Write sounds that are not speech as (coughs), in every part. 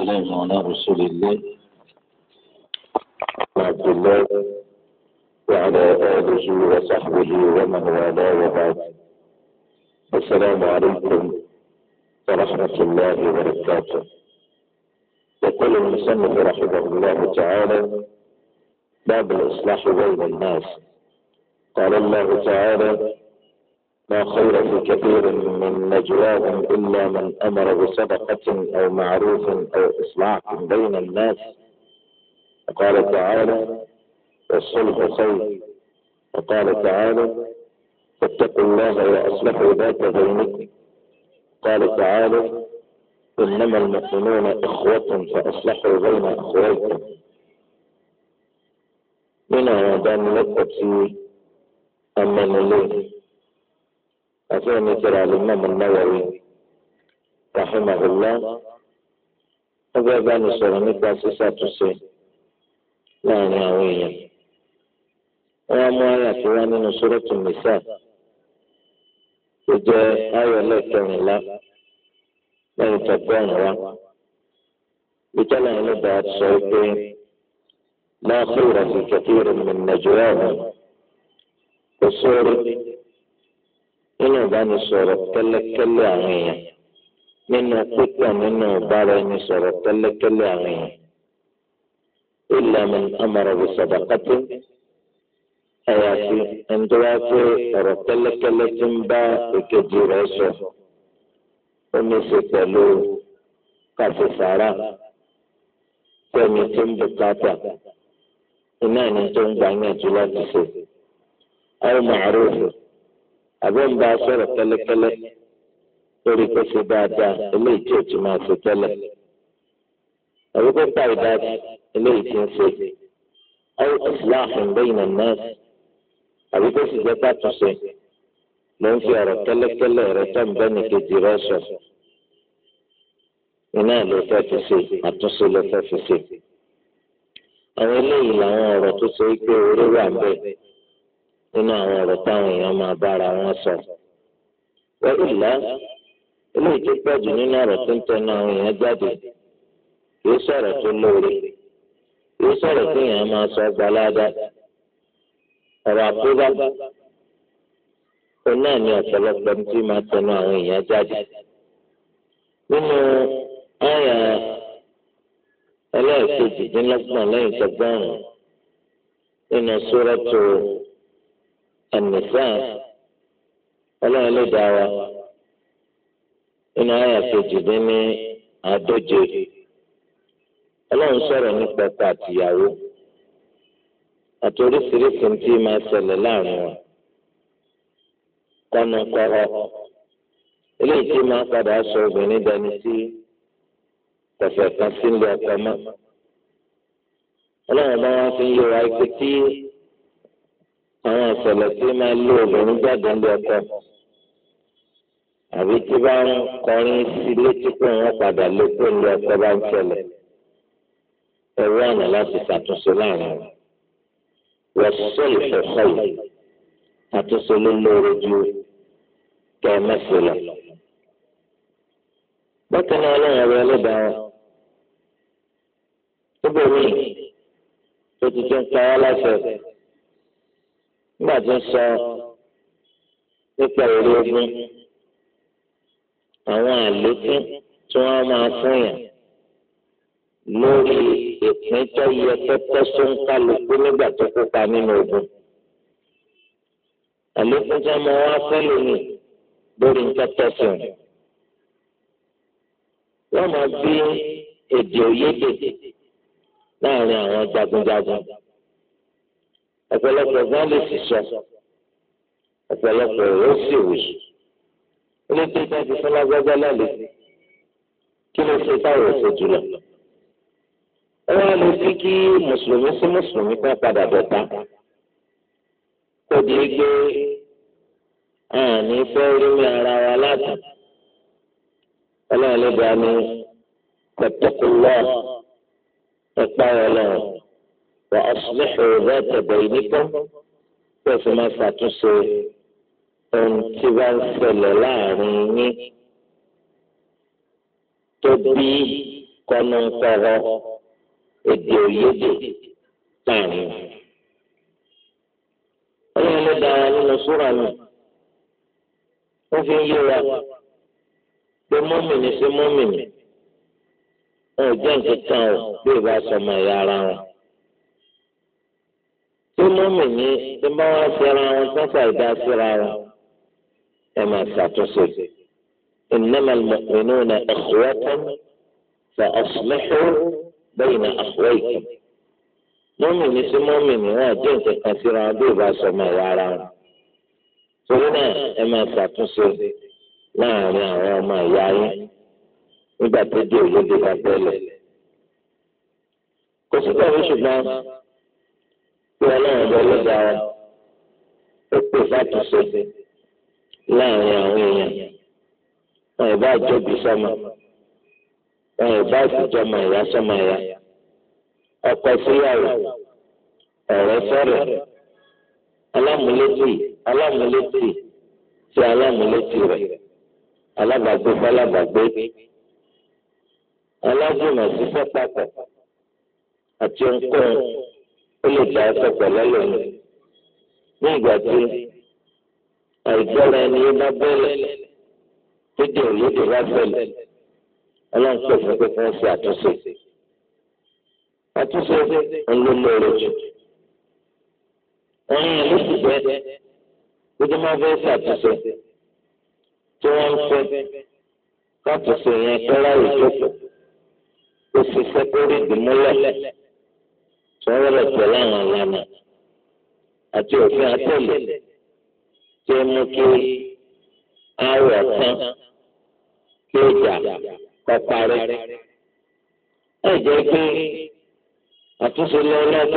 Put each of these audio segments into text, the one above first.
والسلام على رسول الله وعبد الله وعلى آله وصحبه ومن والاه وبعد السلام عليكم ورحمة الله وبركاته يقول المصنف رحمه الله تعالى باب الإصلاح بين الناس قال الله تعالى ما خير في كثير من نجواهم إلا من أمر بصدقة أو معروف أو إصلاح بين الناس وقال تعالى والصلح خير وقال تعالى فاتقوا الله وأصلحوا ذات بينكم قال تعالى إنما المؤمنون إخوة فأصلحوا بين أخويكم من هذا نلقب فيه أما نليه أظن ترى الإمام النووي رحمه الله أبا بني سرني باسسات السين لا نعوية وما يأتوان من سورة النساء وجاء آية لكن الله لا يتبعونها بتلعي لدى الصوتين لا خير في كثير من نجواهم قصور nínú ìbánisọ̀rọ̀ kẹ́lẹ́kẹ́lẹ́ àwọn èèyàn nínú pípọ̀ nínú ìbára ẹni sọ̀rọ̀ kẹ́lẹ́kẹ́lẹ́ àwọn èèyàn illa man amara bi sadaqati àyàfi ẹni tó wá pé ọ̀rọ̀ kẹ́lẹ́kẹ́lẹ́ ti ń bá èkejì rẹ̀ sọ ó ní í ṣe pẹ̀lú kàfífàrà fẹ́mi tó ń bùkátà iná ẹni tó ń gbà yànjú láti ṣe àwọn màrúfù. àbọ̀ ń bá a sọ̀rọ̀ kẹ́lẹ́kẹ́lẹ́ lórí pèsè dáadáa eléyìí tí o ti máa ṣe tẹ́lẹ̀ àbí kó pa ìdájì eléyìí tí ń ṣe ọ̀rọ̀ ìsìláàfin bẹ́yìn náà àbí kó sì jẹ́ pàtúnṣe ló ń fi ọ̀rọ̀ kẹ́lẹ́kẹ́lẹ́ rẹ tó ń bẹ́ni kejì rẹ sọ iná ló fẹ́ fi ṣe àtúnṣe ló fẹ́ fi ṣe àwọn eléyìí làwọn ọ̀rọ̀ tó ṣe é pé orí bẹ́ẹ̀ nínú àwọn ọ̀rọ̀ táwọn èèyàn máa bára wọn sọ. wọ́n ìlà ilé ìjọ pọ̀jù nínú ọ̀rọ̀ tó ń tẹnu àwọn èèyàn jáde kìí sọ̀rọ̀ tó lóore kìí sọ̀rọ̀ tó èèyàn máa sọ gbalada ọ̀rọ̀ àkóbá òun náà ni ọ̀pọ̀lọpọ̀ tí máa tẹnu àwọn èèyàn jáde. nínú àyà ẹlẹ́ẹ̀kejì dínlọ́gbọ̀n lẹ́yìn tọgbọ́n nínú sórẹ́tò. النساء ọlọ́run ló dá wa nínú àyà kejì dín ní àádóje ọlọ́run sọ̀rọ̀ nípa ọkọ àtìyàwó àti oríṣiríṣi tí máa ṣẹlẹ̀ láàrin wọn kọ́nàkọ́rọ́ eléyìí tí máa padà sọ obìnrin dání sí kọ̀fẹ̀ kan sílé ọkọ mọ́ ọlọ́run bá wọn fi ń yọra ike tí àwọn ìṣẹ̀lẹ̀ tí máa lé obìnrin jáde ní ọkọ àbí tí bá ń kọrin sí létí pé wọ́n padà lé pé ní ọkọ bá ń ṣẹlẹ̀ ẹ̀rọ ọ̀nà láti ṣàtúnṣe láàrin wọn sọ́ọ̀lù fẹ́fẹ́ yìí àtúnṣe ló lóore ju kẹ́ẹ̀mẹ́sì lọ. bákan náà ọlọ́run ọ̀rọ̀ ẹlẹ́dàá wọn níbo míì tó ti tún pa ọ́ láṣẹ nígbà tó sọ nípa èrè ogun àwọn àlékún tí wọ́n máa fún yàn lórí ìpín tó yẹ kẹ́kẹ́ sóńkálukú nígbà tó kópa nínú ogun àlékún tí wọ́n máa wá fẹ́ lónìí lórí nǹkan tẹ̀sán wọ́n máa bí èdè òyédè láàrin àwọn jagunjagun ọ̀pọ̀lọpọ̀ gan lè sì sọ ọ̀pọ̀lọpọ̀ ó sì wì ó lè dé dájú fún lágbájá náà lè kí ló ṣe táwọn ò ṣe jùlọ. ẹ wá lè fi kí mùsùlùmí sí mùsùlùmí kan padà dọ̀tá kò dé gbé àní fẹ́ rí mi ara wa láti ọlọ́run lè dá mi pẹ̀tẹ́kù ẹ̀pá ọlọ́run. وأصلح ذات بينكم كما ستسي أن تبان سلالاني تبي كننقر إديو يدي تاني أنا لدى نصورة وفي يوم بمؤمن سمؤمن ọjọ́ nǹkan kan ò bí ìbá pé mọ́mì ní tó bá wá síra wọn sáfà ìdá síra wọn ẹ máa ṣàtúnṣe إنما المؤمنون إخوة فأصلحوا بين أخويكم mọ́mìnì sí mọ́mìnì wọn àti nǹkan kan síra wọn bí ìbá sọmọ ìwà ara wọn. torí náà ẹ máa ṣàtúnṣe láàrin àwọn ọmọ ìyá yín nígbà tó dé òyìnbó bá bẹ́ẹ̀ lẹ̀. kò sí pẹ̀lú ṣùgbọ́n tí ọlọ́run bọ́ lọ́dọ̀ àwọn ó pè fàtúnṣe láàrin àwọn èèyàn wọn ì bá jọbi sọmọ wọn ì bá ìfìjọmọ ìyá sọmọ ìyá ọkọ síyàwó ọ̀rẹ́ sọ̀rọ̀ alámúlétì alámúlétì sí alámúlétì rẹ̀ alábàgbé falábàgbé alájùmọ̀ sí sọ́pàpọ̀ àti ohunkóhun ó lè dá ẹsẹ̀ pẹ̀lẹ́ lòun ní ìgbà tí àìgbọ́ra ẹni bá bẹ̀rẹ̀ lédè òyìnbó bá bẹ̀rẹ̀ ọlọ́nkọ̀ fún pé kí wọ́n ṣe àtúnṣe àtúnṣe ńlọlọ́rọ̀ jù wọ́n yẹn ló sì bẹ́ẹ̀ lójú máa fẹ́ ṣàtúnṣe tí wọ́n ń fẹ́ káàtúnṣe yẹn kọ́ra ìjókòó ó ṣiṣẹ́ kórè ìdìmúlẹ̀ sọ̀rọ̀ pẹ̀lú àwọn ìlànà àti òfin àtẹ̀lẹ̀ tí ó mú kí àwọ̀ kan kí ó jà kọ́ parí. ẹ jẹ́ pé àtúnṣe lọ́wọ́ lọ́wọ́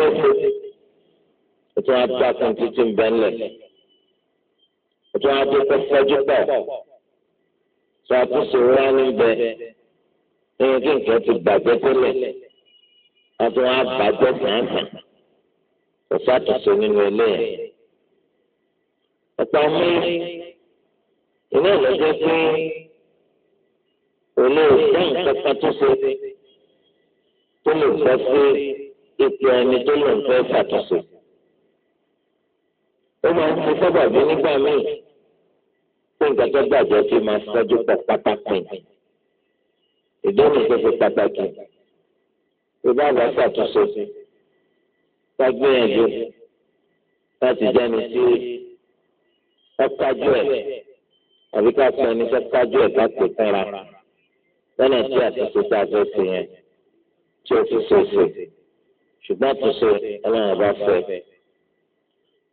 tó tún á bá kan tuntun bẹ́ńlẹ̀ tó tún á dé pẹ́ fọ́jú pọ̀ tó àtúnṣe wá kí nǹkan ti gbàgbé tẹ́lẹ̀ wọ́n tún wá bàjẹ́ fàáfàá kò sàtúnṣe nínú ilé yẹn. ọ̀pọ̀ mi iná ìlọ́jọ́ pé kò lè fẹ́ nǹkan kan tó ṣe tó lè fẹ́ sí ipò ẹni tó lè fẹ́ ṣàtúnṣe. ó máa ń fi sábàbí nígbà míì pé nǹkan tó gbàjọ́ fi máa ṣẹ́jú pọ̀ pátákì. ìdí òun tó ìbá àgbà ṣàtúnṣe ká gbìyànjú láti jẹ́ni tí ká kájú ẹ̀ àbí ká sọ ẹni ká kájú ẹ̀ ká pè tán ra lọ́nà tí àtúnṣe tá a fẹ́ ṣe yẹn tí ó fi ṣèṣe ṣùgbọ́n àtúnṣe ọlọ́run ọba fẹ́.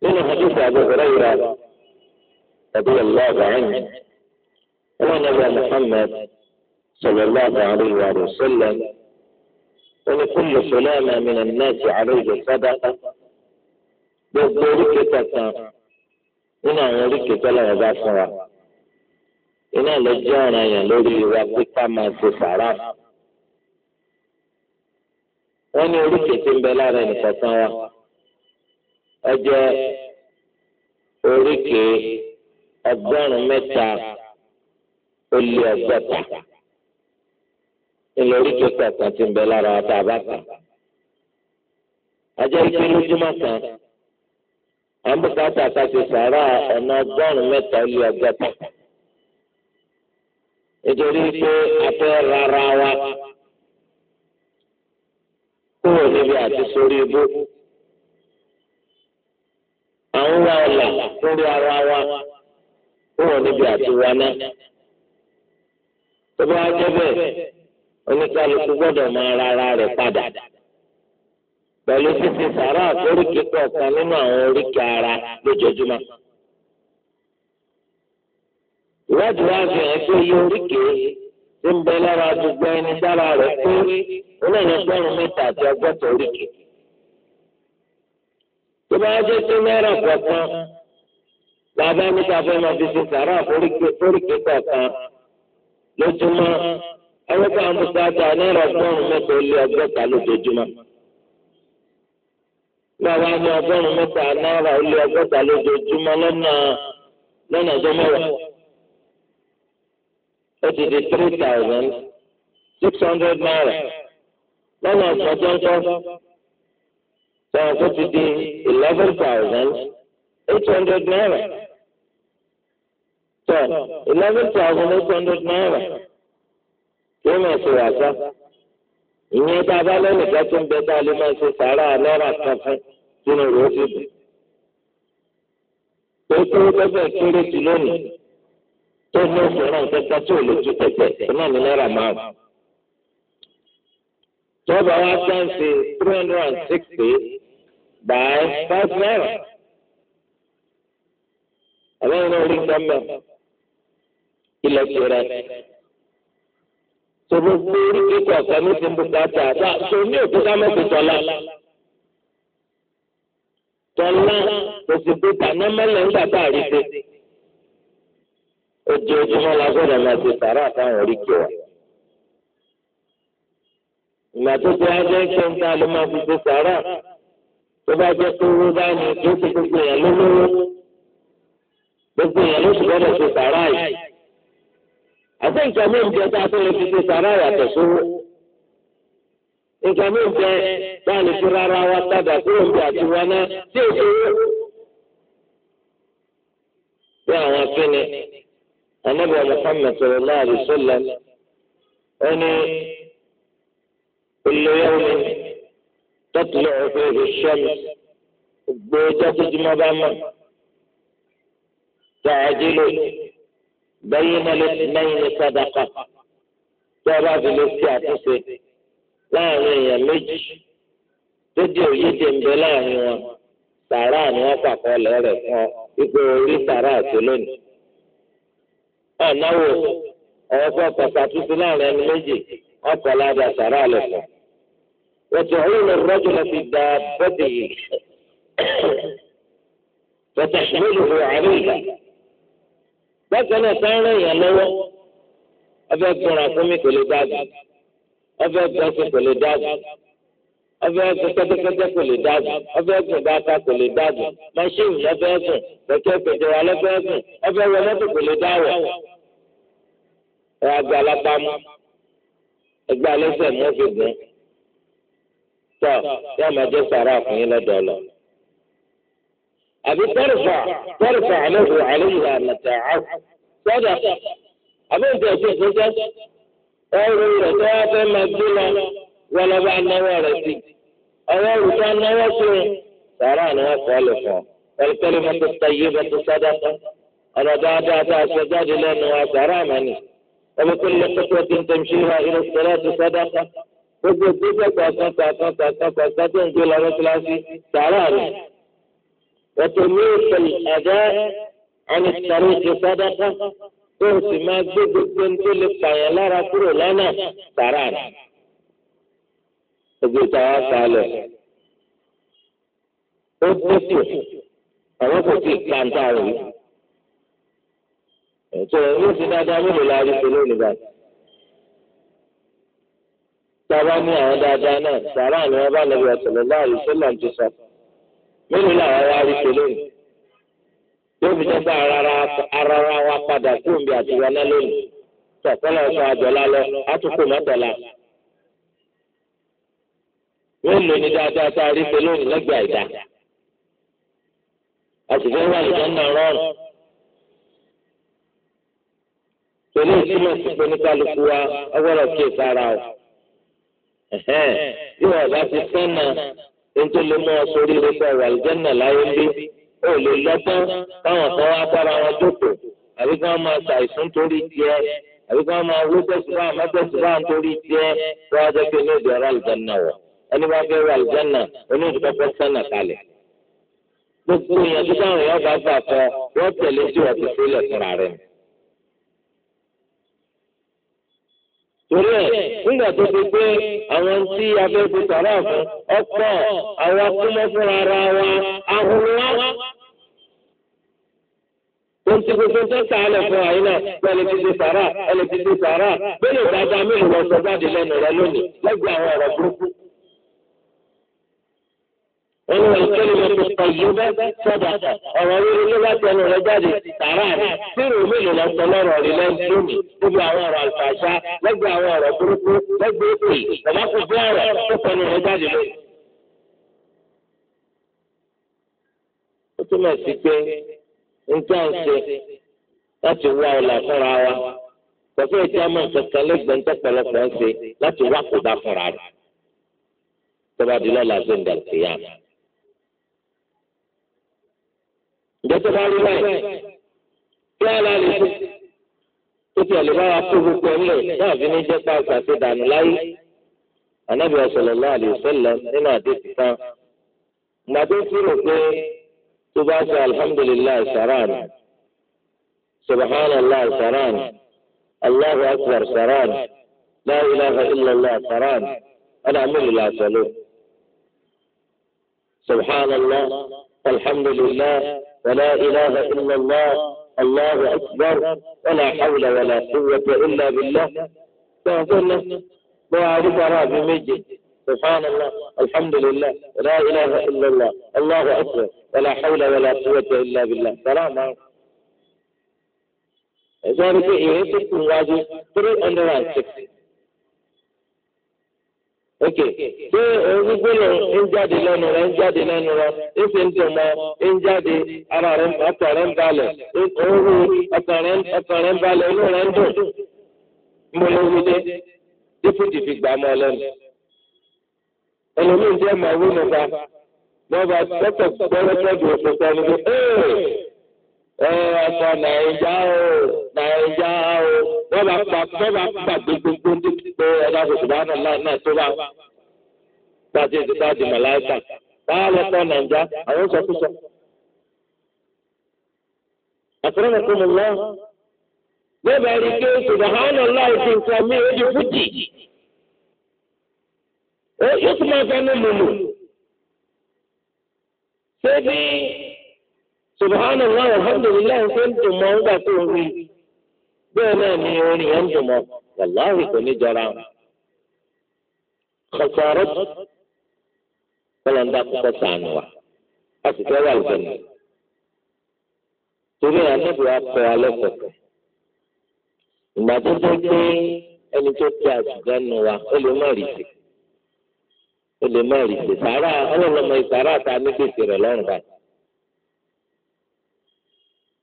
nínú hadith Abu Hurairah radiyallahu anhu ọlọ́run ọba Muhammad sallallahu alaihi wa sallam. ولكل سلالة من الناس عليه صدقة gbogbo oríkè kankan nínú àwọn oríkè tọ́lá wọn bá fún wa iná lọ jẹ́ ọ̀ràn yẹn lórí wa pé ká máa ṣe sàrà wọ́n ní oríkè tí ń bẹ lára ẹnìkọ̀ọ̀kan wa ẹ jẹ́ oríkè ọgọ́rùn-ún mẹ́ta ó lé ọgọ́ta ilẹ̀ oríkè kọ̀ọ̀kan ti ń bẹ lára wa tá a bá kà. ajẹ́ ike lójúmọ́ kan à ń bùkátà ká ṣe sàárà ọ̀nà ọgọ́rùn-ún mẹ́ta ó lé ọgọ́ta. nítorí pé a fẹ́ rárá wa kúrò níbi àti sórí ibú. à ń wá ọ̀là lórí ara wa kúrò níbi àti wọná. tó bá jẹ́ bẹ́ẹ̀ oníkálukú gbọ́dọ̀ máa ra ara rẹ̀ padà pẹ̀lú ṣíṣe sàrà àforíkì kọ̀ọ̀kan nínú àwọn oríkì ara lójoojúmọ́. ìwádìí wa fi hàn pé iye oríkì tí ń bẹ lára gbogbo ẹni dára rẹ̀ pé ó lè ní ọgọ́rùn-ún mẹ́ta àti ọgọ́ta oríkì. tó bá jẹ́ sí náírà kọ̀ọ̀kan làbá níta fẹ́ máa fi ṣe sàrà àforíkì kọ̀ọ̀kan lójúmọ́ ẹni tó àwọn mùsàlùmí náírà ọgọ́rùn-ún mẹ́ta ó lé ọgọ́ta lójoojúmọ́ bàbá ní ọgọ́rùn-ún mẹ́ta náírà ó lé ọgọ́ta lójoojúmọ́ lọ́nà lọ́nà ọjọ́ mẹ́wàá ó ti di three thousand six hundred naira lọ́nà ọ̀sán jọ́ńkọ́ sọ̀rọ̀ tó ti di eleven thousand eight hundred naira tọ́ eleven thousand eight hundred naira yóò máa ṣe wàásà ìyẹn tá a bá lẹ́nìkan tó ń bẹ tá a lè máa ṣe sàárà náírà kan fún sínú rẹ̀ ó sì dùn. tó tó bẹ́ẹ̀ kéré jù lónìí tó ní òfìràn kẹ́kẹ́ tó lè ju tẹ̀tẹ̀ náà ní náírà márùn. tọ́ba wa sáǹsì three hundred and sixty by five naira. àbẹ́yìn náà rí nǹkan mẹ́rin ilẹ̀ tó rẹ̀ tó gbogbo orí kíkọ ọ̀kan ní ti ń bùkátà tó ní òkúta mẹ́tò tọ́lá. tọ́lá kò sì pé tàná mẹ́lẹ̀ ńgbà tá a rí pé. ojoojúmọ́ la gbọ́dọ̀ máa ṣe tààrà àtàwọn orí kí wa. ìgbà tó ti wá jẹ́ kí n ta ló máa fi ṣe tààrà tó bá jẹ́ pé owó bá ní tó ti gbogbo èèyàn lólówó gbogbo èèyàn ló sì gbọ́dọ̀ ṣe tààrà yìí. àti nǹkan mi ń bẹ tá a tó lè fi ṣe sàrà yàtọ̀ sówó nǹkan mi ń bẹ tá a lè fi rárá wa tábà kúrò ń bẹ àti wọn náà tí ò sówó. bí àwọn akíni anábì Muhammad sallallahu alaihi wasallam ẹni kullu yawmin tatlu'u fihi ash-shams gbogbo ọjọ́ tó jùmọ̀ bá mọ̀ tààjì lónìí. bẹ́yìn lẹ́yìn sọ́dọ̀kọ̀ tí ọba fi lè ṣe àtúnṣe láàrin èèyàn méjì tó di òyìnbó láàrin wọn sàrà ni fún ọ ipò orí sàrà àti lónìí. ọ̀nàwó ọ̀wọ́ fẹ́ kọ̀ọ̀kan na láàrin ẹni méjì ọkọ̀ ládà sàrà lẹ̀ fún. وتعين الرجل في (coughs) bákan náà sáà ń rẹ̀ yàn lọ́wọ́ ọbẹ̀ gbọ́ra fún mi kò lè dáàbò ọbẹ̀ gbọ́sẹ̀ kò lè dáàbò ọbẹ̀ gùn kẹ́tẹ́kẹ́tẹ́ kò lè dáàbò ọbẹ̀ gùn bàtà kò lè dáàbò machine lọ́bẹ̀ gùn kẹ̀kẹ́ wà lọ́bẹ̀ gùn ọbẹ̀ wọ mọ́tò kò lè dáàwọ̀ ẹ̀ alápámú ẹgbẹ́ alẹ́sẹ̀ mọ́fì gùn tọ́ máa jẹ́ sàrà fún yín lọ́dọ̀ أبي ترفع ترفع له عليها متاعه صدق أبي أنت أشوف صدق أو رتاف مجنة ولا بعد نوارتي أو رتاف نوارتي ترى أنا أخالفه الكلمة الطيبة صدقة أنا بعد أسجاد لأنه أكرمني وبكل خطوة تمشيها إلى الصلاة صدقة gbogbo gbogbo kọ̀ọ̀kan kọ̀ọ̀kan kọ̀ọ̀kan kọ̀ọ̀kan tó ń gbé lọ mọ́tíláṣí tààrà rẹ̀ وتميت الأداء عن الطريق صدقة tóòsì máa gbé gbogbo ń tó lè pààyàn lára kúrò lọ́nà tààrà rẹ̀. Gbogbo ìtawà kalẹ̀. Ó dẹ́sù àwọn kò tí ì kàńtà rẹ̀. Ẹ̀tọ́ yóò fi dáadáa mélòó la rí pẹ̀lú ònìbà. Tábà ní àwọn dáadáa mélòó làwọn wá rí ṣe lónìí yóò fi jẹ́ pé ara wa padà kú òǹbí àti wọná lónìí tọ̀kọ́lọ̀ ọ̀sán àjọlá lọ átúkò mọ́tọ̀lá mélòó dáadáa tá a rí ṣe lónìí lẹ́gbẹ̀ẹ́ àìdá àtìgbẹ́ wà lè dáná rọrùn pẹ̀lú ìtumọ̀ sí oníkálukú wa ọgbọ́dọ̀ kí èso ara o ti sẹ́nà. nítorí lè mú ọsọ oríire pé ọ̀rọ̀ àlùjẹ́nà láyé ń bí ó lè lọ́gbọ́n táwọn kan wá bára wọn jókòó àbí kí wọ́n máa ṣàìsùn torí tiẹ̀ àbí kí wọ́n máa wó tẹ̀síwá mẹ́tẹ̀síwá torí tiẹ̀ kí wọ́n jẹ́ pé ní ìdí ọ̀rọ̀ àlùjẹ́nà wọ̀ ẹni bá fẹ́ rọ àlùjẹ́nà onídìkọ́kọ́ sẹ́nà kalẹ̀ gbogbo ìyànjú táwọn èèyàn bá gbà fọ wọ́n tẹ̀lé tí wọ́n ti sílẹ̀ fúnra rẹ̀ ni. torí ẹ nígbà tó ti gbé àwọn tí abẹ́ ti sàrà fún ọ̀pọ̀ àwọn akúmọ̀ fúnra ara wa ahùnrùn wa. Wọ́n ti gbogbo tó sàálẹ̀ fún àyín náà bẹ́ẹ̀ lè sàrà ẹ̀ sàrà bẹ́ẹ̀ lè dáadáa mélòó lọ sọ jáde lẹ́nu rẹ lónìí lẹ́gbẹ̀ẹ́ àwọn ọ̀rọ̀ burúkú nínú ìkẹlẹ tó tọ yìí bẹ sọdà ọ̀rọ̀ rere ló bá tẹnu rẹ̀ jáde tààrà rẹ̀ bírò mélòó lọ sọ lọ́rọ̀ rẹ̀ lẹ́nu lónìí níbi àwọn ọ̀rọ̀ àlùfàṣà lẹ́gbẹ̀ àwọn ọ̀rọ̀ burúkú lẹ́gbẹ̀ èpè bàbá kò bí ọ̀rọ̀ tó tẹnu rẹ̀ jáde lónìí. ó túmọ̀ sí pé nǹkan ń ṣe láti wá ọ̀la fúnra wa kò fẹ́ jẹ́ àmọ́ kankan lẹ́gbẹ̀ẹ́ ń tẹ́pẹ̀lọpọ̀ ń ṣe láti wá kó bá fúnra rẹ̀ tó bá di lọ́la ṣe ń dàgbé yàrá. ìgbésẹ̀ bá rí báyìí kí ala lè tó tó ti àlè báwa kó gbogbo ńlẹ̀ náà fi ní jẹ́ pa àgbàṣe dànù láyé ànábì sallallahu alaihi wasallam nínú àdéhùn kan ìgbà tó fi rò pé tó bá sọ alhamdulilayi sàrán subhanallah sàrán allahu akbar sàrán la ilaha illallah sàrán ọ̀nà àmìlì làṣẹ ló subhanallah فلا إله إلا الله الله أكبر ولا حول ولا قوة إلا بالله تهتم وعارف رابي مجد سبحان الله الحمد لله لا إله إلا الله الله أكبر ولا حول ولا قوة إلا بالله سلام ذلك إيه تكون واجب 360 ok ṣé ẹni gbọ́dọ̀ ń jáde lẹ́nu rẹ̀ ń jáde lẹ́nu rẹ̀ ń ṣe ń dùn mọ́ ń jáde ara rẹ̀ ọkàn rẹ̀ ń balẹ̀ ooru ọkàn rẹ̀ ọkàn rẹ̀ ń balẹ̀ inú rẹ̀ ń dùn mo lè wí dé dípòtì fi gbà mọ́ lẹ́nu ẹlòmíì jẹ́ màá wí nípa wọ́n bá tọ́tọ̀ gbọ́rọ́ tọ́jú òṣèlú ẹni pé ọmọ nàìjà o nàìjà o wọ́n bá pa wọ́n bá pa gbogbogbò dípò ẹ̀dá kòtùbánà náà tó bá gbàdé ìdíjáde màláìkà báà lọ pọ̀ nàìjà àwọn sọkúsọ. àtúrọ̀mọ̀ kò mọ̀ lọ́wọ́ lọ́bàá rí pé kòtùbánà láì fi nǹkan mi ò di fújì yóò tún máa fẹ́ ní lòlò. ṣé bí subhana allah alhamdulilayi ṣe ń dùn mọ́ nígbà tó ń rí bẹ́ẹ̀ náà ni orin yẹn ń dùn mọ́ wàláhì kò ní jọra kọsàrọ kọlọńdà kọkọ sànù wa a sì fẹ́ wà lùbẹ̀nù torí ànábì wa alẹ́ kọ̀ọ̀kan ìgbà tó dé pé ẹni tó tẹ àtúgbà nù wa ó lè má rí sí ó lè má rí sí sàrà ọlọ́lọ́mọ ìsàrà ta ní gbèsè rẹ̀ lọ́rùn báyìí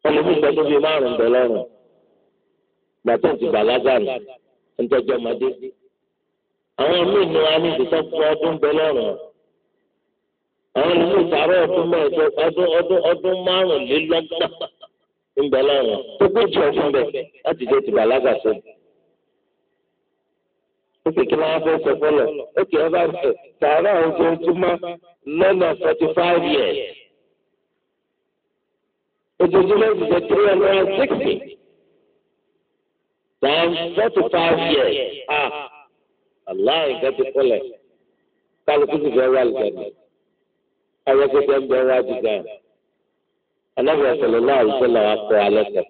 ẹlòmíì ń bẹ tó bíi márùn bẹ lọ́rùn gbàtọ́ ti bàlágà nù ńtọ́jú ọmọdé àwọn míì nu àmì ìdìtọ́ fún ọdún bẹ lọ́rùn àwọn ẹlòmíì sàárọ̀ ọdún mẹ́ẹ̀ẹ́dọ́ ọdún ọdún ọdún márùnlélọ́gbà ń bẹ lọ́rùn tó péjì ọdún bẹ láti dé ti bàlágà tó ó sì kí n máa fẹ́ sọ fọlọ̀ ó kì í fẹ́ sàárọ̀ ọdún tó má lọ́nà forty five years ojoojúmọ́ ti jẹ́ three hundred and sixty times forty five years ah allah nǹkan ti kọlẹ̀ kálukú ti fẹ́ wá lùdánù àwọn kẹ̀kẹ́ ń bẹ wá jìgá anábìyà sọlọ náà àwùjọ làwọn akọ alẹ́ kọ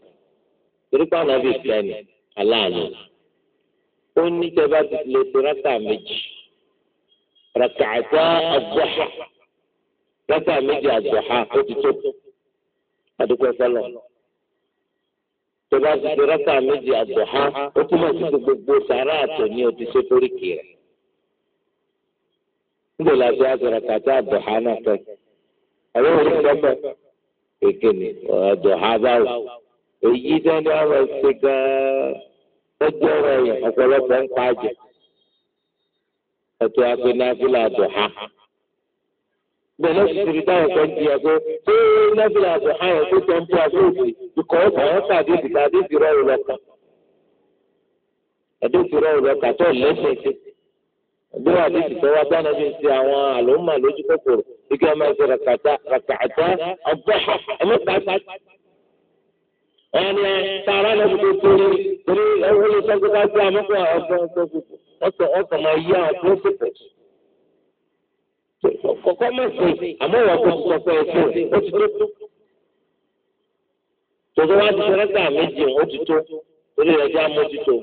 torípa anábì sẹ́ni aláàánú ó ní tẹ́ bá ti lè tó rákà méjì rákà àti àgbọ̀há rákà méjì àgbọ̀há ó ti tó adúgbò sọlọ tó bá ti di rákà méjì àdùhá ó túmọ̀ sí gbogbo sàrà àtò ní o ti ṣe foríkì rẹ̀ níbo la ti àtọ̀rọ̀ kàtà àdùhá náà pẹ̀ àwọn òní sọ́pẹ̀ èké àdùhá báwò èyí dání àwọn ẹsẹ̀ gan-an ọjọ́ rẹ̀ ọ̀pọ̀lọpọ̀ ń pa jẹ ẹ̀tọ́ àpẹnáfíà àdùhá gbẹ̀lẹ́ sùsùrù dáhùn kan di ẹ̀kọ́ ṣé lẹ́bìlà àti àyàn tó tẹ̀ ń bọ̀ àbóòtì ìkọ̀ ọ̀sán àwọn tàbí ìdìbò àbí ìdìrọ̀ ìlọ kan. ẹ̀dọ́ ìdìrọ̀ ìlọ kan tó lẹ́sẹ̀ sí. ẹ̀dọ́ àbí ìdìtọ́ wa dáná bí ti àwọn àlòmà lójú kòkòrò ike ọmọ ẹ̀sẹ̀ ràkàtà ọgbẹ́ ẹ̀mẹ́ta. ẹni tààrà lẹ́bi tó tó rí torí ẹ̀wọ́n lè sọ́kúta sí àmọ́kọ̀ ọ̀gbọ́n kọ̀kọ́ má ṣe àmọ́ ìwà kò sọ pé ẹ̀sìn ó ti tó. tòtò wá ti sẹ́rẹ́tà méjì ó ti tó orí rẹ̀ já mójútó.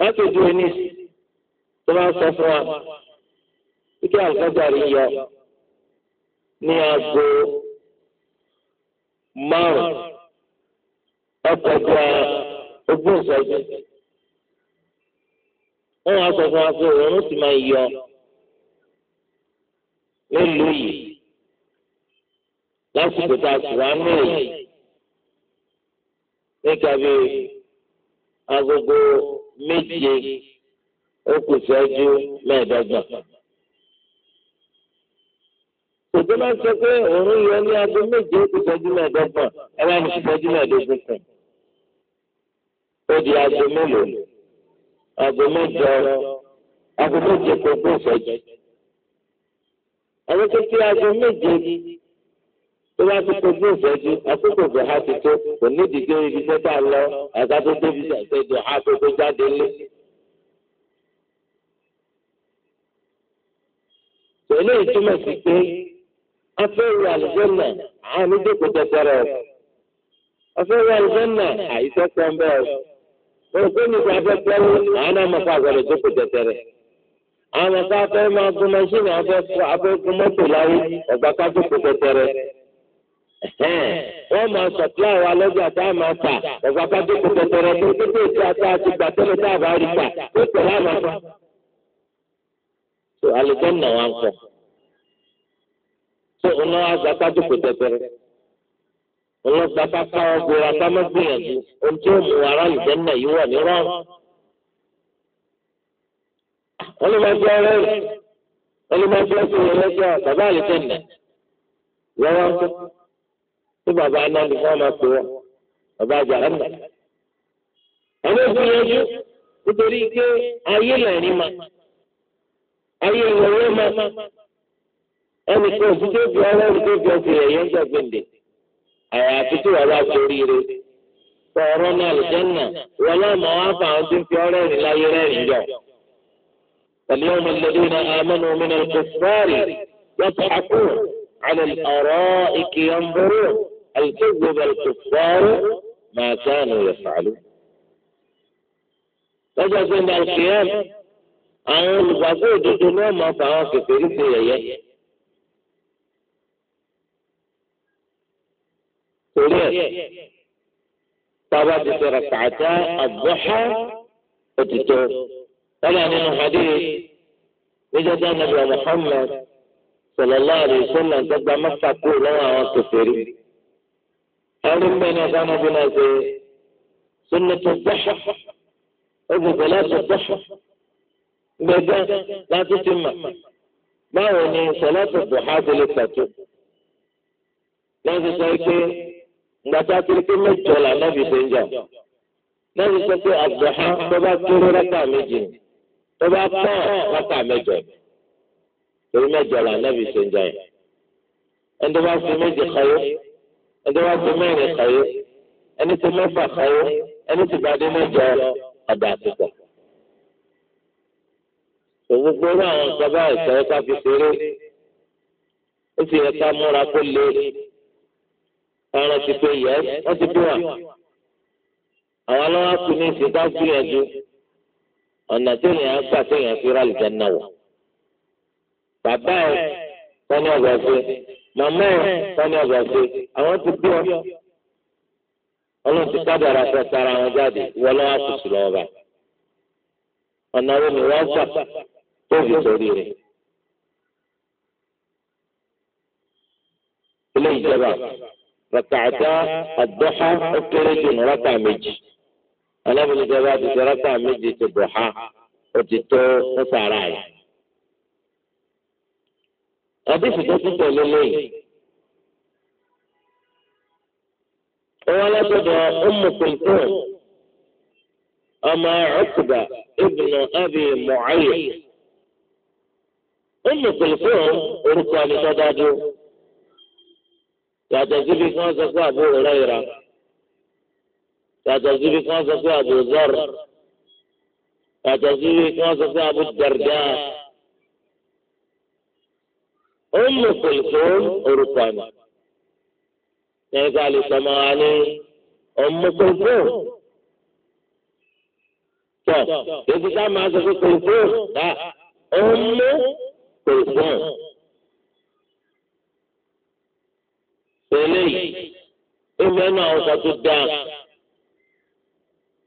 wọ́n ti dúró ní tó bá sọ fún wa wípé àlùfáàjàrí yọ ní aago márùn-ún ọkọ̀ gba ogún ìṣẹ́jú. wọ́n wá sọ fún wa pé òun ó máa yọ yóò lóye lásìkò tá a sì wá ní èyí níta bí agogo méje ó kù sẹ́jú mẹ́ẹ̀ẹ́dọ́gbọ̀n. Òjò máa ń sọ pé òun yọ ní aago méje ó kù sẹ́jú mẹ́ẹ̀ẹ́dọ́gbọ̀n ẹ bá ní kù sẹ́jú mẹ́ẹ̀ẹ́dógún kan. Ó di aago mélòó? Aago mẹ́jọ aago méje kò kù sẹ́jú àwọn kékeré aago méje tó bá ti kojú ìṣẹ́jú àkókò bò ha ti tó kò ní ìdíje ibi tó bá lọ àgbà tó débi ìṣẹ́jú ha tó tó jáde lé. pẹ̀lú ìtumọ̀ sí pé afẹ́rù àlùjọ́nà àánú dèkò tẹ̀tẹ̀rẹ̀ afẹ́rù àlùjọ́nà àìsẹ́kọ̀ọ́ bẹ́ẹ̀ o. òkú nìkan afẹ́fẹ́ wo àánú àmọ́kọ́ àgbàdo dèkò tẹ̀tẹ̀rẹ̀. àwọn ọ̀gá abẹ́ máa gun mẹ́ṣíìnì abẹ́ gun mọ́tò láyé wọ́n máa wa a máa tà ọ̀gbà kájọpọ̀ tẹ̀tẹ̀rẹ̀ tó kéde tí a tá a gbà tẹ́lẹ̀ tá a bá rí tà tó tẹ̀lé àmọ́ fún. tó alùpùpù ń tó àgbà wọ́n lè máa jẹ ọ̀rẹ́ wọ́n lè máa jẹ ọ̀sẹ̀ yẹn lẹ́jọ́ bàbá àlejò nà wọ́n wá ń kó tí bàbá náà ní wọ́n máa pè wọ́n bàbá àjà ẹ̀ nà. àwọn òbí yẹn jú nítorí pé ayé lẹ́rìn ma ayé ìwòye ma ẹnìkan òtítọ́ bí ọ̀rẹ́ òtítọ́ bí ọ̀sẹ̀ yẹn yẹn gbàgbẹ́ndẹ̀ àyàfi tí wàá bá torí rẹ̀ tọ̀ọ̀rọ̀ náà lè náà máa فاليوم الذين امنوا من الكفار يضحكون على الارائك ينظرون هل كذب الكفار ما كانوا يفعلون فجاز من القيام أول غزوه دونهم ما طواف في طبعا في ركعتا الضحى وتتوب طبعا من حديث وجد النبي محمد صلى الله عليه وسلم ضد مكة كلها وكفرين أول من كان بنا سنة الضحى أو ثلاثة الضحى بدا لا تتم ما هو صلاة الضحى لفتو لا تسأل gbàtà kìrìkì mẹ́jọ là nàbì sẹńjà nàbì sọ pé àgbàhà bọba kéré rákà tó bá pọ̀ rákà mẹ́jọ torí mẹ́jọ là nàbì ṣe ń jẹ yẹn ẹni tó bá fi méje kàyó ẹni tó bá fi mẹ́rin kàyó ẹni tó mẹ́fà kàyó ẹni tó bá dé mẹ́jọ ọ̀dà àtìkọ. gbogbo irú àwọn nǹkan báyìí ká fi ṣeré ó sì yẹ múra kó lé ọ̀rọ̀ ti pé yẹ wọ́n ti bí wà àwọn aláwọ̀ kù ní ìsìnká gbìyànjú ọ̀nà téèyàn á gbà téèyàn fi rà lìjẹ́ náà wọ̀. bàbá ẹ tọ́ni ọ̀gá ṣe màmá ẹ tọ́ni ọ̀gá ṣe àwọn ti bí ọ. ọlọ́run ti kádàrà fẹ́ tara wọn jáde ìwọ lọ́wọ́ àtúnṣe lọ́wọ́ bá. ọ̀nà wo ni wọ́n gbà tóbi sórí rẹ̀. ilé ìjọba rọ̀kàtà àdọ́hà ó kéré jù ní rọ́kà méjì. alábìnrin jẹ́ bá ti ṣe ti bọ̀ ha ó ti tó ó sàrà yìí. àdéhùn tó ti tẹ̀lé lẹ́yìn. wọ́n lọ́sọ̀dọ̀ ọmọ kùnkùn ọmọ Uqba ibn Abi Mu'ayth. ọmọ kùnkùn orúkọ ni tọ́dájú. yàtọ̀ síbi kí wọ́n sọ yàtọ̀ síbi kí wọ́n sọ pé Abu Dharr yàtọ̀ síbi kí wọ́n sọ pé Abu Darda Ummu Kulthum orúkọ ni nígbà lè sọ ma wá ní Ummu tọ èsì ká máa sọ pé Kulthum dá Ummu Kulthum pẹ̀lẹ́ yìí ó mẹ́nu àwọn kan tó dáa.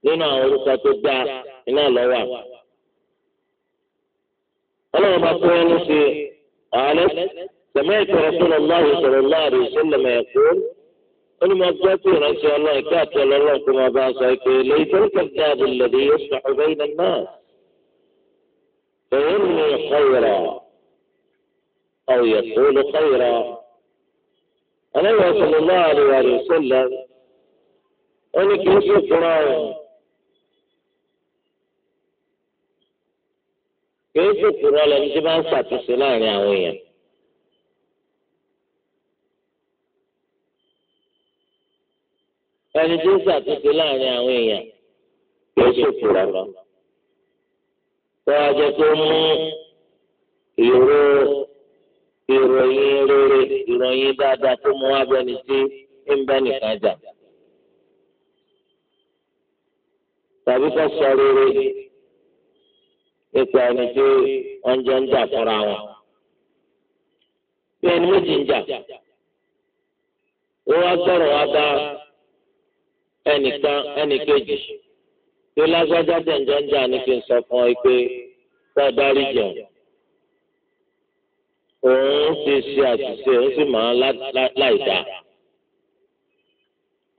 nínú àwọn orúkọ tó dá iná lọ́wọ́ ọlọ́run bá tó ẹnu sí ọ̀hánẹ́ سمعت رسول الله صلى الله عليه وسلم يقول ولما جاءت رسول الله كات الله كما باصيك ليت الكذاب الذي يصلح بين الناس فيرمي خيرا أو يقول خيرا النبي صلى الله عليه وسلم أنا كيف يقرأ kìí ṣètò rọlẹ ní tí bá ń ṣàtúnṣe láàrin àwọn èèyàn. ẹni tí ń ṣàtúnṣe láàrin àwọn èèyàn kìí ṣètò rọlẹ. tó a jẹ tó mú ìró ìròyìn rere ìròyìn dáadáa tó mú abẹni tí ń bẹ nìkan jà. tàbí kó sọ rere ipa ẹni tí wọ́n jọ ń jà fúnra wọn. bí ẹni méjì ń jà ó wá sọ̀rọ̀ wá bá ẹnìkan ẹnìkejì tó lágbájá jẹ̀ǹjọ́ ń jà ní kí n sọ fún ọ pé kọ́ dárí jẹun. òun ti ṣe àṣìṣe òun sì máa láì dáa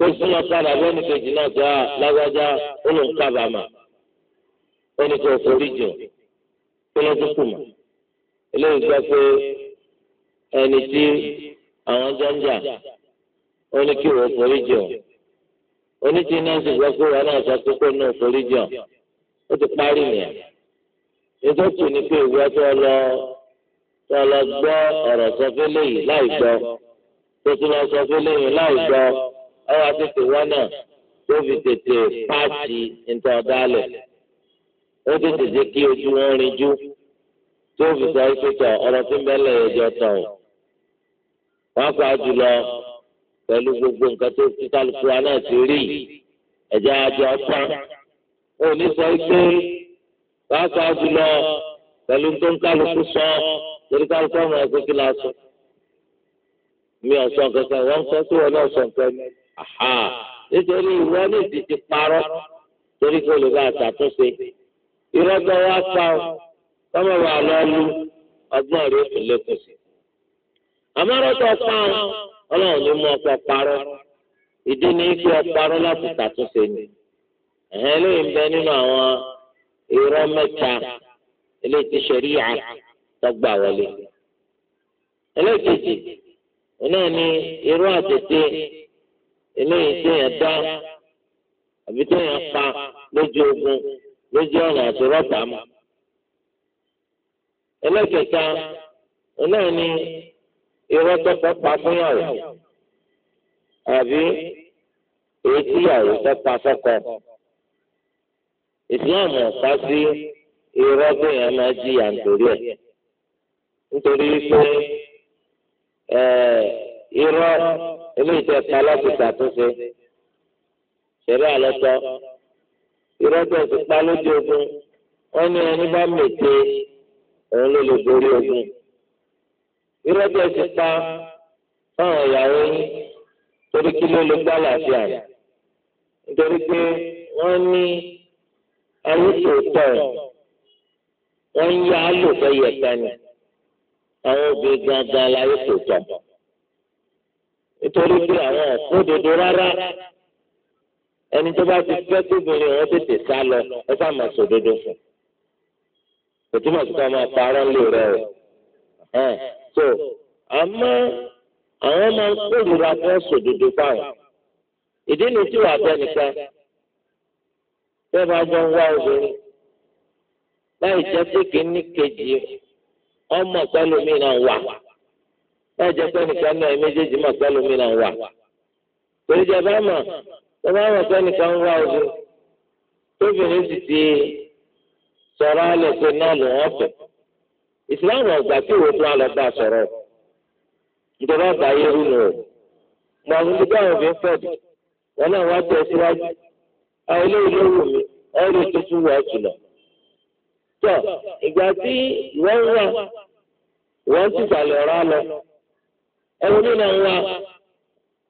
ó sì lọ padà bẹ́ẹ̀ kejì náà gbá ah, lágbájá ó lòún kábàámà ó ní kí o forí jìn kí ló tún kù mọ́ eléyìí gbà pé ẹni tí àwọn jọ́njà ó ní kí o forí jìn oníṣẹ́ náà sì gbọ́ pé wọn náà sọ pé kó náà forí jìn ó ti parí nìyà nítorí ni pé ìwé tó lọ tó lọ gbọ́ ọ̀rọ̀ sọ fẹ́lẹ́ yìí láì gbọ́ tó tún lọ sọ fẹ́lẹ́ yìí láì gbọ́ ọ̀rọ̀ àti tèwọ́n náà tó fi tètè pààtì nítorí ó tètè jẹ́ kí ojú wọn rinjú tó fi sọ ife tọ̀ ọ̀rọ̀ tí ń bẹ lẹ́yìn ẹjọ́ tán o. wọ́n pa jùlọ pẹ̀lú gbogbo nǹkan tó ti kálukú wa náà ti rí ẹ̀jẹ̀ àjọ ọ̀pọ̀n. ó ní sọ pé wọ́n pa jùlọ pẹ̀lú tó ń kálukú sọ torí kálukú ọmọ ẹgbẹ́ kí la sọ. mi ò sọ kankan wọ́n sọ sí wọn náà sọ nǹkan mi. nítorí ìwọ ní ìdí ti parọ́ torí kó lè àtàtúnṣe. ìrọ́gbọ́n wa pa ọ́ kọ́mọ̀ wà lọ́lú ọgbọ́n rẹ̀ kò lékun sí. àmọ́rọ́tọ̀ pa ọ́ ọlọ́run ní mú parọ́ ìdí ni kí ọ parọ́ láti tàtúnṣe ni. ẹ̀hẹ́n ló ń bẹ nínú àwọn irọ́ mẹ́ta eléyìí wọlé. náà ni àtẹ̀tẹ̀ eléyìí dá pa lójú ogun. lójú ọ̀nà àti rọ́bà mu. ẹlẹ́kẹ̀ta náà ni irọ́ tọ́kọ pa fúnyàwó àbí èyí tí ìyàwó tọ́pa sọ́kọ. ìsìláàmù ọ̀pá sí irọ́ tó yẹn máa jìyà nítorí ẹ̀ nítorí pé irọ́ eléyìí tẹ̀ pa láti ṣàtúnṣe ṣẹlẹ̀ àlọ́tọ́. ìrọ́jọ́sì pa lójú ogun wọ́n ní ẹni bá mètè òun ló lè borí ogun. pa fáwọn ìyàwó yín torí kí ló lè gbá làásìá nítorí pé wọ́n ní ayé tòótọ́ wọ́n ń yá lò fẹ́ ni àwọn obìnrin gangan láyé tòótọ́ nítorí ẹni tó bá ti fẹ́ tóbìnrin rẹ tètè sá lọ ẹ sá máa sòdodo fún kò túmọ̀ sí ká máa parọ́ ńlò rẹ o so àmọ́ àwọn máa ń kórìíra fún sòdodo fáwọn ìdí ni tí wàá bẹ́ẹ̀ nìkan bẹ́ẹ̀ bá jọ ń wá obìnrin láì jẹ́ pé kìíní kejì ọmọ pẹ́lúmi náà wà láì jẹ́ pé nìkan náà méjèèjì mọ̀ pẹ́lúmi wà torí jẹ́ bá mọ̀ bàbá àwọn ọ̀gá nìkan ń wá ojú tóbìnrin sì ti sọ̀rọ̀ alẹ́ pé náà ló wọ́n fẹ̀ ìsìláàmù ọ̀gbà tí ìwé fún alọ́ bá sọ̀rọ̀ ìjọba àgbà yẹ rú nù ọ́ mọ àwọn ibi táwọn fi ń fẹ̀dù wọn náà wá tẹ̀ síwájú àwọn eléyìí ló wù mí ẹ̀rọ tó tún wọ̀ ọ́ jùlọ. tọ́ ìgbà tí wọ́n wà wọ́n ti sàlẹ̀ ọ̀rá lọ ẹ̀rọ nínú àwọn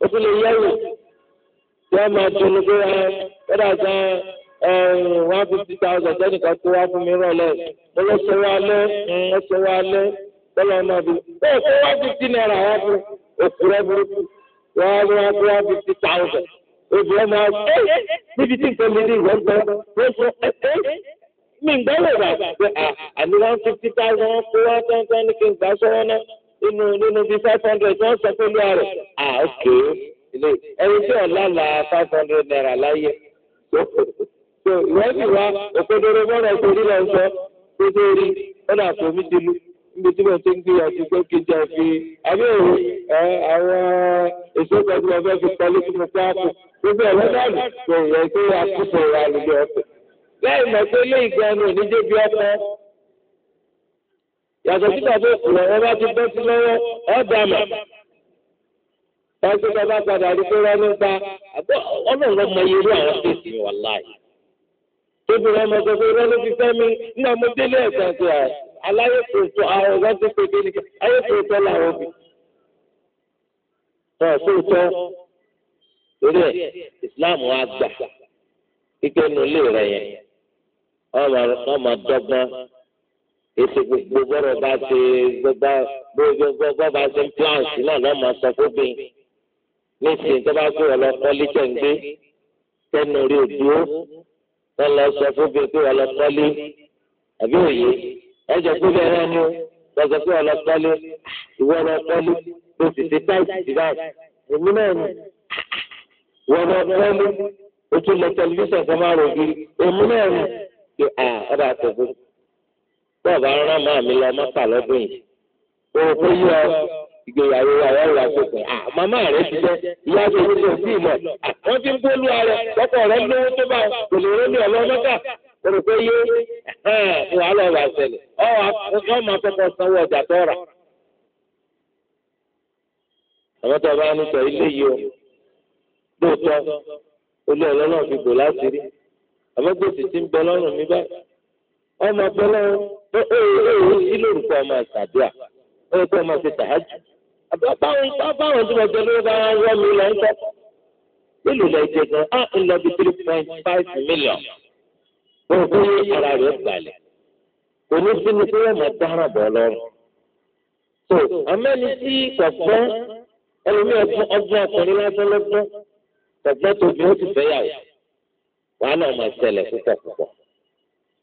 o tún lè yẹ̀wò yọ máa dunu pé ẹ kódà gan ẹ one fifty thousand sẹ́nìkan tó wá fún mi rọ̀lẹ́ mo lọ sọ wa lẹ́ ẹ sọ wa lẹ́ bọ́lá náà bí bẹ́ẹ̀ kó one fifty naira wá fún òkúrẹ́ burúkú wọ́n á wọ́n á kó one fifty thousand òbí ẹ máa ẹ níbi tí nǹkan mi ní ìwọ ń gbọ́ wọ́n sọ ẹ ẹ mi ń gbọ́ wọ̀ bàbá pé à àní one fifty thousand kó wá tán tán ní kí n gbà sọ́wọ́ náà nínú nínú bíi five hundred tí wọ́n sọ pé lóyà rẹ̀ à ókè ilé ẹni tí ọ̀la la five hundred naira láyé so ìwọ́n sì wá òkodoro mọ́ra torí lọ sọ tó tó rí wọ́n náà fòmí ti lu níbi tí wọ́n ti ń gbìyànjú pé kí n jẹ́ fi àbí òru àwọn èso kan tí wọ́n fẹ́ fi pọ́lí tí mo fẹ́ àpò gbogbo ẹ̀rọ dànù kò yẹ kó àkóso ìwà àlùyọ ọ̀pẹ. lẹ́yìn mọ̀ pé ilé ìgbà ni oníjẹ́bi ọkọ̀ yàtọ̀ sí bàbá òkùnà wọn bá ti bẹ́ sí lọ́wọ́ ọ̀dà mà pàṣẹ bàbá padà rí pé wọn nípa ọlọ́run ọmọ yẹn rí àwọn fèsì wà láàyè tóbi rẹ ọmọ gbogbo rẹ ló fi fẹ́ mi nígbà mo délé ẹ̀sán ti à aláyè kò tó àwọn ọ̀gá tó pé kí nìkan ayé kò tọ́ làwọn bì ọ̀ kò tọ́ torí ẹ̀ Islam wa gbà kíkẹ́ nu ilé rẹ̀ yẹn ọmọ dọ́gbọ́n èsì gbogbo bọ́rọ̀ bá ṣe gbogbo bọ́ bá ṣe ń plan sí náà lọ́ máa sọ fún mi nísìnyí tó bá kó wọn lọ kọ́lí tẹ̀ ń gbé tẹnu rí òdúró wọn lọ sọ fún mi pé wọn lọ kọ́lí àbí òye ẹjọ́ pé bẹ́ẹ̀ náà ni wọ́n sọ pé wọn lọ ìwọ lọ kọ́lí o sì ṣe táìsì sí báyìí èmi náà ni wọn lọ kọ́lí o tún lọ tẹlifíṣàn kan máa rò èmi náà ni ọ̀dà bọ́ọ̀ bá rán máa mi lọ mọ́tà lọ́dún yìí o rò pé yíyọ ìgbéyàwó àwọn ọ̀rọ̀ àgbègbè à màmá rẹ ti jẹ ìyá tó ń tó sí ìmọ̀ wọ́n ti ń bólú ara lọ́kọ̀ rẹ lówó tó bá kò lè rẹ́lú ọ̀lọ́ mọ́tà o rò pé yé wàá lọ wà sẹlẹ̀ ọ̀ máa kọ́kọ́ sanwó ọjà tó rà. àwọn tó bá ń sọ ilé yìí o lóòótọ́ olú ọ̀lọ́ náà fi bò láti rí àmọ́ gbèsè ti ń bẹ lọ́rùn mi báyìí. ọmọ ọgbọ́nà ó sí lórúkọ ọmọ ìtàdúrà ó ọmọ ti báwọn tí mo jẹ lórí bá wọn wọ mi lọ ń nílùú á ń lọ bí three point five million wọn kò ní ara rẹ̀ kò ní wọn máa dára so amẹ́ni tí kọ̀gbọ́n ẹlòmíràn ọkùnrin lásán ti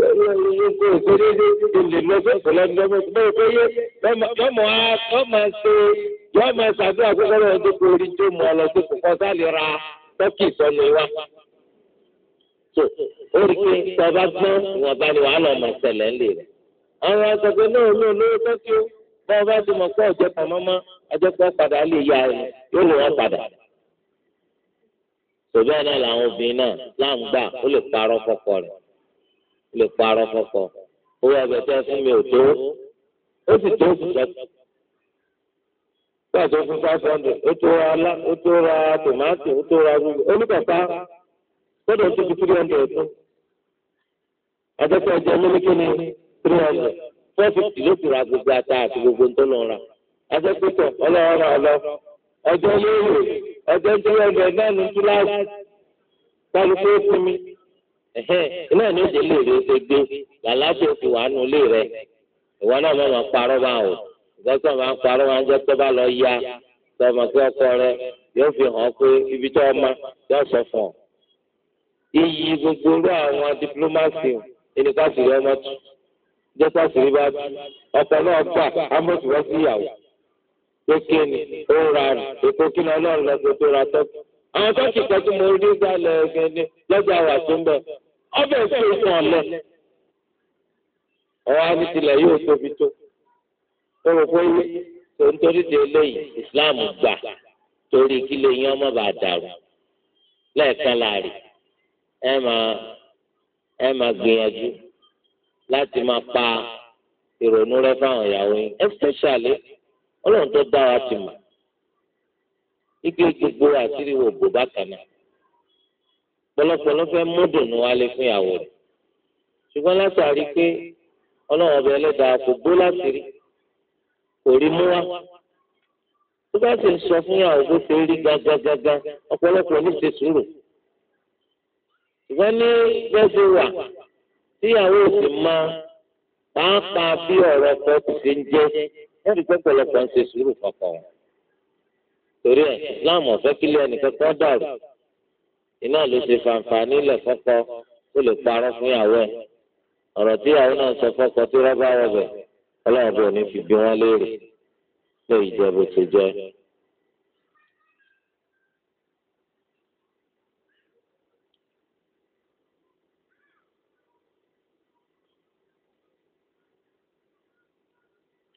ipò ìṣedédé olè lọ́sọ̀ọ̀sẹ̀ lọ́dún bẹ́ẹ̀ pé yé lọ́mọ ọmọ ṣe lọ́mọ ṣàdúrà àkókò rẹ̀ tó kó orí tó mọ ọlọ́dún kò kọ́ sálì ra tọ́kì sọnù wa. tó ni wàá lọ́ọ́ máa ṣẹlẹ̀ ń lè rẹ̀. àwọn àgbẹ̀gbẹ̀ náà ní olówó tọ́kì ó bọ́ọ̀ bá ti mọ̀ pé ọ̀jẹ̀ pàmọ́mọ́ ọjọ́ pé padà ya ẹ̀ yóò lè wọ́n padà tòbí ẹ̀ náà làwọn obìnrin náà láǹgbà ó lè parọ́ kọ́kọ́ rẹ̀ lè parọ́ fọ́fọ́ owó ẹgbẹ́ tẹ́ fún mi ò tó ó sì tó oṣù sẹ́kù gbàtọ́ fún five hundred ó tó ra lá ó tó ra tòmátì ó tó ra gbogbo oníkàtà gbọ́dọ̀ tó fi three hundred fún adẹ́kọ̀ọ́ jẹ́ mílíkì ní three hundred four fifty ló ti ra gbogbo ata àti gbogbo ń tó lọ ra adẹ́kọ̀ọ́ ọlọ́wọ́ ra ọlọ́ ọjọ́ yóò rè ọjọ́ three hundred náà ní kíláàsì kálukú ó fún mi iná ní ìdí ilé rẹ ṣe gbé làlá tó fi wà nù ilé rẹ ìwọ náà mọ̀ máa parọ́ bá o ìgbà tó máa parọ́ máa jẹ́ tó bá lọ ya tó ọmọ tó ọkọ rẹ yóò fi hàn pé ibi tó ọmọ yóò sọ fún ọ. iyì gbogbo irú àwọn dipulomasi ẹnìkan sì rí ọmọ tù jẹ́sà sì rí bá tù ọ̀pọ̀ náà gbà amọ̀tìwọ́sí ìyàwó pé kí ni ó ra èkó kí ni ọlọ́run lọ́gbẹ̀ẹ́ tó ra tọ́kù àwọn tó ti kọ́tún mo rí gbalẹ̀ gẹ́gẹ́ lọ́jà wà tó ń bọ̀ ọbẹ̀ tó ń sàn lọ. ọ̀rọ̀ àti tilẹ̀ yóò tóbi tó ó rò pé tó ń torí di eléyìí Islam gbà torí kí lè yan ọmọ bá dàrú lẹ́ẹ̀kan láàrin ẹ máa ẹ máa gbìyànjú láti máa pa ìrònú rẹ fáwọn ìyàwó yín especially ọlọ́run tó dá wa ti mọ̀ ike gbogbo àṣírí wo bò bákan náà pọ̀lọpọ̀lọ fẹ́ múdùnú wálé fún ìyàwó rẹ̀ ṣùgbọ́n látàrí pé Ọlọ́run ọbẹ Ẹlẹ́dàá kò bó láti rí kò rí mú wá tó bá sì ń sọ fún ìyàwó bó ṣe rí gágágágá ọ̀pọ̀lọpọ̀ ní ṣe sùúrù ṣùgbọ́n ní gbẹ́sẹ̀ wà tíyàwó sì máa pàápàá bí ọ̀rọ̀ kan ti ṣe ń jẹ́ ẹ̀rí pẹ́ pọ̀lọpọ̀ ṣe sùúrù kankan torí ẹ̀ islam ọ̀fẹ́ kílẹ̀ ẹnìkan kan dàrú iná ló ṣe fàǹfààní ilẹ̀ fọ́kọ ó lè parọ́ fún ìyàwó ẹ̀ ọ̀rọ̀ tí ìyàwó náà sọ fọ́kọ tí rọ́bà wọbẹ̀ ọlọ́run bò ní fi bí wọ́n léèrè lè jẹ bó ṣe jẹ.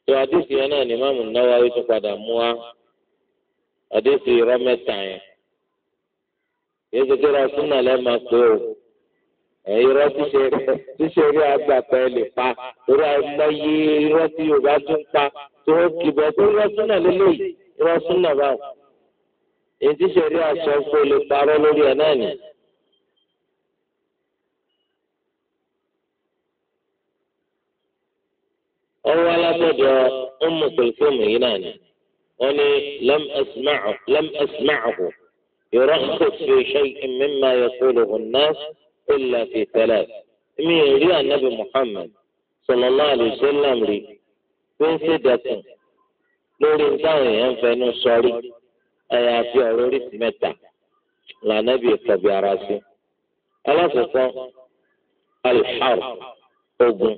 tó àdìsí yẹn náà ni máàmù náwó ayé padà mú wa àdéhùn irọ́ mẹ́ta yẹn yéé ṣe kíra súnà lẹ́ẹ̀ma pé o irọ́ ṣíṣe rí agbàpẹ́ lè pa torí àìmọye irọ́ tí yorùbá tún pa tó kìbọ̀ tó irọ́ súnà lélẹ́yìí irọ́ súnà báwò èyí tí ṣe rí aṣọ fún olè parọ́ lórí ẹ̀ náà nìyí. ọwọ́ alátọ̀dọ̀ ọmọ kòlùfóònù yìí náà ni. وني لم أسمعه لم أسمعه يرخص في شيء مما يقوله الناس إلا في ثلاث من ريا النبي محمد صلى الله عليه وسلم لي من سدة lórí táwọn èèyàn ń fẹnu sọrí àyàfi ọ̀rọ̀ oríṣi mẹ́ta lànàbì ìkọ̀bí ara sí. alákòókò alḥar ogun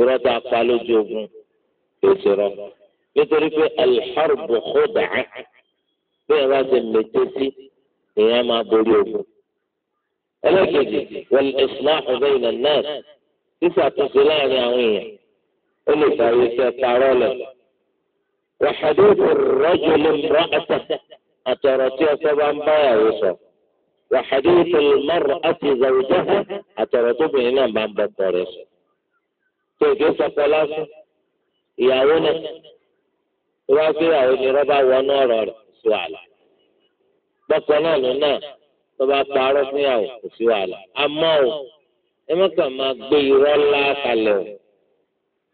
irọ́ tá a ogun kò nítorí pé alḥarbu khudaa bí ẹ bá ti mètè sí ìyẹn máa borí ogun. ẹlẹ́kẹ̀dẹ̀ wal islahu bayna an-nas sísàtúnṣe láàrin àwọn èèyàn ó lè fàyè fẹ́ parọ́ lẹ̀. wa hadith ar-rajul imra'atahu àtọ̀rọ̀ tí ọkọ bá ń báyàwó sọ. wa hadith al-mar'ati zawjaha àtọ̀rọ̀ tóbìnrin náà bá ń bọ̀ pọ̀ rẹ̀ sọ. tó ìgbésọ̀kọ lásán ìyàwó náà. tó wá sí ìyàwó ni rọ́bà wọnú ọ̀rọ̀ rẹ̀ kò sí wàhálà gbọ́kọ̀ náà ló náà tó bá parọ́ fún ìyàwó kò sí wàhálà àmọ́ ò ẹ mọ́kàn máa gbé irọ́ ńlá kalẹ̀ o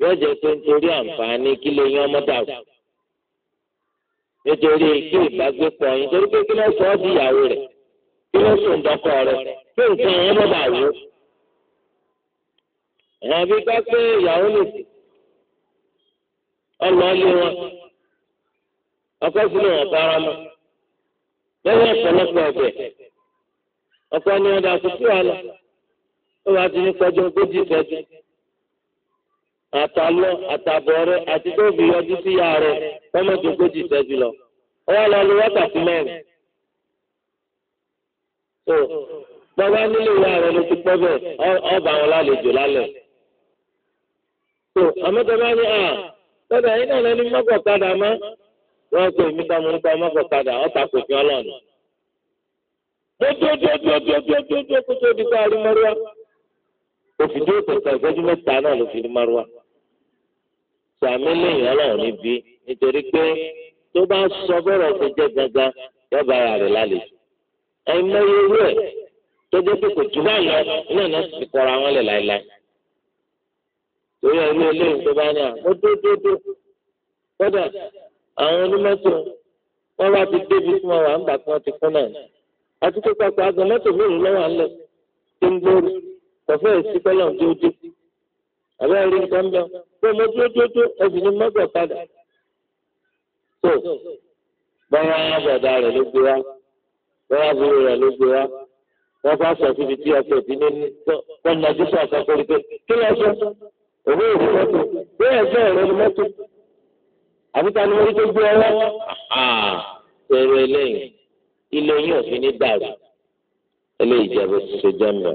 yóò jẹ́ pé nítorí àǹfààní kí lè yan mọ́tà kù nítorí kí ìbágbépọ̀ yín torí pé kí lọ́sọ̀ ọ́ di ìyàwó rẹ̀ kí lọ́sọ̀ ń dọ́kọ̀ rẹ̀ kí nǹkan yẹn mọ́ bàá wó. ẹ̀hàn bí ká pé ìyàwó lè sè ọlọ́ọ̀lẹ́ wọn ọkọ sínú ọ̀pá ara mọ́ lẹ́yìn ọ̀pọ̀lọpọ̀ ọ̀bẹ ọkọ ni ọ̀dà àkókò àlọ́ ó wàá ti ní pẹ́jọ ogójì ìṣẹ́jú àtàlọ́ àtàbọ̀ rẹ àti tó fi yọjú sí ìyá rẹ kọ́mọ́jọ ogójì ìṣẹ́jú lọ ọwọ́ lọ lu wákàtí mẹ́rin tó bàbá nílé ìyá rẹ ló ti pẹ́ bẹ́ẹ̀ ọba àwọn lálejò lálẹ́ tó àmọ́tọ́ bá ní à bàbá yìí náà lẹ́nu mọ́gbọ̀ padà máa wọ́n pe èmi kan mo ń pa mọ́kàn padà ọ̀tà kò fi ọlọ́ọ̀nù. mo kó tó di pé a rí mọ́rúwá. òfin dúró tẹ̀sán ìṣẹ́jú mẹ́ta náà ló fi rí mọ́rúwá. sàmì lẹ́yìn ọlọ́run níbí nítorí pé tó bá sọ bọ́rọ̀ ṣe jẹ́ gangan yọba ara rẹ̀ lálẹ́. ẹ̀yin mẹ́rin owó ẹ̀ tó jẹ́ pé kò jù bá lọ iná náà sì kọ́ra wọn lẹ̀ láéláé. torí ẹ̀rí eléyìí tó bá ní à àwọn onímọ́tò wọn bá ti débi fún àwọn àǹbà kan ti kún náà àti pé pàpà àgbọn mọ́tò mélòó lọ́wọ́ àlẹ́ tó ń gbóòrò kọ̀fẹ́ sí pẹ́lú ọ̀dọ́ ojú àbẹ́rẹ́ rí nǹkan bẹ́ẹ̀ pé ọmọ tó dúdú ẹ̀sìn ní mọ́gbà padà tó bọ́lá bàdá rẹ̀ ló gbé wá bọ́lá àbúrò rẹ̀ ló gbé wá wọ́n bá sọ síbi tí ọkọ̀ ìdí ní kọ́nà dísọ̀ àkọ́kọ́ rí pé kí lọ́sọ̀ òwe òfin mọ́tò bẹ́ẹ̀ bẹ́ẹ̀ rẹ̀ ni mọ́tò àbí ta ni mo rí tó gbé ọwọ́ ṣeré eléyìí ilé yín òfin ní dàrú eléyìí jẹ́ bó ṣe jẹ́ mọ́.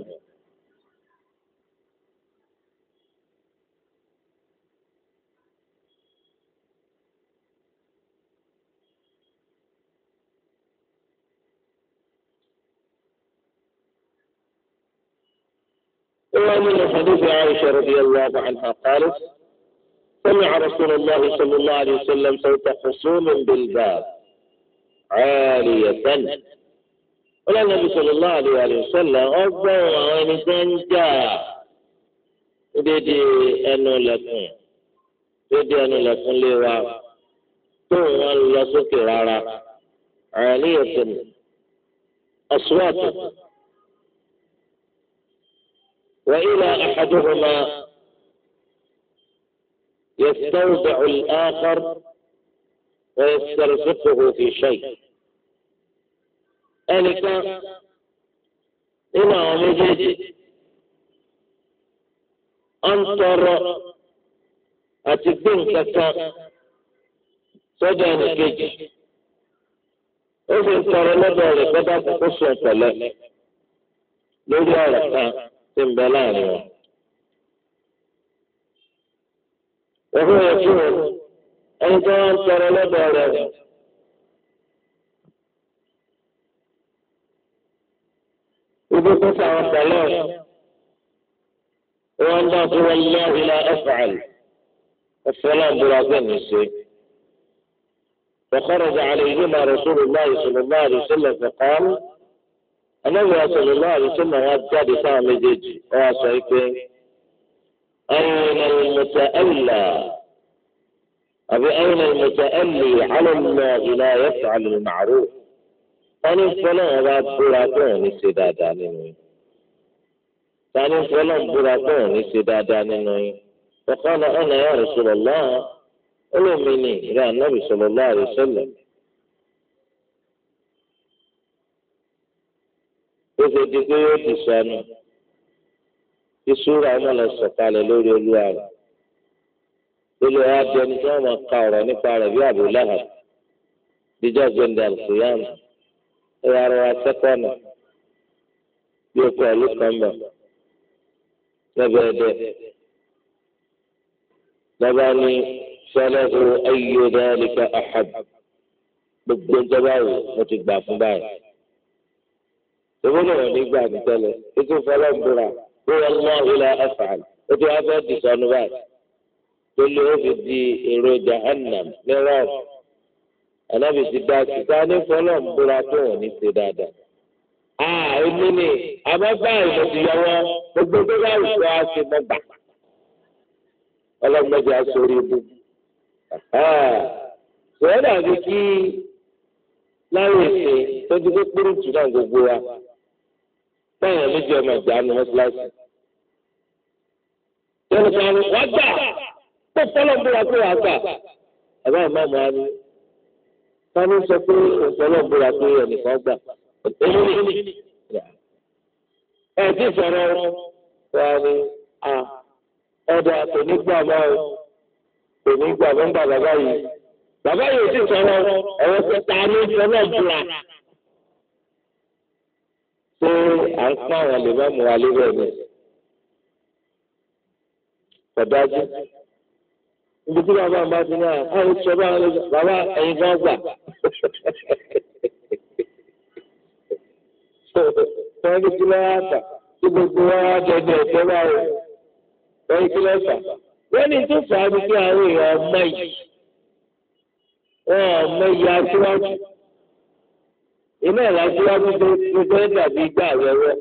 ومن حديث عائشة رضي الله عنها قالت سمع رسول الله صلى الله عليه وسلم صوت خصوم بالباب عالية ولا النبي صلى الله عليه وسلم أظن وأن زنجا ودي أنو لكم ودي أنو لكم لوا ثم الله سكرارا عالية أصوات وإلى أحدهما يستودع الآخر ويسترزقه في شيء ألك إلى مجد أنطر أتدين كتا سجا نكيج أفن ترى لدولي قدا تقصوا فلا لدولي وهو يقول أيضا ترى لبارك وبكون ثلاث وأن تقول والله لا أفعل السلام براكم الشيء فخرج عليهما رسول الله صلى الله عليه وسلم فقال النبي صلى الله عليه وسلم قد جاء بسام جيجي وأصيبه أين المتألى أين المتألي على الله لا يفعل المعروف tani fọlọ ń bá búra pé òun ní ṣe dáadáa nínú yín tani fọlọ ń búra pé òun ní ṣe dáadáa nínú yín ya kí súra ọmọ lọ sọ̀kalẹ̀ lórí olúwa rẹ̀ olú wa di ẹni tí wọ́n máa ka ọ̀rọ̀ nípa rẹ̀ bí Abu Lahab díjọ́ gbẹ̀ndẹ̀ àlùkùyàn ẹ wá rọra sẹ́kọ̀nà bí o kọ̀ ọ̀lú kan bọ̀ lẹ́bẹ̀ẹ́ dẹ̀ lọ́ba ní sọ́lẹ́hu ayé dáríkà ahab gbogbo ọjọ́ báyìí mo ti gbà fún báyìí. ìwé ni wọ́n ní gbà ní tẹ́lẹ̀ ètò ìfọlọ́ǹbùrà. wíwọ mọ ilẹ̀ ẹ̀fàn ó ti wá fẹ́ di sọnù báyìí tó lé ó fi di èrò jahannam ní rọ́ọ̀f ànábì ti dá síta ní fọlọ́ ń búra tó wọ́n ní ṣe dáadáa. a èmi ni àbábá ìmọ̀tì yọwọ́ gbogbo tó bá wù wá mọ́gbà ọlọ́mọdé aṣọ́rí ibú. sọ̀rọ̀ dàbí kí láyé ṣe tó ti pírìtì náà gbogbo wa táyà méjì ọmọ ìjà nu mọ́sálásì. yọ̀rọ̀ kan wá gbà tó fọlọ́ ń búra pé wàá gbà. bàbá àmọ́ àmọ́ á ní. sani sọ pé òfọlọ́ ń búra pé ẹnìkan gbà. èmi ni ẹ ti sọ̀rọ̀ wá ní a ọ̀dà kò máa o kò ní ń gbà bàbá yìí. bàbá yìí ti sọ̀rọ̀ ẹ̀wọ̀n pé ta ni ìfọlọ́ ń ṣé à ń pọ́n àwọn lè má mú wa lérò ẹ̀ ní. Kọ̀dájú. Ibi tí bàbá mi bá ti náà, a ò sọ báwọn lè bàbá ẹ̀yin gan gbà. Wọ́n ní kí lọ́wọ́ àtà tí gbogbo wa wá dẹ̀dẹ̀ ẹ̀jẹ̀ báwo. Wọ́n ní kí lọ́wọ́ fà. Wọ́n ní tó fà á bí kí àwọn èèyàn ọmọ yìí. Wọ́n ọmọ yìí aṣíwájú. iná ìlàsíwájú tó fẹ́ dàbí gbà wẹ́wẹ́.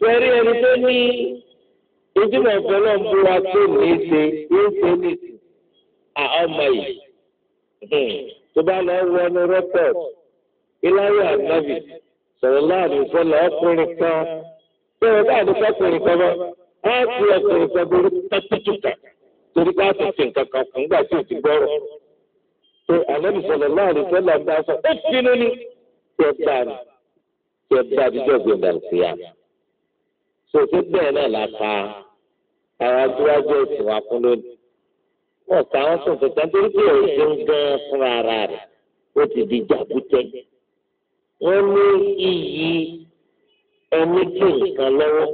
Fẹ́rí ẹni tó ní ojúmọ̀ fọlọ́ ń bú tó ní ṣe yóò ṣe ní ti yìí. Hmm. Tó bá lọ wọ ní láàrin ọkùnrin kan. kan ọkùnrin kan pé àlẹ́bí sọ̀rọ̀ láàrin sọ́lá ń bá sọ ó pinnu ni kí ẹ gbà ní kí ẹ gbà dídọ̀ gbẹ̀dà ìfìyà. sòtí bẹ́ẹ̀ náà la ka àwọn adúlájọ́ ìsìn wa kún lónìí. wọ́n ta àwọn sùn tuntun nítorí pé òṣè ń gan fúnra ara rẹ̀ ó ti di jàkútẹ́. wọ́n ní iyì ẹni tó nǹkan lọ́wọ́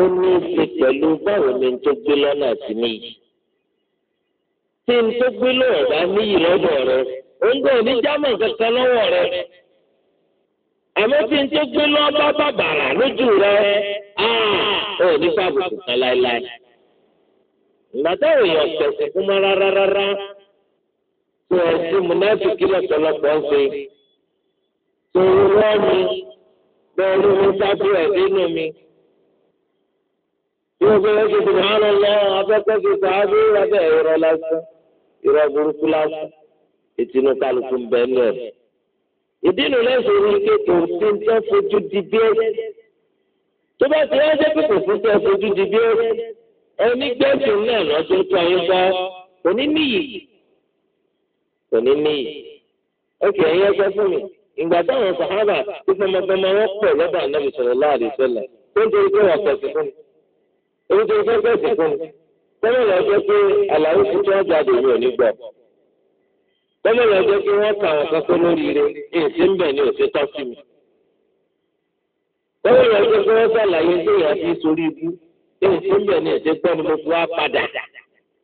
ó ní í ṣe pẹ̀lú báwo ni tó gbé lọ́nà sí níyì tí n tó gbé lóò bá níyì lọ́dọ̀ rẹ oúnjẹ òní jámọ̀ kankan lọ́wọ́ rẹ àmọ́ tí n tó gbé lọ́ọ́ bá bàbàrà lójú rẹ ó ní fàbùkù kan láéláé ìgbà táwọn èèyàn tẹ̀sìn fún mọ́ rárá rárá tó ẹ̀sìn múnáfíkì lọ́pọ̀lọpọ̀ ń ṣe tó rọ́ mi bẹ́ẹ̀ ló sábú ẹ̀ nínú mi bí fẹ́ kí sùnmọ́ lọ́lọ́ afẹ́fẹ́ kí sàábí rẹ̀ bẹ́ẹ̀ rọ lásán irọ́ burúkú lásán ìtinú kálukú ń bẹ ní ẹ̀. ìdínú lẹ́sìn orí ike kò sí ń tẹ́ fojú di bí ẹ̀sìn. tó bá ti wá jẹ́ pé kò sí ń tẹ́ fojú di bí ẹ̀sìn. ẹni gbẹ́sìn náà lọ́jọ́ tó ayé bá kò ní níyì. kò ní níyì. ókè ẹ̀yin ẹgbẹ́ fún mi. ìgbà táwọn sàhábà tó gbọmọgbọmọ wọn pọ̀ lọ́dọ̀ ànábì sallallahu alaihi wasallam tó ń torí pé wọ́n pẹ̀sìn fún mi tẹ́lẹ̀ yẹn jẹ́ pé àlàyé ti tẹ́ jáde mi ò ní gbọ́ tẹ́lẹ̀ yẹn jẹ́ pé wọ́n kà wọ́n kankan lóríire èsì ń bẹ̀ ni ò ṣe tán sí mi tẹ́lẹ̀ yẹn jẹ́ pé wọ́n sàlàyé pé èèyàn ti sórí ibú èsì ń bẹ̀ ni èsì gbọ́ ni mo fi wá padà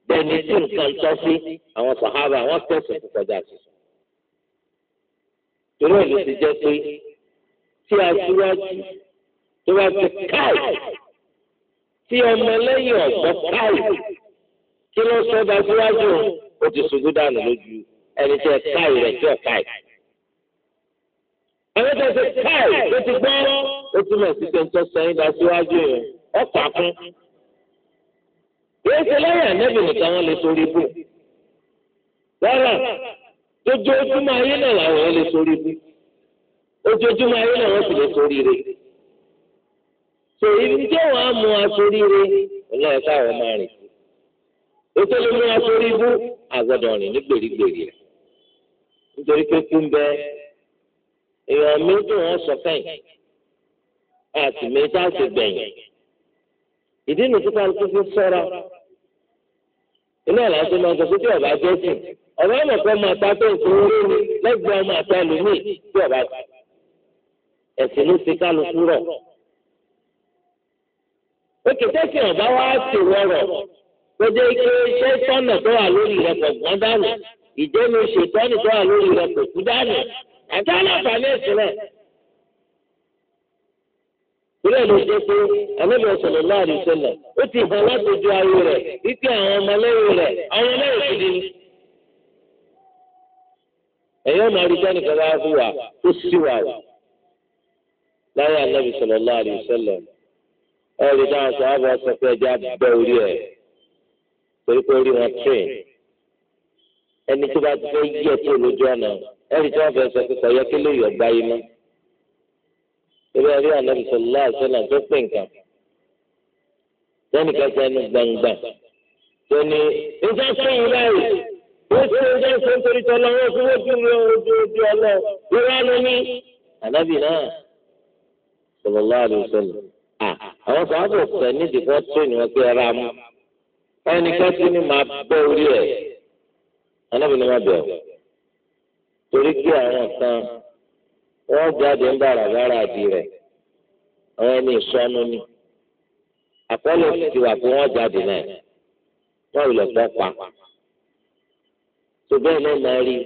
bẹ́ẹ̀ni tí nǹkan tọ́ sí àwọn sàhábà wọ́n tẹ̀sán tó kọjá sí torí ẹ̀ ló ti jẹ́ pé tí aṣíwájú tó bá ti káì tí ọmọ ẹlẹ́yìn ọ̀gbọ́ káì kí ló sọ ọba síwájú o ti ṣubú dànù lójú ẹni tí ẹ káì rẹ̀ tí ọ̀ káì. àwọn tó ṣe káì ló ti gbọ́ ó túmọ̀ sí pé ń tọ́ sẹ́yìn dá síwájú yẹn ọ̀pá kún. yóò ṣe lẹ́yìn ànẹ́bì nìkan wọn lè sórí bù. rárá ojoojúmọ́ ayé náà làwọn yẹn lè sórí bù ojoojúmọ́ ayé náà wọ́n sì lè sórí rẹ̀ tó ibi tí wọn á mú asorí re ọlọ́yẹ káwọn máa rìn sí ètò ló mú asorí bú àgbọ̀dọ̀ rìn ní gbèrígbèrí rẹ̀ nítorí pé kú ń bẹ èèyàn méjì wọn sọ fẹ́yìn àti méjì àti gbẹ̀yìn ìdí nu títa ló fi sọ́ra iná làásù máa ń sọ pé tí ọba jẹ́ sìn ọba ọmọ kan máa ta tó nǹkan orí ni lẹ́gbẹ̀ẹ́ ọmọ àti ẹlòmíì tí ọba ẹ̀sìn ló ti kálukú rọ̀ òkè tẹ́sí ọ̀bá wa ṣèrò ọ̀rọ̀ tó jẹ́ ike iṣẹ́ tọ́nà tó wà lórí rẹ̀ kò gbọ́n dànù ìjẹ́nu ṣètọ́nì tó wà lórí rẹ̀ kò kú dànù àti aláǹfààní ẹ̀sìn rẹ̀. Ilé ìlú ṣe pé ẹlẹ́bí ọ̀sọ̀lọ̀ láàrin ìṣẹ̀lẹ̀ ó ti hàn látọjú ayé rẹ̀ wípé àwọn ọmọlẹ́yìn rẹ̀ àwọn ọmọlẹ́yìn ti di. Ẹ̀yọ́ máa rí jẹ́nìkan bá fún ó sì wà láyé àlẹ́bí ọ̀sọ̀lọ̀ láàrin ìṣẹ̀lẹ̀ ẹ̀rí táwọn sọ̀rọ̀ bá sọ pé ẹja bẹ́ orí ẹ̀ torí pé orí wọn tírìn ẹni tó bá fẹ́ yí ẹ̀ tó lójú ọ̀nà ẹ̀rí tí wọ́n fẹ́ sọ pé kọ̀yẹ́ kí ló yọ̀ gbá yín mọ́. torí ẹ̀rí ànábì sọ̀rọ̀ láàṣẹ náà tó pè nǹkan lẹ́nu kẹsẹ̀ ẹnu gbàngbà tó ní ìjọ fún yín láàyè wọ́n ti ń jẹ́ fún torí tọ́lọ́ wọ́n fún ojú mi ojú ojú ọlọ́ ìwọ́n ló ní ànábì náà sọ̀rọ̀ láàrin sọ̀rọ̀ àwọn sàábò fẹ́ nídìí fẹ́ tírénì wọn pé ẹ̀rá mú ẹnì kẹ́tì ni máa bẹ́ orí ẹ̀ anábìnrin máa bẹ̀ ọ́ torí pé àwọn kan wọ́n jáde ń bára bára àdì rẹ̀ àwọn ẹni ìsọnù ni àkọọ́lẹ̀ ti wà pé wọ́n jáde náà wọ́n ò lè fọ́ pa tó bẹ́ẹ̀ náà máa rí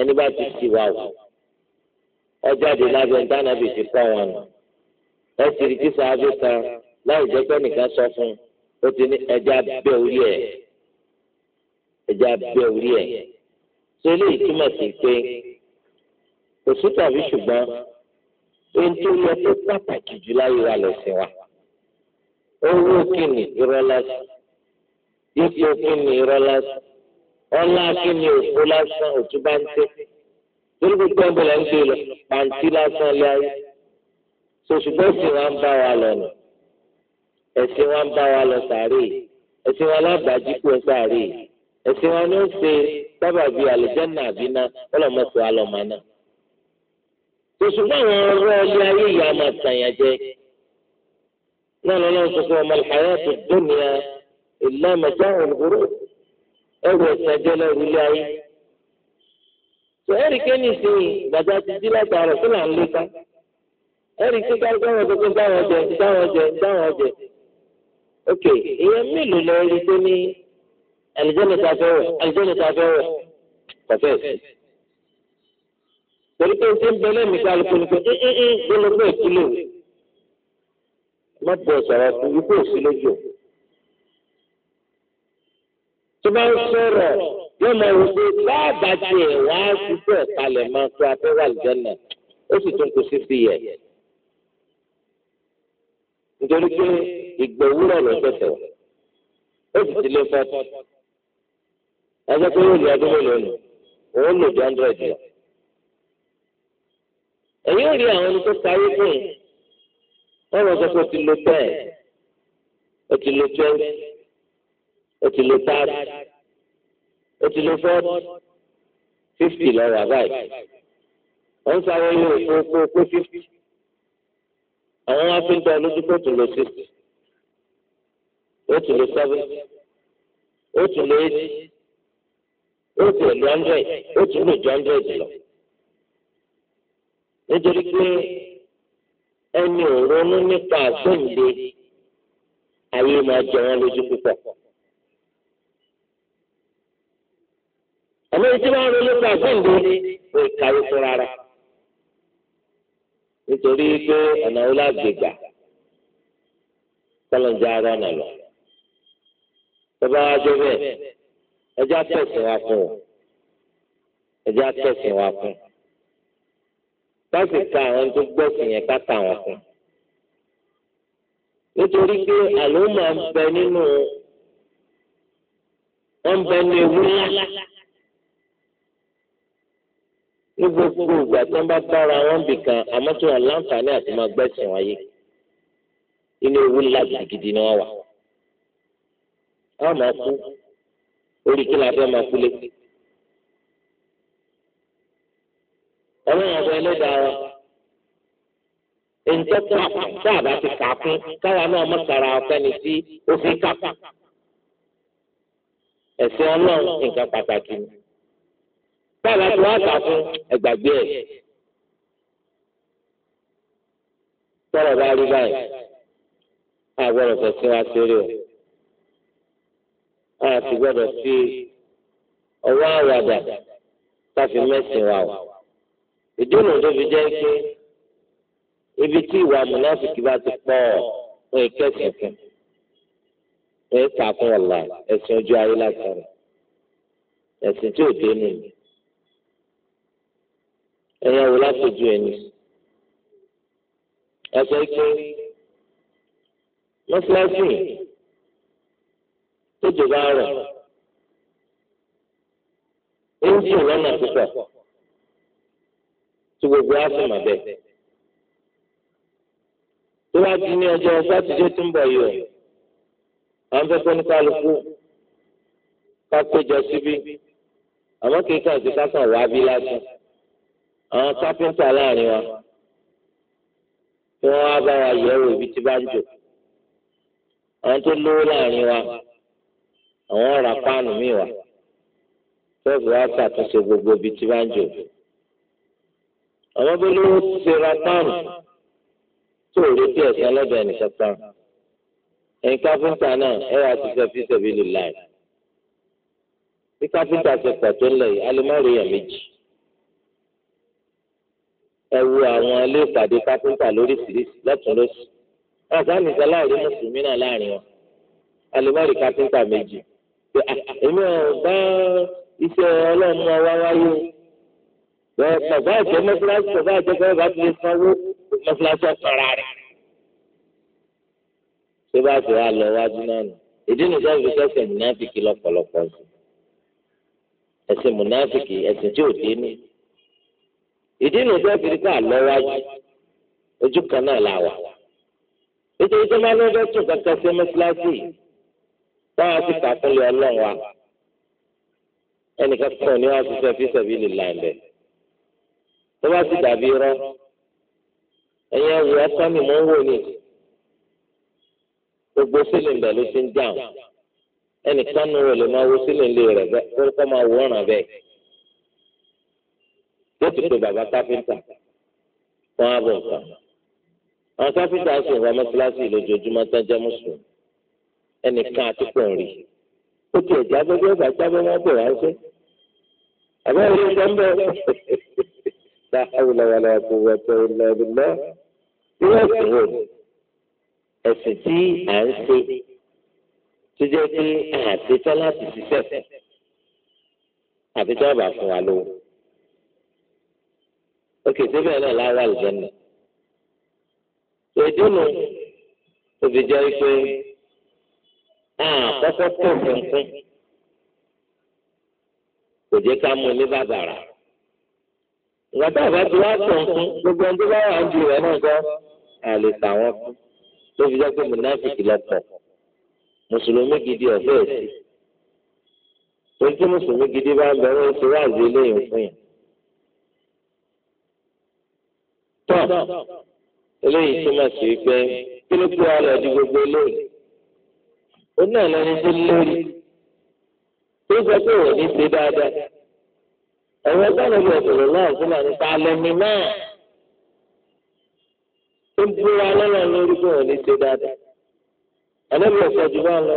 ẹni bá ti ti wà wò jáde lábẹ́ ń dáná bìí ti kọ́ wọn nù ẹ sì rí kíso abẹ kan láì jẹ́ pé nìkan sọ fún un ó ti ní ẹja bẹ́ orí ẹ̀ ẹja bẹ́ orí ẹ̀ tó eléyìí túmọ̀ sí pé kò sí tàbí ṣùgbọ́n ohun tó yẹ tó pàtàkì jù láyé wa lẹ̀sìn wa owó kìnnì irọ́ lásán ipò kìnnì irọ́ ọlá kìnnì òfó lásán òtún bá ń tẹ́ torí gbogbo ẹgbẹ̀rún ń gbé lọ pàǹtí lásán lé ayé sòṣùpọ̀ ẹ̀sìn wa ń bá wa lọ nù ẹ̀sìn wa ń bá wa lọ sàárè ẹ̀sìn wa lábàájí kú ẹ sàárè ẹ̀sìn wa ni ó ṣe sábàbí àlùjànnà àbínà ọlọ́mọ̀sọ alọ́mọ̀nà sòṣùpọ̀ àwọn ọ̀rọ̀ ilé ayé yìí a máa tàyàn jẹ náà lọ́nà sọ̀tún ọmọ ìhàyà tó dóníyà ìlà mẹ́ta òǹkúrò ẹ̀rù ẹ̀sìn ẹjọ́ lẹ́rù ilé ayé sọ̀rọ̀ ẹ̀rì kẹ́ni ìgbàdá ti dí látàrọ̀ fúlàní lẹ́ka ẹnì kí kálukú àwọn gbogbo dáwọn jẹ dáwọn jẹ dáwọn jẹ ok ìyẹn mélòó lọ rí tó ní ẹlẹjẹni ta fẹ́ wẹ̀ ẹlẹjẹni ta fẹ́ wẹ̀ kọfẹ torí pé ṣé ń bẹ lẹ́mìí kálukú ni pé ẹ ẹ ẹ gbólógbó ìkúlẹ̀ wò má bọ̀ sọ̀rọ̀ fún ikú òsì lójú o tó bá ń sọ̀rọ̀ yóò máa wò pé báàbà tiẹ̀ wá síbẹ̀ kalẹ̀ máa tó afẹ́wà lìjọ́nà ó sì tún kù sí sí yẹ nítorí pé ìgbà òwúrọ̀ ló tẹ̀sẹ̀ wọ̀ ó sì ti lé fọ́ọ̀tì ẹjọ́ pé yóò lé ọdún mélòó nù òun lò ju hundred lọ. ẹ̀yin ò rí àwọn ẹni tó parí fún un wọ́n lọ sọ pé ó ti lo ten ó ti lo twenty ó ti lo thirty ó ti lo forty fifty lọ́wọ́ àbáyé wọ́n sáré yóò fún un pé fifty. àwọn wá fi ń dá lójú tún lọ sixty ó tún lọ seventy ó tún lọ eighty ó tún lọ hundred tún lọ ju lọ nítorí pé ẹni ò nípa àgbẹ̀ǹde ayé máa jẹ wọn lójú púpọ̀. àmọ́ ìdí máa nítorí pé ọ̀nà wo lágbègbà kọ́lọ́njá ara nà lọ. Bàbá wa jẹ́ bẹ́ẹ̀ ẹjẹ́ àtẹ̀sìn wa fún ọ ẹjẹ́ àtẹ̀sìn wa fún. Báṣì ka àwọn tó gbẹ̀sìn yẹn ká ta wọn fún. Nítorí pé àlọ́ ń bẹ nínú ń bẹ nínú ewu ńlá ní gbogbo ìgbà tí wọ́n bá bára wọn bì kan àmọ́ tí wọ́n láǹfààní àti máa gbẹ́sìn wáyé inú ewu ńlá gidigidi ni wọ́n wà. wọ́n máa kú orí kí làbẹ́ máa kú létí. ọlọ́run ọ̀bẹ ẹlẹ́dàá wọn èyí tó kà tá a bá ti kà á kún káwa náà mọ̀ kára ọ̀fẹ́ni sí òfin kà. ẹ̀sìn ọlọ́run nǹkan pàtàkì ni báyìí láti wá kà fún ẹgbàgbé ẹ̀. sọ̀rọ̀ bá rí báyìí a gbọ́dọ̀ fẹ̀sìn wa sórí o a sì gbọ́dọ̀ fi ọwọ́ àwàdà káfí mẹ́sìn wa o. ìdúnnù tó fi jẹ́ pé ibi tí ìwà mùnáfìkì bá ti pọ̀ ọ̀ ń kẹ́sìn fún ń kà fún ọ̀la ẹ̀sìn ojú ayé lásán ẹ̀sìn tí ò dénú mi ẹ̀yà wò láfojú ẹni. ẹ̀sọ́ ike mọ́sálásì tó jọba rẹ̀ ẹ̀ńjì lọ́nà púpọ̀ tí gbogbo á sì mà bẹ́ẹ̀. tó wá di ní ọjọ́ sátidé tó ń bọ̀ yìí o à ń fẹ́ fún kálukú ká péjọ síbí àmọ́ kí n kàn sí ká kàn wá bí lásán àwọn kápẹ́ńtà láàrin wa tí wọ́n wá bá wa yẹ̀wò ibi tí bá ń jò àwọn tó lówó láàrin wa àwọn ọ̀rà páànù míì wà tẹ́ẹ̀bù wa ṣàtúnṣe gbogbo ibi tí bá ń jò àwọn abẹ́lé ó ti ṣe ra páànù tó retí ẹ̀sán lọ́dọ̀ ẹnìkan tán ẹ̀yin kápẹ́ńtà náà ẹ̀ wá ti sọ fíṣẹ̀ bí lè láì bí kápẹ́ńtà ṣe pọ̀ tó ń lọ yìí alẹ́ má rí èèyàn méjì ẹ wo àwọn ilé ìpàdé kápẹ́ńtà lóríṣiríṣi lọ́tún lọ́sì àtàní sáláàrí mùsùlùmí náà láàrin wọn alimari kápẹ́ńtà méjì èmi ò bá iṣẹ́ ọlọ́run ọwá wáyé bẹ́ẹ̀ bàbá àjẹ mọ́sálásí bàbá àjẹ bẹ́ẹ̀ bá ti lè sanwó mọ́sálásí ọ̀kanra rẹ̀ tó bá ti wá lọ wájú náà nù ìdí nìkan fi sẹ́sẹ̀ mùnáfìkì lọ́pọ̀lọpọ̀ ẹ̀sìn ẹ̀sìn mùnáfìkì ẹ̀sìn tí ò dé ní ìdí nu sí áfíríkà lọ́wájú ojú kan náà la wà nítorí tó máa ń lọ́jọ́ tó kankan sí mọ́síláṣí táwọn ti kà fún lé ọlọ́run wa ẹnìkan kan ní wọn ṣiṣẹ́ fi ṣẹ̀bi lè là ńlẹ̀ tó bá sì dàbí irọ́ ẹ̀yẹ wò ọ́kọ́ ni mò ń wò ní gbogbo sílẹ̀ ńbẹ̀ ló ti ń dáhùn ẹnìkan nù rẹ̀ lè máa wo sílẹ̀ ńlẹ̀ rẹ̀ bẹ́ẹ̀ kó máa wò ọ̀ràn bẹ́ẹ̀ yóò ti pe bàbá káfíńtà fún ààbọ̀ nǹkan àwọn káfíńtà sùn wọn mọ́tíláṣí lójoojúmọ́ tán jẹ́ mùsùlùmí ẹnìkan àti pọ̀ ń rí ó ti ẹ̀já bẹ́ẹ̀ bá jábọ́ wọn bẹ̀ wá ṣe àbẹ́ ìlú sẹ́ńbẹ́ láàrúlọ́wọ́lọ́ kò wọ́pẹ́ ìlọ́ọ̀dúnlọ́ irú ẹ̀sìn wò ni ẹ̀sìn tí à ń ṣe tó jẹ́ pé àṣetán láti ṣiṣẹ́ àbí tí wọ́n bá fún wa lówó òkè síbẹ̀ náà láwà àlùjẹ́nà èdè nù òbí jẹ́ pé àkọ́kọ́ tó fúnfún kò jẹ́ ká mú ní bàbàrà ìgbà tá a bá ti wá tó fún gbogbo ẹni tó bá wà ń ju rẹ̀ náà gbọ́ àlè tàwọn fún tó fi jẹ́ pé mùnáfìkì lọ́pọ̀ mùsùlùmí gidi ọ̀fẹ́ sí torí mùsùlùmí gidi bá ń bẹ̀rẹ̀ ó ti wá fún yẹn. tọ́ eléyìí túmọ̀ sí pé kí ló kú ọ̀rọ̀ di gbogbo eléyìí ó náà lẹni tó lórí tó sọ pé òun ní ṣe dáadáa ẹ̀rọ sáré bí ọ̀sọ̀rọ̀ náà fúnra ní ta lẹ́ni náà tó búra lọ́wọ́ lórí pé òun ní ṣe dáadáa ẹ̀lẹ́bí ọ̀sọ̀ jù bá lọ.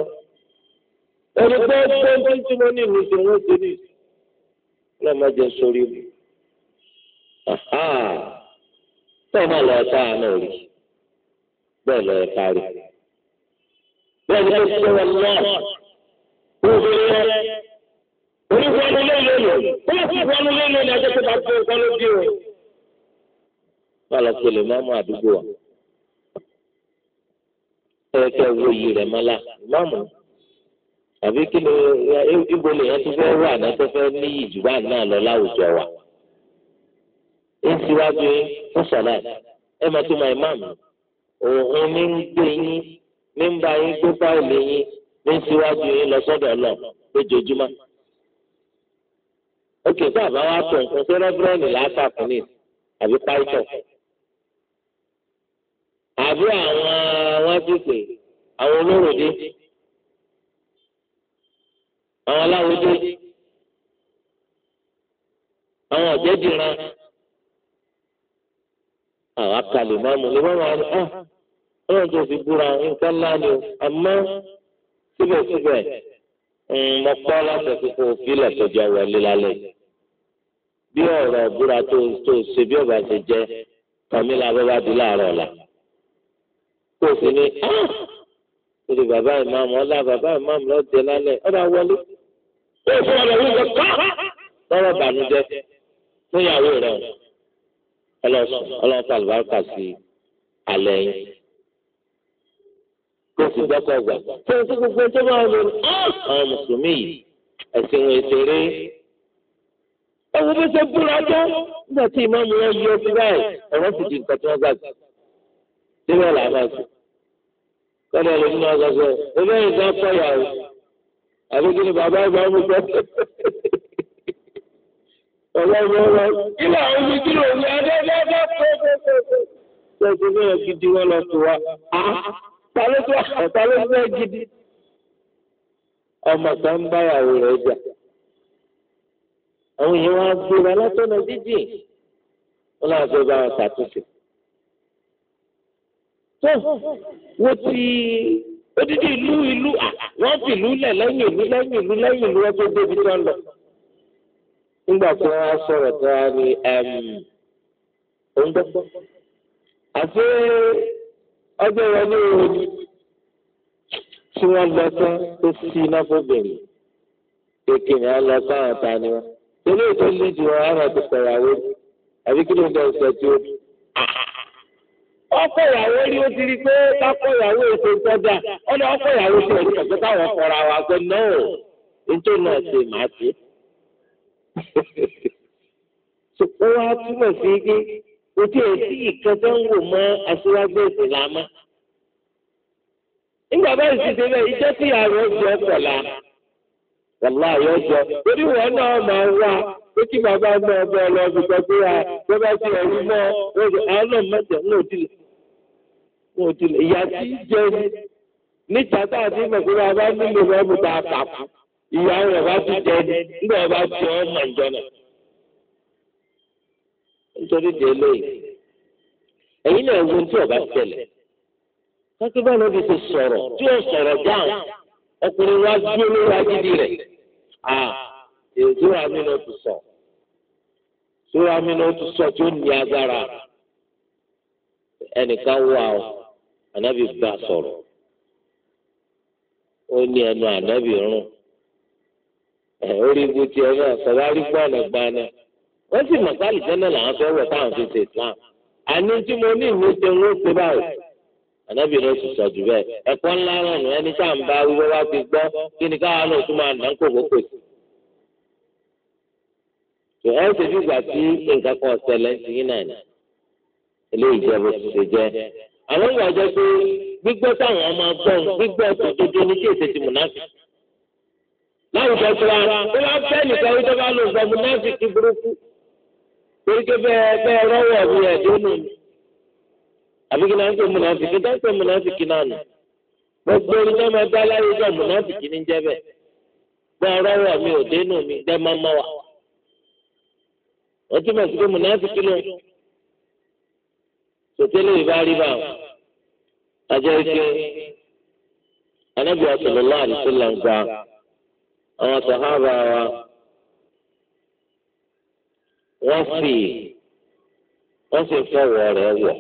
ẹni pé pé tí mo ní ìlú ṣe wọ́n ṣe ní ìlú ọmọdé sórí mi. bẹ́ẹ̀ náà lọ́ọ́ sáà náà rí bẹ́ẹ̀ lọ́ọ́ kárí. bẹ́ẹ̀ ni wọ́n ṣe wọn o fi lọ onífọ̀ọ́nù lélẹ̀ lò tó bá àdúgbò wa ẹ kẹ́ wo rẹ̀ àbí kí ni ibo fẹ́ wà síwájú yín fún sọ̀lá ẹ máa tún máa ìmáàmù òun ní ń gbé yín ní ń bá yín gbé fáìlì yín ní ń síwájú yín lọ sọ́dọ̀ lọ lójoojúmọ́. ókè tó àbá wa tó nǹkan sí rẹ́bírẹ́nì látàkùn ní àbí páìtọ̀ àbí àwọn wọn ti pè àwọn olóròdé àwọn aláwòdé àwọn ọ̀jẹ̀dìran àwọn akalè máa mú lọ́wọ́ wọn ni ah ọlọ́run tó fi búra nǹkan ńlá ni o àmọ́ síbẹ̀síbẹ̀ mm, mo kọ́ láti fífún òfin lẹ́kọ̀ọ́jà wọlé lálẹ́ bí ọ̀rọ̀ búra tó tó ṣe bí ọba ṣe jẹ́ kàmílà bàbá di láàárọ̀ la kó o sì ní ah ìdí bàbá ìmáàmù ọlá bàbá ìmáàmù lọ́ọ́ jẹ lálẹ́ ọ̀rọ̀ wọlé ó fún ọ̀rọ̀ wíwọ ká ah, lọ́rọ̀ bànújẹ́ fún ìyàwó rẹ̀ ọlọ́run fàlùbáràkà sí alẹ́ yín kó sì gbọ́kọ̀ gbà tó ń tún gbogbo tó bá wọn lò àwọn mùsùlùmí yìí ẹ̀sìn wọn ìṣeré ẹ̀wọ̀n bí ṣe búra tó nígbà tí ìmáàmù wọn yọ sí báyìí ọ̀rọ̀ sì di nǹkan tí wọ́n gbàgbé síbẹ̀ làá máa sùn kọ́ni ẹlòmínú ọgọ́gọ́ ẹgbẹ́ ìgbà kọ́yà o àbí kí ni bàbá ìgbà ọmọ ìgbà ọlọ́wọ́wọ́ ilé àwọn omi kí ló ń lọ ẹ̀ẹ́dẹ́gbẹ́ tó tó bẹ́ẹ̀ gidi wọn lọ tó wa ta ló tó ta ló fẹ́ gidi. ọmọ kan ń báyàwó rẹ̀ jà àwọn èèyàn wa gbéra látọ̀nà jíjìn wọn náà fẹ́ bá wọn ṣàtúnṣe. tó wọ́n ti odidi ìlú ìlú wọ́n fi ìlú lẹ̀ lẹ́yìn ìlú lẹ́yìn ìlú lẹ́yìn ìlú wọ́n tó débi tó ń lọ nígbà tí wọ́n á sọ̀rọ̀ tí wọ́n á ní òun gbọ́. àti ọjọ́ ìwọlé òní tí wọ́n lọ tán tó sí iná fóbìnrin kéèké ni wọ́n lọ sáwọn ta ni wọ́n. ilé ìtọ́ lídì wọn á máa ti pẹ̀yàwó àbí kí ló ń dẹ̀ ṣe tí ó. ọkọ ìyàwó ni ó ti rí pé kákọ ìyàwó èso sọ́jà ọ̀nà ọkọ ìyàwó ti rí pẹ̀lú káwọn fọra wa pé náà nítorí náà ṣe màá ṣe (laughs) ó wá túmọ̀ sí pé ojú èsì ìkan tó ń wò mọ́ aṣíwájú èsì lámá. nígbà báyìí sì débẹ̀ ìjọ tí ààrẹ ọjọ́ ọ̀pọ̀lá wàlá ààrẹ ọjọ́ torí wọn náà máa wá ó kí bàbá náà bọ́ ọ lọ gbígbọ́ pé à bàbá tí ẹ̀ rí mọ́ ọ̀rọ̀ àwọn náà mẹ́tẹ̀ ń òdìlẹ̀ ń òdìlẹ̀ ìyá tí jẹ́ níta tá a ti ìyá rẹ̀ bá ti jẹ nígbà bá ti ọmọ ìjọba nítorí délé ẹ̀yin náà wo tí ọba tẹ̀lé kákí bá fi ṣe sọ̀rọ̀ tí ó sọ̀rọ̀ dáhùn ọkùnrin wa otu rẹ̀ à èdè ti sọ tí ti sọ tí ó ní agbára ẹnìkan wà ó orí ibu tí ẹ náà sọ̀rọ̀ arígbó ọ̀nà gbaná wọ́n sì mọ̀ sáà lìjánná làwọn fẹ́ wọ̀ táwọn fi ṣe Islam àní tí mo ní ìlú ṣe ń ṣe báyìí ànábì ní oṣù sọ̀jù bẹ́ẹ̀ ẹ̀kọ́ ńlá ràn nù ẹni tá à ń bá wíwọ́ wá ti gbọ́ kí ni káwọn náà tún máa nà ń kò kókò sí. tó ẹ ṣe bí ìgbà tí nǹkan kan ṣẹlẹ̀ sí náà ni ilé ìjẹun ti ṣe jẹ́ àwọn ìwà jẹ́ pé gbígbọ́ táwọn ọmọ gbọ́ gbígbọ́ tó láwùjọ tura tó bá fẹ́ nìkan wíjọ bá lò sọ fún nọ́ọ̀sì kí burúkú torí pé bẹ́ẹ̀ bẹ́ẹ̀ rọ́wọ́ mi ẹ̀ dónú àbí kí náà ń pè mùnàfìkì náà ń pè mùnàfìkì náà nù gbogbo orí náà máa dá láyé jọ mùnàfìkì ní jẹ́ bẹ́ẹ̀ bẹ́ẹ̀ rọ́wọ́ mi ò dénú mi dẹ́ máa mọ́ wa wọ́n túmọ̀ sí pé mùnàfìkì ló sòtẹ́lẹ̀ ìbá rí bá àjẹ́ ike anábìyà sọ̀rọ̀ láàrin àwọn sàhábà wa wọ́n fi wọ́n fi fọwọ́ rẹ̀ wọ̀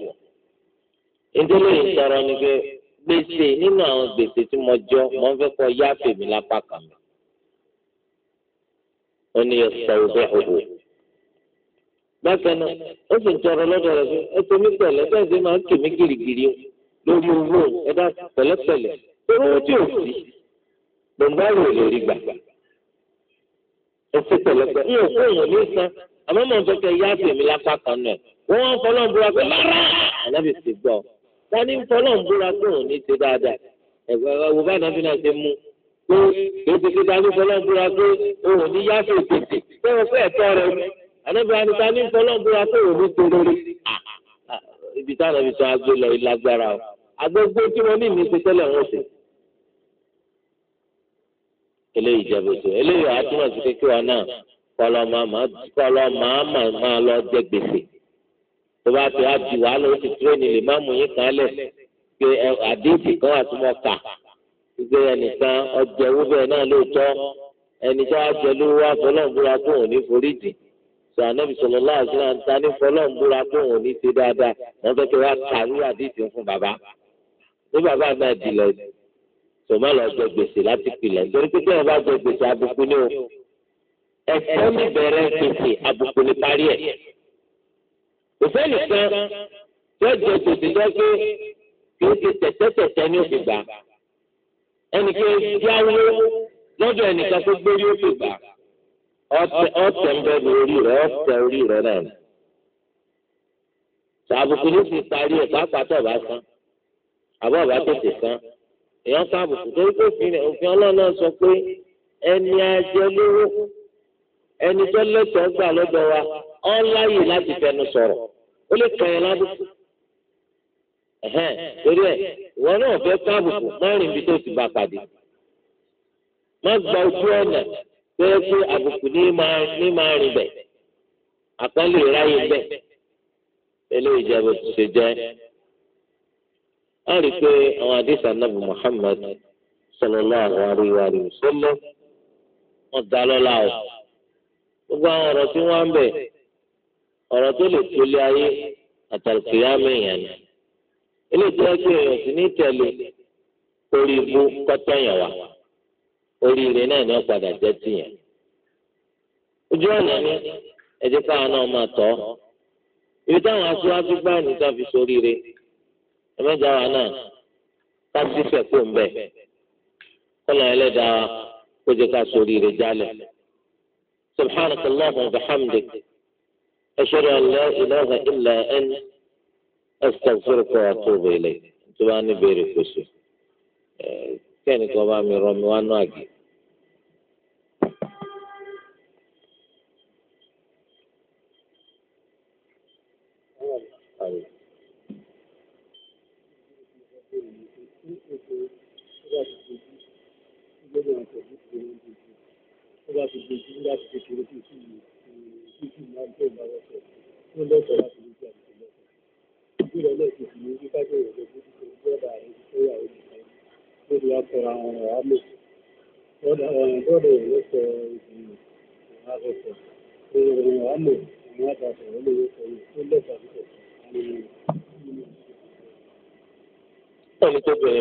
nítorí ìtọrọ ni pé gbèsè nínú àwọn gbèsè tí mo jọ mo ń fẹ́ kọ́ yá fèmí lápá kan mi ó ní ọ̀sẹ̀ òbí òwò bákan náà ó sì ń tọrọ lọ́dọ̀ rẹ̀ pé ẹ tẹ̀mí pẹ̀lẹ́ bẹ́ẹ̀ sì máa ń tẹ̀mí gírígírí lórí owó ẹ̀dá pẹ̀lẹ́pẹ̀lẹ́ owó tí ò sí gbọ̀ngbà yóò lè rí gbàgbà ẹsẹ pẹlẹpẹ ń òkú òun ní san àmọ́ mọ̀ nípa kẹ yá tèmi lápá kan náà wọ́n ń fọlọ́ ń búra pé rárá ànábì sì gbọ́ ta ni ń fọlọ́ ń búra pé òun ní ti dáadáa ẹ̀gbẹ́ wo bá ànábì náà ṣe mú pé ètò ti ta ni búra pé òun ní yá fèrè tètè pé o fẹ́ ẹ̀tọ́ rẹ mú ànábì wa ni ta ni ń fọlọ́ ń búra pé òun ní tóró rí ah, ah, ah, ibi táwọn ànábì sọ agbélé lágbára o agbègbè tí wọ́n ní ìmísí tẹ́lẹ̀ wọn sì eléyìí jẹ́bẹ̀tẹ̀ eléyìí wàá túmọ̀ sí kékeré wa náà kọlọ máa máa lọ jẹ gbèsè tó bá ti wá di wàhálà ó ti tírénì lè má mú yín kan lẹ̀ pé àdéhùn kan wà tó mọ̀ kà gbé ẹnìkan ọjọ́ owó bẹ́ẹ̀ náà lóòótọ́ ẹni tó wá jẹ lówó wá fọlọ́ǹbúra tó òun ní foríjì sọ ànábì sọlọ láàzú náà ta ní fọlọ́ǹbúra tó òun ní ṣe dáadáa wọn fẹ́ kí wọ́n kàrú àdéhùn fún bàbá ní bàbá náà dì lọ́dún sọba lọ jẹ gbèsè láti pilẹ̀ nítorí pé tẹ́wọ́n bá jẹ gbèsè àbùkù ni o ẹ̀fọ́ ní bẹ̀rẹ̀ gbèsè àbùkù ni parí ẹ̀ òfé nìkan tó jẹ gbèsè tó gbé kí ó ti tẹ̀tẹ̀tẹ̀tẹ̀ ní òfin gbà ẹnìkan yáwó lọ́dọ̀ ẹnìkan tó gbé ní òfin gbà ọ̀tẹ̀ ń bẹ̀rẹ̀ orí rẹ̀ ọ̀tẹ̀ orí rẹ̀ náà sàbùkù ni ó fi parí ẹ̀ pàápàá tó ọ̀bá san àbọ̀ ọ̀bá tètè san èèyàn káàbùkù torí pé òfin ọlọ́run náà sọ pé ẹni ajẹlówó ẹni tó lẹ́tọ̀ọ́ gbà lọ́dọ̀ wa ọ́n láàyè láti fẹnu sọ̀rọ̀ ó lè kàn yẹn lábùkù ẹ̀hẹ́n torí ẹ̀ ìwọ náà fẹ́ káàbùkù márùn-ún ibi tó ti bá pàdé má gba ojú ọ̀nà tó yẹ pé àbùkù ní máa rìn bẹ̀ àpọ́nlé ráyè bẹ̀ eléyìí jẹ́ bó ti ṣe jẹ́ a rí i pé àwọn àdìsá nàbì Muhammad sallallahu alaihi wa sallam wọn dá lọ́la o gbogbo àwọn ọ̀rọ̀ tí wọ́n ń bẹ̀ ọ̀rọ̀ tó lè tolé ayé àtàlùkìyàmù èèyàn ni ilé tí wọ́n gbé èèyàn sí ní tẹ̀lé orí ibú kọ́tọ̀yàn wa orí ire náà ni wọ́n padà jẹ́ tìyàn ojú ọ̀nà ni ẹ̀jẹ̀ káwọn náà máa tọ́ ibi táwọn aṣáájú gbáà ní sáfi sóríire ẹ̀mẹ́jọ wa náà kábíyì fẹ̀kọ́ ń bẹ̀ kọ́lọ̀ ẹlẹ́dàá kó jẹ́ ká sórí rẹ̀ jálẹ̀ subhanak allahumma wa bihamdik ashhadu an la ilaha illa anta astaghfiruka wa atubu ilayk tó bá ní bèrè kò sí kẹ́nìkan bá mi rọ mi wá náà gé.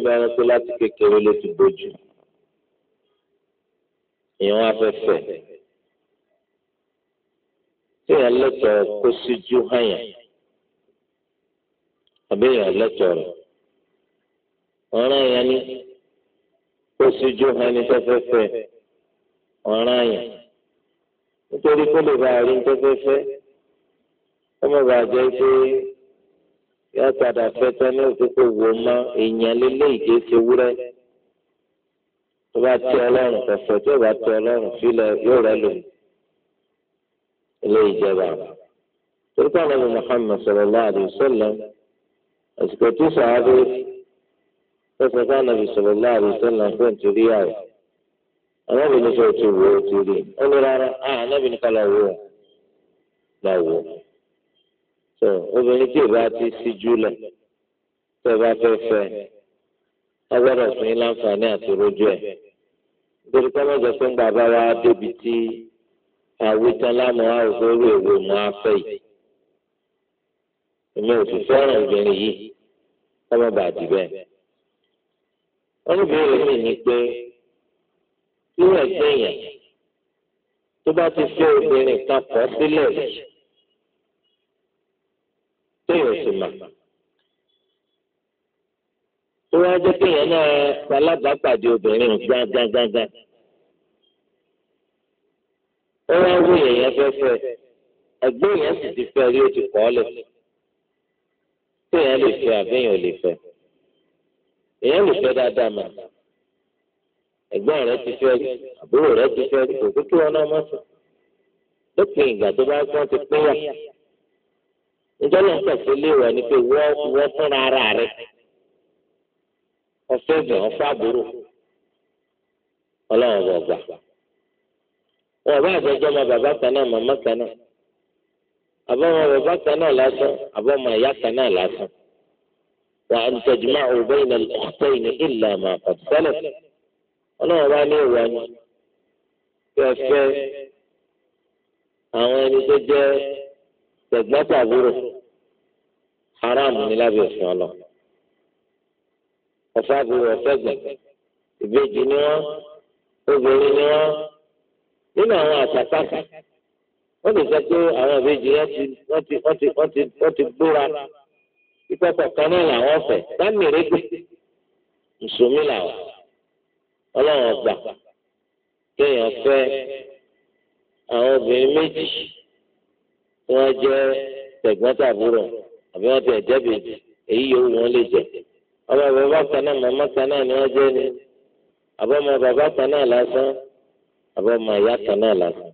bá yẹn pé láti kékeré ló ti bójú èèyàn afẹ́fẹ́ tí èèyàn lẹ́tọ̀ọ́ kó síjú hàyà àbí èèyàn lẹ́tọ̀ọ́ rẹ̀ ọ̀ràn yẹn ni kó síjú hàní fẹ́fẹ́fẹ́ ọ̀ràn yẹn nítorí kó lè bá a rí fẹ́fẹ́fẹ́ ọmọ bàjẹ́ pé yọ padà fẹsẹ̀ ní òkúkú wò mọ èèyàn lélẹ ìdè ṣe wúrẹ tó bá tẹ Ọlọ́run kọfẹ tó bá tẹ Ọlọ́run filẹ yóò rẹ lò ilé ìjẹba torípé ànábì Muhammad sallallahu alaihi wasallam àsìkò tí sàábé fẹsẹ̀ fún ànábì sallallahu alaihi fún ìtúrí àwọ ànábì sọ ti wò ó ti rí ó ní rárá ànábì kálá wò ó lọ wò ó tó obìnrin tí ìbá ti síjú lẹ tó bá fẹ́ fẹ́ ẹ gbọ́dọ̀ fún yín láǹfààní àti rojú ẹ nítorí pé mọ̀jọ pé ń bàbá wa débi tí àwítán lámọ àwòsó rè wò mọ́ afẹ́ yìí èmi ò sì fẹ́ràn obìnrin yìí kọ́mọ bá dì bẹ́ẹ̀. wọ́n ní bèrè mi ni pé irú ẹgbẹ́ yẹn tó bá ti fẹ́ obìnrin kan kọ́ sílẹ̀ yìí téèyàn sì mà tó wá jẹ́ téèyàn náà alábàápàdé obìnrin gángangangan ó wá wú èèyàn fẹ́fẹ́ ẹgbẹ́ èèyàn sì ti fẹ́ rí ó ti kọ́ lẹ̀ téèyàn lè fẹ́ àbẹ́yàn ò lè fẹ́ èèyàn lè fẹ́ dáadáa mà ẹ̀gbọ́n rẹ ti fẹ́ rí àbúrò rẹ ti fẹ́ rí kò kí wọn náà má sọ lópin ìgbà tó bá gbọ́n ti pínyà níjọ́ náà kẹ̀sẹ̀ lé wọ̀ ni pé wọ́ wọ́ fúnra ara rẹ̀ ọ̀fẹ́ bẹ̀ ọ̀fẹ́ àbúrò ọlọ́run bọ̀ gbà. wọn bá àjọjọ́ ọmọ bàbá kan náà màmá kan náà àbọ̀ ọmọ bàbá kan náà lásán àbọ̀ ọmọ ìyá kan náà lásán. وأن تجمعوا بين الأختين إلا ما قد سلف ọlọ́run bá ní ìwà ni kí ẹ fẹ́ àwọn ẹni tó jẹ́ tẹ̀gbọ́n tàbúrò haram ní lábẹ́ òfin ọlọ ọ̀fẹ́ àbúrò ọ̀fẹ́ gbẹ̀ ìbejì ni wọ́n obìnrin ni wọ́n nínú àwọn àtàkàtà wọ́n lè sọ pé àwọn ìbejì wọ́n ti wọ́n ti wọ́n ti wọ́n ti wọ́n ti gbóra ìpẹ́pẹ́ kan náà làwọn fẹ̀ dání rẹ́gbẹ̀ làwọn ọlọ́run ọgbà kéèyàn fẹ́ àwọn obìnrin méjì tí wọ́n jẹ́ tẹ̀gbọ́ntàbúrò àbí wọ́n tẹ̀ jẹ́bìjì èyí yòówù wọn lè jẹ. ọmọ bàbá kan màmá kan ni wọ́n jẹ́ ni àbọ̀mọ bàbá kan náà lásán àbọ̀mọ ìyá kan lásán.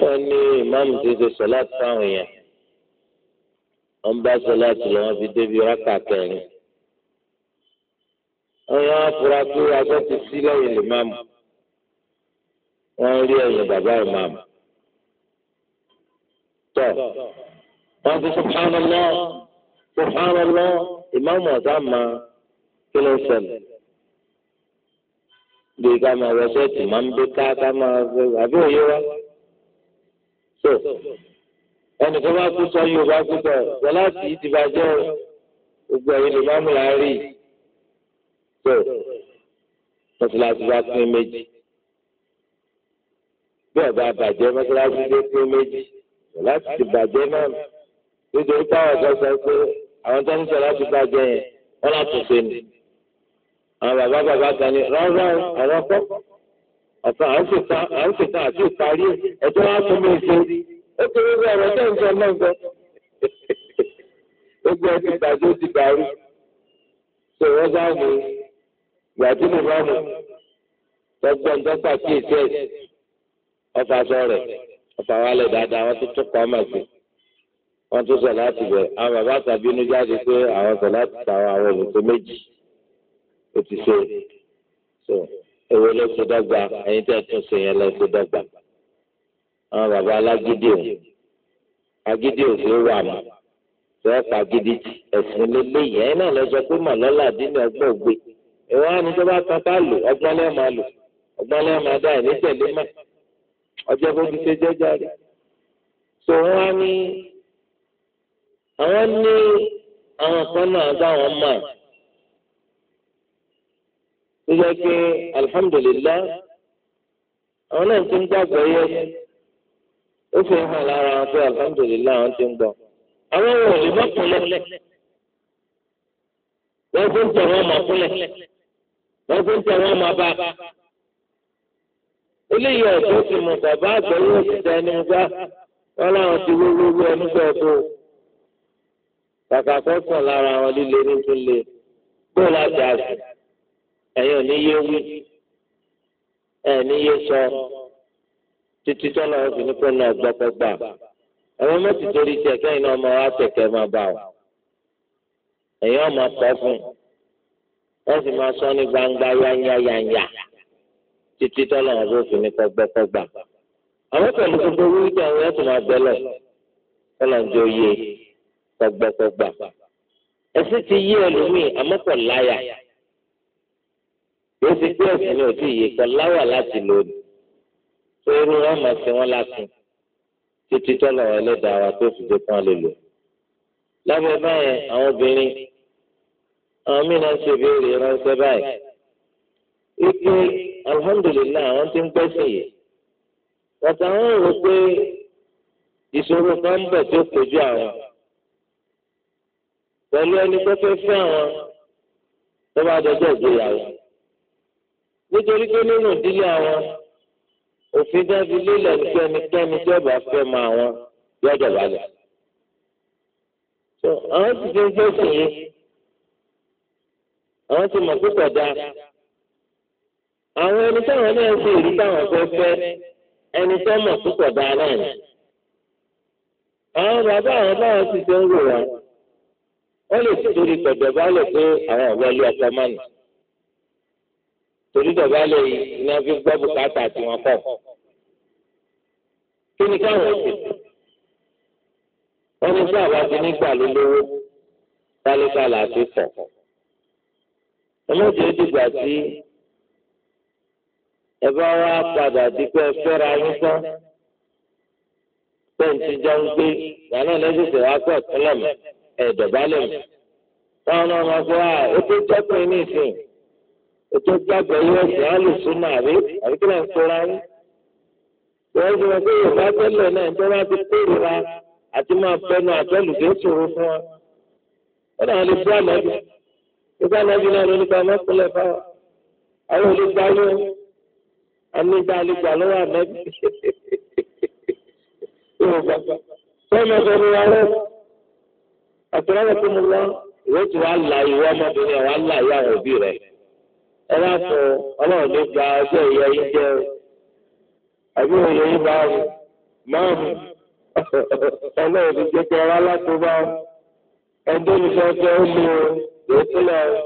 wọ́n ní ìmáàmù ti ṣe sọ̀láàtì fáwọn èèyàn wọ́n bá sọ̀láàtì lọ wọ́n fi débi rákà kẹrin wọ́n yá fura pé aṣọ ti sí lẹ́yìn ìmáàmù wọ́n rí ẹ̀yìn bàbá ìmáàmù tọ́ wọ́n fi subhanallah subhanallah ìmáàmù ọ̀dà máa kí ló ń ṣẹlẹ̀ bí ká máa wọ ṣẹ́ẹ̀tì máa ń bí ká ká máa fẹ́ àbí òye wa. so ẹnì kan bá kú sọ yóò bá kú sọ sọ láti ti bàjẹ́ gbogbo ẹ̀yìn lè má mú la rí i. so mọ́tíláṣí bá pín méjì bí ọba bàjẹ́ mọ́tíláṣí bá pín méjì láti ti bàjẹ́ náà nítorí táwọn ọ̀gá sọ pé àwọn tó ń sọ láti bàjẹ́ yẹn wọ́n láti ṣe ni àwọn bàbá bàbá kan ní rárá àwọn kọ́ ọ̀sán à ń ṣètàn à ń ṣètàn àti ìparí ẹ̀jọ́ wa tún mí ṣe ó kéré bí ọ̀rọ̀ tẹ̀ ń sọ náà gbọ́ gbogbo ẹ ti gbàdé ó ti dàrú tó wọ́n bá mú gbàdé lè má mú tọ́gbọ́n dọ́gba kí èsì ẹ̀sì ọ̀fà sọ rẹ̀ ọ̀fà wa lẹ̀ dáadáa wọ́n ti tún kọ́ ọmọ sí wọ́n tún sọ láti bẹ̀ àwọn bàbá tàbí inú jáde pé àwọn sọ láti ta àwọn olùkọ́ méjì ó ti ṣe so èwo ló ṣe dọ́gba ẹ̀yin tí a tún ṣe yẹn lọ ṣe dọ́gba àwọn bàbá alágídí ò agídí ò fi wà mà fẹ́ pa gidi tì ẹ̀sìn lélẹ́yìn ẹ̀yin náà lọ sọ pé màlọ́lá àdínní ọgbọ́n ògbé ìwọ á ní tó bá kan ká lò ọgbọ́n lẹ́ẹ̀ máa lò ọgbọ́n lẹ́ẹ̀ máa dá ẹ̀ ní mà ọjọ́ bó ti ṣe jẹ́jà rẹ̀ so wọ́n á ní àwọn ní àwọn kan náà bá wọn mọ̀ tó yẹ pé alihamudulilayi àwọn náà ti ń gbàgbọ́ yẹ ó fi hàn lára wọn pé alihamudulilayi àwọn ti ń gbọ́ àwọn ò lè má kúnlẹ̀ wọ́n fi ń tẹ̀ wọ́n máa kúnlẹ̀ wọ́n fi ń tẹ̀ wọ́n máa bá eléyìí ọ̀dọ́ ti mọ̀ bàbá àgbẹ̀wò òṣìṣẹ́ ẹni gbá wọn láwọn ti wó lórí ẹni bẹ́ẹ̀ bó kàkà kọ́sàn lára wọn líle ní tún lè bó láti ẹ̀yin ò ní yé wí ẹ̀ ní yé sọ títí tọ́lọ̀ ọ̀sìn ní kó nà gbọ́gbọ́gbà àwọn mẹ́tì torí tiẹ̀ kẹ́yìn náà ọmọ wa tẹ̀kẹ́ máa bá ọ ẹ̀yin ọmọ tọ́ fún wọ́n sì máa sọ ní gbangba yányáyányá títí tọ́lọ̀ ọ̀sìn ní kó gbọ́gbọ́gbà àwọn pẹ̀lú gbogbo wíwíjà wọn yẹn tó máa bẹ̀lẹ̀ tọ́lọ̀ ń jó yé gbọ́gbọ́gbà ẹ̀sìn ti yé ẹlòmíì àmọ́pọ̀ láyà yóò ti pé ẹ̀sìn ní òtí yìí kan láwà láti lò ní tó irú wọn máa fi wọn lákun títí tọ́lọ̀ ẹlẹ́dàá wa tó fi dé kán lè lò. lábẹ́ báyẹn àwọn obìnrin àwọn mìíràn ṣe ìbéèrè ránṣẹ́ báyìí wípé alhamdulilayi àwọn ti ń pẹ́sìn yìí bàtà wọn rò pé ìṣòro kan ń bọ̀ tó kojú àwọn pẹ̀lú ẹni tó fẹ́ àwọn tó bá dọjọ́ ìgbéyàwó nítorí pé nínú ìdílé àwọn òfin dábí lélẹ̀ ní kẹ́nikẹ́ni tí ọba fẹ́ máa wọn yọjọ balẹ̀. àwọn ti fi ń fẹ́sùn yìí àwọn ti mọ̀ púpọ̀ dá àwọn ẹni táwọn náà ṣe ìrí táwọn fẹ́ fẹ́ ẹni tó mọ̀ púpọ̀ dá náà ni. àwọn bàbá àwọn báwọn ti ṣe ń rò wọn wọ́n lè torí pẹ̀dẹ̀ bá lè pé àwọn ọ̀gbẹ́ ilé ọkọ mọ́nà torí dọ̀bálẹ̀ yìí iná fi gbọ́ bùkátà tí wọ́n kọ̀. kí ni káwọn ò sì wọ́n ní bí àwa ti nígbà ló lówó tálíkà láti pọ̀. ọlọ́dẹ dìgbà tí ẹ bá wá padà di pé ẹ fẹ́ra yín tán pẹ́ǹtì jọ ń gbé yàrá lẹ́sẹ̀sẹ̀ wá pọ̀ tẹ́lẹ̀ mọ́ ẹ̀dọ̀bálẹ̀ mọ́. táwọn ọmọ ọmọ ọgbọ́n ó tó jẹ́ ní ìsìn ètò gbàgbọ́ yóò sì á lè súnmọ́ àrí àrí kí lóun kóra yín. wọ́n ti wọ́n pé yorùbá tẹ́lẹ̀ náà ń tọ́ra ti kórira àti máa bẹnu àtẹ́lù tó ṣòro fún wa. wọ́n náà lè bá ànábì nígbà ànábì náà ló nípa mọ́kúnlẹ̀ báwa. àwọn olùgbà yóò àmì ìgbà àlejò àlọ́wọ́ ànábì. yorùbá sọ́ọ́mọ́ ìfẹ́ni wa rẹ̀ àtúrà rẹ̀ fún mi lọ ìwé tí wàá la ìwọ ọmọbìnrin wa la ìyá òbí rẹ̀ ẹ bá fọ ọlọ́run ló gba ọjọ́ ìyá yín jẹ́ o àbí òun lè bá o máa mú ọlọ́run ló jẹ́ kí ọlá látó bá o ẹjọ́ mi fẹ́ fẹ́ ó mú o kò é sílẹ̀ o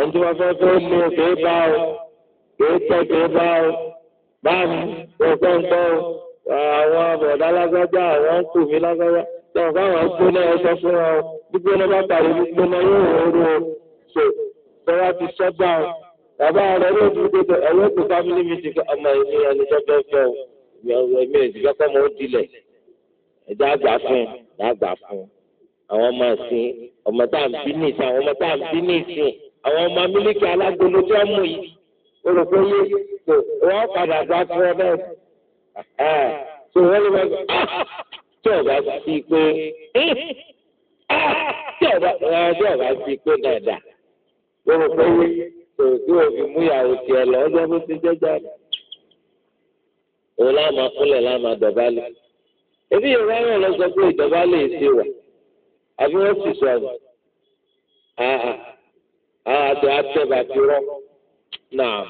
ẹjọ́ mi fẹ́ fẹ́ ó mú o kò é bá o kò é tẹ̀ kò é bá o bá mi kò fẹ́ ń tọ́ o àwọn bọ̀dá lágbájá àwọn ń kù mí lágbájá lọ́wọ́ báwọn gbóná ẹ sọ fún wọn gbígbóná bá tàbí gbígbóná yóò wọ́n rú o tọ́wọ́ ti sọ́gbà ọ́ bàbá rẹ̀ ló dúró dé ẹ̀wọ́ tó family meeting kọ́ ọmọ ẹ̀mí ẹni tó fẹ́ fẹ́ o ẹ̀mí ẹ̀sì fẹ́ kọ́ ọmọ ó dilẹ̀ ẹ̀dá àgbà fún ẹ̀dá àgbà fún àwọn ọmọ ẹ̀sìn ọmọ tá à ń bí nìsín àwọn ọmọ tá à ń bí nìsín àwọn ọmọ mílíkì alágbolo tó ń mú yìí olùkóyè tó wọ́n padà bá fún ọ bẹ́ẹ̀ ẹ̀ tó wọ́n lè máa tó ọ̀gá sí pé eh, ah, tí ọ̀gá sí pé dáadáa lórí pé kò sí òfin mú ìyàwó tiẹ̀ lọ ọjọ́ bó ti jẹ́jà rẹ̀. òun láàmà fúnlẹ̀ láàmà dọ̀bálẹ̀. ebi yorùbá náà lọ sọ pé ìdọ̀bálẹ̀ èsì wà àbí wọ́n sì sọ ọ̀nà. àà àà àti àtẹ̀bàtì rọ̀ náà.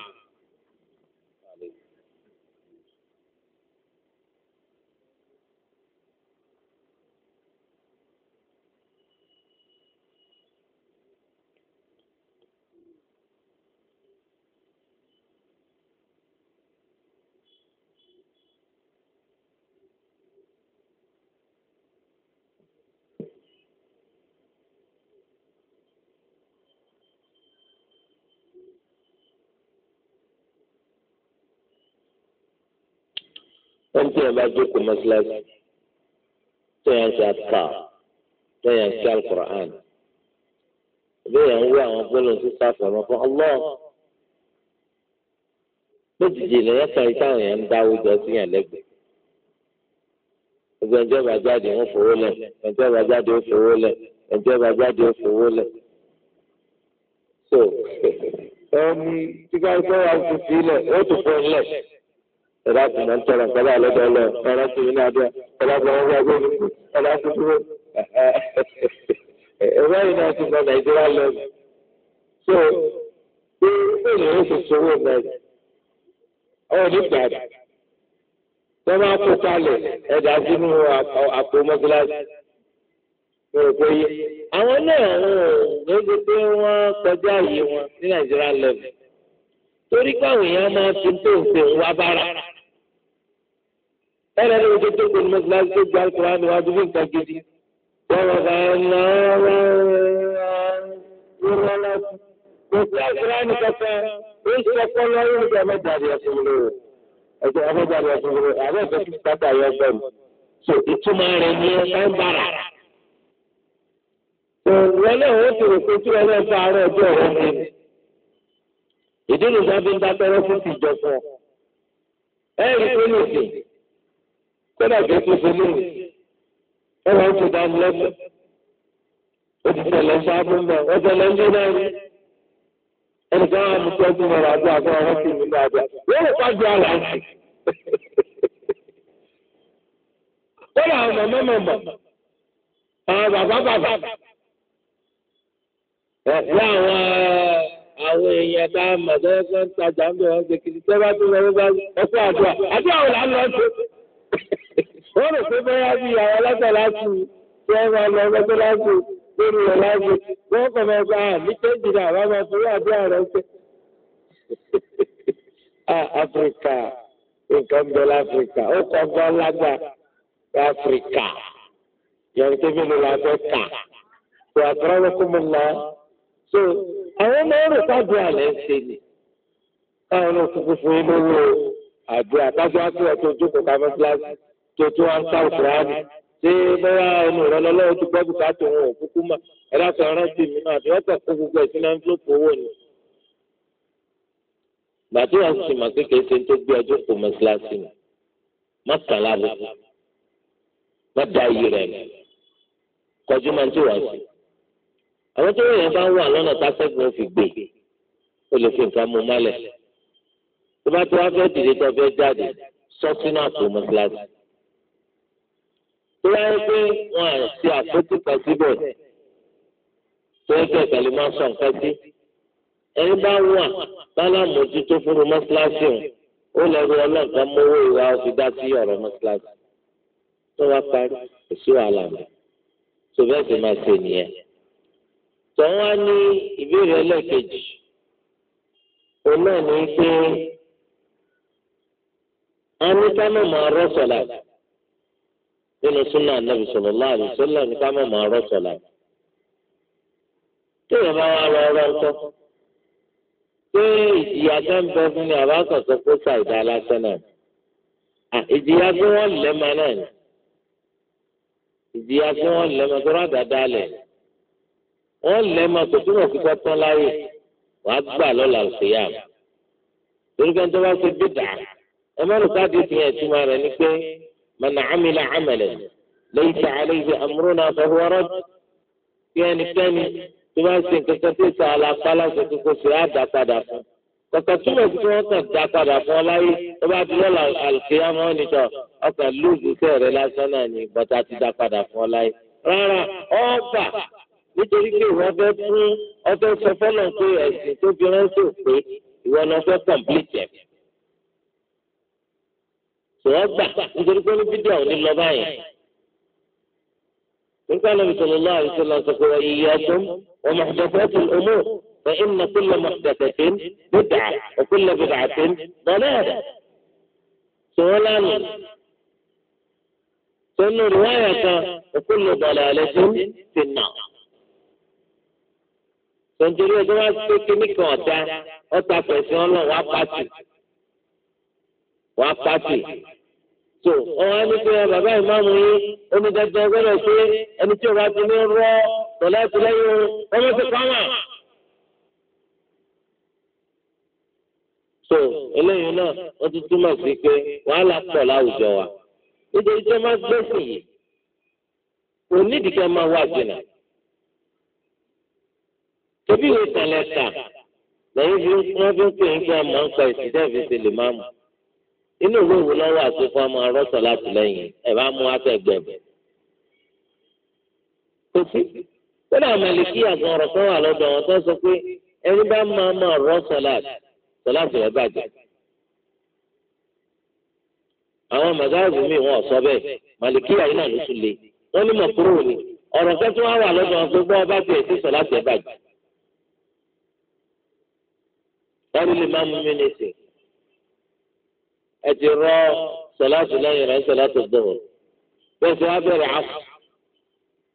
tí yẹn bá jókòó mọ́sálásí tó yẹn ń ṣe àtà tó yẹn ń ṣe alukur'an bí yẹn ń wí àwọn gbólóhùn sísá àfọ̀mọ́ fún ọlọ́ọ̀ lójijì lèyàn kan yìí táwọn yẹn ń dáwó jọ sí yẹn lẹ́gbẹ̀ẹ́ gbogbo ẹjọ́ bá ń fowó lẹ̀ ẹjọ́ bá ń fowó lẹ̀ ẹjọ́ bá ń fowó lẹ̀ so (laughs) ẹ ní tí ká ń sọ wá fífi lẹ̀ ó tún fọ́ lẹ̀ ẹ̀rọ àti ìmọ̀ ń tọrọ nǹkan bá lọ́dọ̀ ọlọ ọ̀rọ̀ sí ilé adé ọ̀rọ̀ àti ọ̀rọ̀ àgbẹ̀ òyìnbó ọ̀rọ̀ àti dúró ẹ̀rọ yìí náà ti mọ nàìjíríà lọ́wọ́ so bí ènìyàn ó sì sọ̀rọ̀ mẹ́rin ọ̀ nígbà tó máa kó kalẹ̀ ẹ̀dá sínú àpò mọ́gíláàsì òpè yìí àwọn náà ń gbé pé wọ́n kọjá yìí wọn ní nàìjíríà lọ́wọ́ torí pé àwọn èèyàn máa fi tó òfin wá bára ẹ̀rọ ní ojú tó kò ní mọ́tíláṣí tó gba àkùrá ni wàá dúró nǹkan gidi wọ́n rọ̀ bá ẹ̀ ń rán láti gbogbo àkùrá ni kẹfẹ́ ó ń sọ fún ọlọ́run níbi àmọ́jáde ẹ̀sìn mi lóore ẹ̀sìn àmọ́jáde ẹ̀sìn mi lóore àbẹ́ ìfẹ́ kí pátá yẹ gbọ́ mi so ìtumọ̀ rẹ̀ ni ẹ̀ máa ń bára. ìrọ̀lẹ́ òun ti rò pé tí ọlọ́run bá àárọ̀ ọjọ́ rẹ̀ ń ìdí nìkan fi ń dábẹ́rẹ́ fún ti jọ fún ọ. ẹ rí pé nìsín kódà tó tún ṣe lónìí ẹ wọ́n ti dá lẹ́mọ́ ó ti tẹ̀lé ṣáájú mọ́ ọ tẹ̀lé ń dúró rí ẹnìkan wà ní tọ́jú mọ́ra àdúrà fún ọ̀rọ̀ sí ìlú àdúrà wọ́n lè pàdé àlàáfíà kódà àwọn mọ̀mọ́ mọ̀mọ́ àwọn bàbá bàbá láwọn àwọn èèyàn tá a mọ̀ tẹ́lẹ̀ fẹ́ ń tajà ń bẹ̀ wọ́n ṣe kìí tẹ́ bá tó lọ bá ọkọ̀ àdúrà àti àwọn là ń lọ sí. wọ́n rò pé bẹ́ẹ̀ bí àwọn ọlọ́tọ̀ láti tí wọ́n máa lọ ọlọ́tọ̀ láti lórí rẹ̀ láti wọ́n kọ̀ máa gba àmì kéjì náà wọ́n máa fi àdúrà rẹ̀ ṣe. (laughs) Ah, Áfíríkà nǹkan bẹ láfíríkà ó kọ́ bọ́ lágbà láfíríkà yẹn tó bí mi là bẹ́ kà so àwọn ọmọ rẹ̀ kájú àlẹ́ ń ṣe ni káwọn náà tún fún yín lówó àdúrà kájú àkúrẹ̀ tó jókòó káfẹ́ kíláàsì tó tó wá ń ká òkúránì ṣé bóyá ẹnu rẹ lọ́lọ́wọ́ ti gbọ́ bùkátà òun ò kúkú mà ẹ láti ọ̀rọ̀ ti mi náà àti wọ́n tẹ̀ kó gbogbo ẹ̀sìn náà ń tó kó owó ni. gbàtí wọn sì mà pé kìí ṣe tó gbé ọjọ́ kò mọ́ síláṣí mi má kàn lábọ́ má da iyì rẹ̀ kọjú máa ń tí wọ́n sí àwọn tó yẹn bá wà lọ́nà tásẹ́gun ó fi gbè ó lè fi nǹkan mú mọ́lẹ̀ tó bá tó wá fẹ́ dìde tó fẹ́ jáde sọ sínú àpò mọ́sálásí tó wáyé pé wọn à ṣe àpótí kan síbẹ̀ tó yẹ kẹ́ ìtàlẹ́ máa sọ nǹkan sí ẹni bá wà bálá mójútó fún mọ́sálásí ó lẹ́rú ọlọ́ọ̀kan mówó ìwà ó dá sí ọ̀rọ̀ mọ́sálásí tó wá parí èso àlàmì tó bẹ́ẹ̀ sì máa ṣe nìyẹn wọ́n wá ní ìbéèrè ẹlẹ́ẹ̀kejì òun náà ní pé wọ́n ní ká má máa rọ́ sọ̀lá nínú súnà nàbì sallallahu alaihi wasallam ní ká má máa rọ́ sọ̀lá tí èèyàn bá wá lọ rọ́ ńkọ́ pé ìjìyà tó ń bẹ fún mi àbá kan sọ pé ṣàìdá lásán náà ìjìyà tí wọ́n lẹ́ẹ̀ma náà ìjìyà tí wọ́n lẹ́ẹ̀ma tó rà dáadáa lẹ̀ wọ́n lẹ́ máa kò túmọ̀ sí kọ́tán láyè wàá gbà lọ́la òṣèyà torí pé ń tọ́wọ́ ṣe bídà ẹ má lùkà dé tiẹ̀ ìtumọ̀ rẹ̀ ni pé mọ̀nà àmìlà àmàlẹ̀ lẹ́yìn tí a lè fi àmúrò náà fẹ́ wọ́rọ́ bí ẹnikẹ́ni tó bá ṣe nǹkan kan tó ṣe àlàpà láti kókó ṣe á dá padà fún kọ̀kọ́ túmọ̀ sí wọ́n kàn dá padà fún ọ láyé tó bá di lọ́la àlùkìyà mọ́ nìjọ ọkàn lóògùn tẹ̀rẹ̀ lásán náà ni bọ́tà ti dá padà fún ọ láyé rárá ọ́ gbà nítorí pé ìwọ fẹ́ fún ọfẹ sọ fọlọ pé ẹ̀sìn tó fi ránṣẹ́ pé ìwọ náà fẹ́ kọmplíìtì ẹ sọ̀rọ̀ gbà nítorí pé ní fídíò ní lọ báyìí nígbà náà bìtọ̀ lọ́wọ́ àìsàn náà sọ pé iye ọdún wọn máa dẹ̀ fẹ́ fún ọmọ fẹ́ ìnà tó lọ máa dẹ̀ tẹ̀tẹ̀ bídà òkúlẹ̀ bídà àti bọ̀lẹ́ẹ̀dà sọ̀rọ̀ lánàá sọ̀rọ̀ rẹ̀ wáyà kan òkúlẹ̀ bọ̀lẹ́ àlẹ́ tó ti nà tontori ẹjọ́ wá sí kíní kan ọ̀dá ọ̀tá pẹ̀sìn ọlọ́run wá So wá pàṣẹ tó ọ̀hún ẹni pé bàbá ìmáàmù yìí omi dandan gbọ́dọ̀ ṣe ẹni tí òun ti ní rọ tọ̀lá ti lẹ́yìn ọmọ ti pàmò. tó eléyìí náà wọ́n ti túmọ̀ sí pé wàhálà pọ̀ láwùjọ wa nítorí tí wọ́n máa gbẹ́sìn yìí kò nídìí kí wọ́n máa wá jìnnà ebi ìwé tẹ̀lẹ̀ tà lẹ́yìn bí wọ́n fi ń pè ń fún ọmọ ń pa ìsìdá ìfẹsẹ̀ lè má mu inú ìwé òwò lọ́wọ́ àti fún ọmọ arọ́sọ̀ láti lẹ́yìn ẹ̀ bá mú afẹ́gbẹ̀bẹ̀. kò sí kódà màlìkí àgbọn ọ̀rọ̀ kan wà lọ́dọ̀ wọn tó sọ pé ẹni bá máa máa rọ́ sọ̀láàtì sọ̀láàtì rẹ̀ bàjẹ́. àwọn màgáàzì mi wọn sọ bẹ́ẹ̀ màlìkí àyè náà ló tún le wọ́n ní mọ̀kúrò ni ọ̀rọ̀ kẹ́tù wà lọ́dọ̀ wọn pé bọ́ ọ bá tiẹ̀ sí sọ̀láàtì rẹ̀ bàjẹ́ wọ́n lè má mú mi nìsí. ẹ ti rọ sọláàtù lẹ́yìn rẹ̀ sọláàtù dùn. bẹ́ẹ̀ sọ abẹ́rẹ́ àfọ.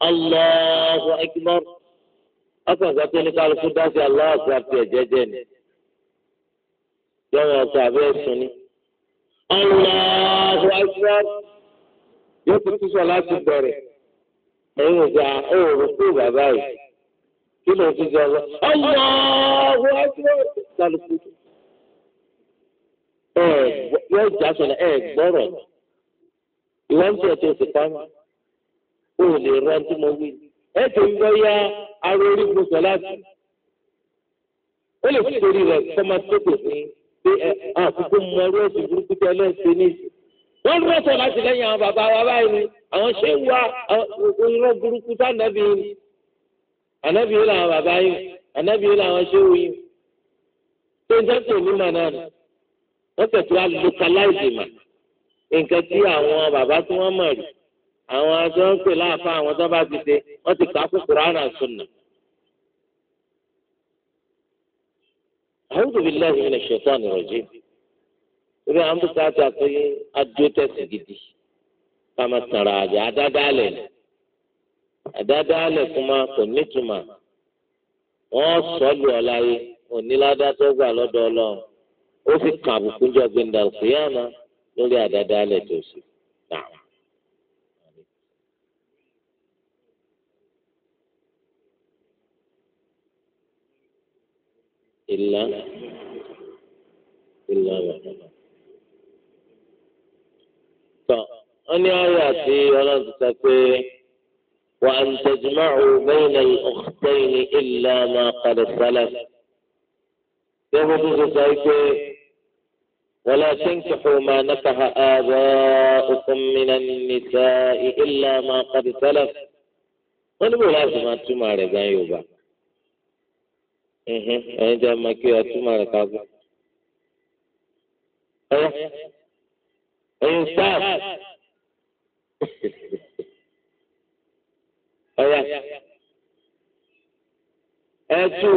Allahu akbar. ọkàn ìgbà tó ní kálukú dá sí Allahu akbar ti ẹ̀jẹ̀ jẹ́ ni. yọ̀wọ̀n ọ̀sán abẹ́rẹ́ sùn ni. Allahu akbar. yóò ti tún sọláàtù bẹ̀rẹ̀. ẹ̀yin ò gbà ó rò bàbá yìí kí ló ti sọ lọ ọlọ́wọ́ kálukú ẹ yóò já sọlá ẹ gbọ́rọ̀ ìwọ́n ti ẹ̀ tó sì pa mọ́ o lè rán tí mo wí ẹ tó ń bọ́ yá ara orígun sọlá sí ó lè fi torí rẹ̀ kọ́má tó kò sí pé ẹ àkókò mọ ọrú ẹ̀sìn burúkú tẹ́ lẹ́sìn ní ìsìn wọ́n rọ̀ sọ̀rọ̀ láti lẹ́yìn àwọn bàbá wa báyìí àwọn ṣé wà irọ́ burúkú sáà nàbí ànábì yìí làwọn bàbá yìí ànábì yìí làwọn ṣéwù yìí tó ń jẹ́ pé onímọ̀ náà nù wọ́n tẹ̀sí wá lókaláìsì mà nǹkan tí àwọn bàbá tí wọ́n mọ̀ rí àwọn aṣọ ń pè láàfà àwọn tó bá ti ṣe wọ́n ti kà á kó kùránà sùnà. àwọn òbí lẹ́yìn ilẹ̀ ṣẹ̀tàn ìrọ̀jì ibi àwọn bùkátà pé adó tẹ̀sí gidi ká tàn ra àjà àdádálẹ̀ ni àdádáálẹ̀ fún ma kò nítumọ̀ wọ́n sọ́lù ọ̀láyé onílàdá tó gbà lọ́dọ̀ ọlọ́run ó sì kàn àbùkù jọ gbẹ̀ndà òkèèyàmá lórí àdádáálẹ̀ tó sì nà. ìlà ìlà wà tán wọ́n ní ayé àti ọlọ́run ti sọ pé. وأن تجمعوا بين الأختين إلا ما قد سلف زيكي ولا تنكحوا ما نكح آباؤكم من النساء إلا ما قد سلف ونقول لازم أتوما رجعي يوبا أنت إيه، ما كي أتوما ركابو أيه أيه ọ̀yà ẹ̀tú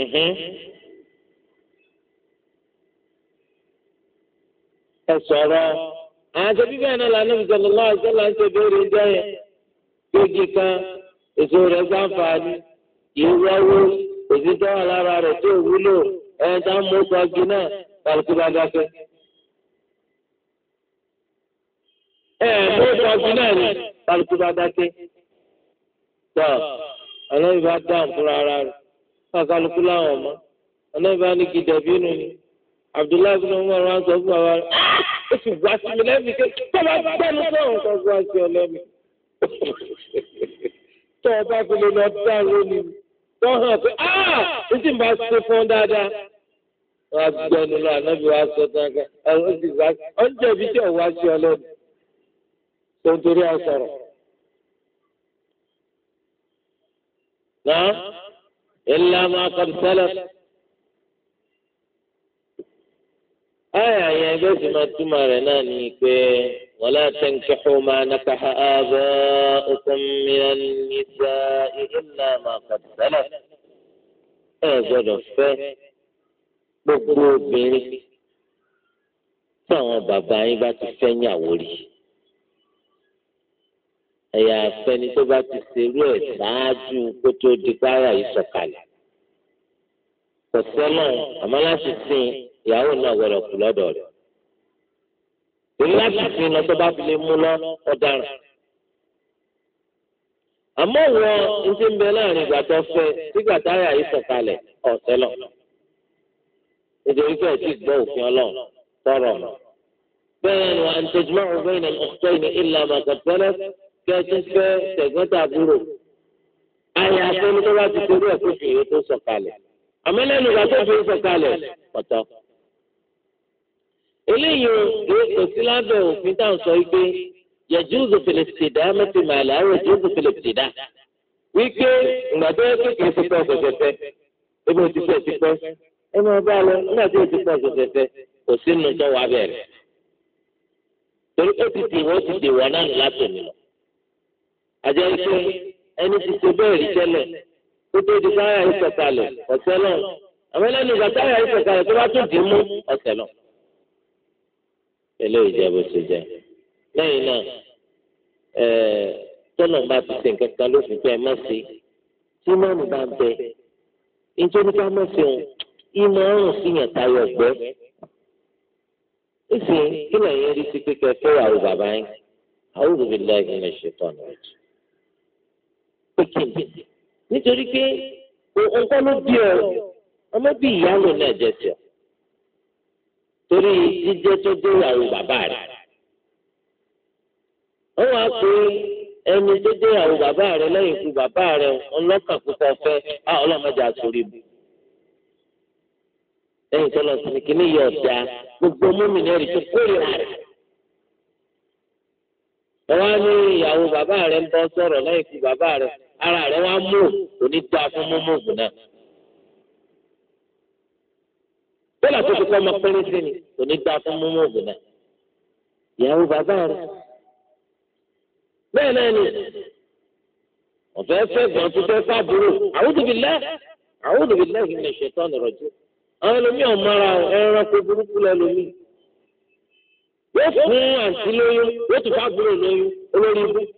ẹ sọ̀rọ̀ àti bíbẹ́ náà lànà ìṣẹ̀lẹ̀ àṣẹ là ń ṣe béèrè jẹ́ yẹn gbégi kan èso rẹ̀ sáǹfààní ìwọ́wó òṣìṣẹ́ wà lára rẹ̀ tó wúlò ẹ̀ tá mú kọ́gi náà kálukú bá dákẹ́. ẹ̀ mú kọ́gi náà ni kálukú bá dákẹ́ tọ́ ọlọ́run bá dáhùn fúnra ara rẹ̀ ká kálukú láwọn ọmọ ọlọ́run bá ní kí dẹ̀bí nù ni Abdullahi bin Umar wa ah, sọ fún wa ó sì gbà sí mi lẹ́mìí ké tó bá gbẹ́nu sọ̀rọ̀ tó gbà sí ọ lẹ́mìí tó o bá fi lọ dá lónìí tó hàn pé áà ah, ní tí bá ṣe fún dáadáa wọn á gbẹnu lọ ànábi wa sọ tán ká ọ sì gbà ọ jẹ̀bi tí ò wá sí ọ lẹ́mìí tó ń torí àṣọrọ. náà ilá máa kọ́ sẹ́lẹ̀. ayé àyè ẹgbẹ́ sì máa túmọ̀ rẹ̀ náà ni pé wala tankihu ma nakaha aba'ukum minan nisa'i illa ma qad salaf. ẹ gbọ́dọ̀ fẹ́ gbogbo obìnrin tí àwọn bàbá yín bá ti fẹ́ yàwó rí i ẹ̀yà àfẹ́ni tó bá ti ṣerú ẹ̀ ṣáájú kó tó di pààrà yìí sọ̀kalẹ̀. kò sẹ́lọ̀ àmọ́ láti sìn ìyàwó náà gbọ́dọ̀ kú lọ́dọ̀ rẹ̀. èyí láti sìn lọ tó bá fi lè mú lọ ọ̀daràn. àmọ́ wọn ń ti ń bẹ láàrin ìgbà tó fẹ́ sígbà táyà yìí sọ̀kalẹ̀ ọ̀sẹ́lọ̀. nítorí pé ti gbọ́ òfin ọlọ́run tọrọ bẹ́ẹ̀ ni wà á ń tẹjúmọ́ kẹ́tún fẹ́ tẹ̀gbọ́ntàbúrò àyà àfẹnú tó bá ti torí ẹ̀ kó fìyè tó sọ̀kalẹ̀ àmọ́ lẹ́nu ìgbà tó fìyè sọ̀kalẹ̀ pọ̀tọ́. eléyìí o kò sí lábẹ́ òfin tá à ń sọ wípé yẹjúùzù fèlèsìtìdá mẹ́tì màlẹ́ àwọn yẹjúùzù fèlèsìtìdá wípé ìgbà tó yẹ kó kìí ti pẹ́ ọ̀sẹ̀sẹ̀fẹ́ ebi ò ti pẹ́ ti pẹ́ ẹ máa bá a lọ nígbà tó yẹ ti pẹ́ ọ̀sẹ̀sẹ̀fẹ́ kò sí nù tó wà bẹ̀rẹ̀ torí ó ti dìwọ́ ti dìwọ́ náà látòmí lọ àjẹ́ ike ẹni tí ṣe bẹ́ẹ̀ rí tẹ́lẹ̀ kó tó di káyà yìí sọ̀kalẹ̀ ọ̀sẹ̀ náà àwọn ẹlẹ́nu ìgbà káyà yìí sọ̀kalẹ̀ tó bá tún dì í mú ọ̀sẹ̀ náà. eléyìí jẹ́ bó ṣe jẹ́ lẹ́yìn náà tọ́lọ̀ bá ti ṣe nǹkan kan lófin pé ẹ má ṣe tí mọ́ọ̀nù bá ń bẹ nítorí ká má ṣe òun ìmọ̀ ọ̀rùn sí yàn tayọ̀ gbẹ́. ìsìn kí lẹ́yìn rí sí pé kẹfẹ́ àwọn bàbá yín àwọn òbí lẹ́yìn ẹ̀ ṣe tọ̀nà ẹ̀jẹ̀ pété nítorí pé nǹkan ló bí ọ ọmọ bí ìyáwó náà jẹ tiọ torí jíjẹ tó dé ìyàwó bàbá rẹ wọn wá pé ẹni tó dé ìyàwó bàbá rẹ lẹ́yìn ikú bàbá rẹ ọlọkàn púpọ̀ fẹ á ọlọmọdé àtòrí bu lẹ́yìn tó lọ sí ni kíní yọ ọdá gbogbo múmìnira rẹ tó kórìíra rẹ wọn wá ní ìyàwó bàbá rẹ ń bọ̀ sọ̀rọ̀ lẹ́yìn ikú bàbá rẹ ara rẹ̀ wá mú òní dá fún mímú ògùn náà. bọ́lá tó ti kọ́ ọmọ pẹ́rẹ́ sí ni òní dá fún mímú ògùn náà. ìyàwó bàbá rẹ̀ bẹ́ẹ̀ náà ni ọ̀fẹ́ fẹ́ gbọ́n tó fẹ́ fábúrò a'udhu billahi a'udhu billahi minash shaitani rajim àwọn ẹlòmíràn mọ́ra ẹranko burúkú lẹ́lòmí yóò fún àǹtí lóyún yóò tún fábúrò lóyún olórí ibú.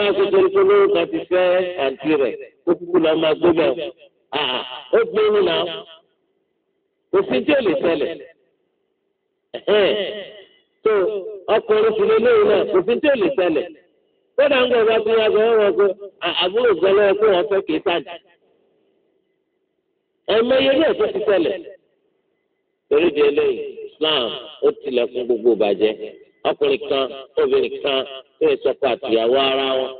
ẹ kó torí pé lóyún kan ti fẹ́ àǹtí rẹ̀ kó kúkú lọ́ọ́ máa gbé bẹ́ẹ̀ ah, ó gbé ní náà òfin tí ò lè ṣẹlẹ̀ tó ọkùnrin sì lé lóyún náà òfin tí ò lè ṣẹlẹ̀ kódà ń gbọ́ bá tó yá gbọ́ wọ́n gbọ́ àbúrò gbọ́ lọ́wọ́ pé wọ́n fẹ́ kì í tàjì ẹ̀mọ iye náà tó ti ṣẹlẹ̀ torí di eléyìí Islam ó tilẹ̀kùn gbogbo bàjẹ́ ọkùnrin kan obìnrin kan tó yẹ sọkọ àtìyàwó ara wọn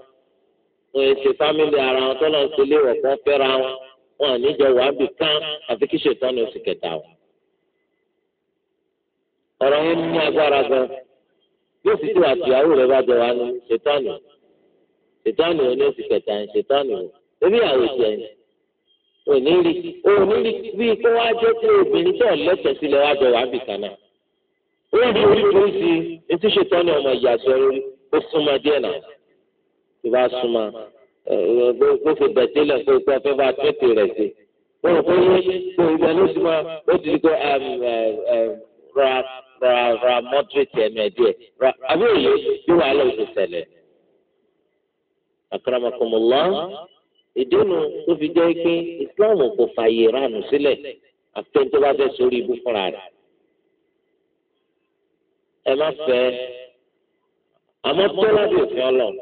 wọn yẹ ṣe fámìlì ara wọn tó náà ṣe léwọ kan fẹ́ra wọn wọn à níjọ wàá bì kán àfi kí ṣètọ́nù oṣù kẹta wọn. ọ̀rọ̀ yẹn ní agbára gan yóò fi tó àtìyàwó rẹ bá jọ wá ní ṣètọ́nù ṣètọ́nù oní oṣù kẹta ń ṣètọ́nù ebi àwọn ìṣe onírí onírí bíi kó wá jẹ́ pé obìnrin tó lẹ́tọ̀ọ́ sílẹ̀ wá jọ wàá bì kán náà ó rí oríṣiríṣi etí ṣètò ní ọmọ ìyàtọ̀ lórí ó súnmọ́ díẹ̀ náà tí bá súnmọ́ bó fi bẹ̀tẹ́lẹ̀ kó ikú ọ̀fẹ́ bá tètè rẹ̀ sí wọ́n rò pé kò ìgbà ló ti máa ó ti di kó ra ra ra mọ́tírìtì ẹ̀mẹ̀ díẹ̀ ra àbí òye bí wàhálà òṣù ṣẹlẹ̀ akramakumullah ìdínú tó fi jẹ́ pé Islam kò fààyè ránù sílẹ̀ àfẹ́ńtó bá fẹ́ sórí ibú fúnra rẹ̀ ẹ má fẹ́ àmọ́ tó lábẹ́ òfin ọlọ́run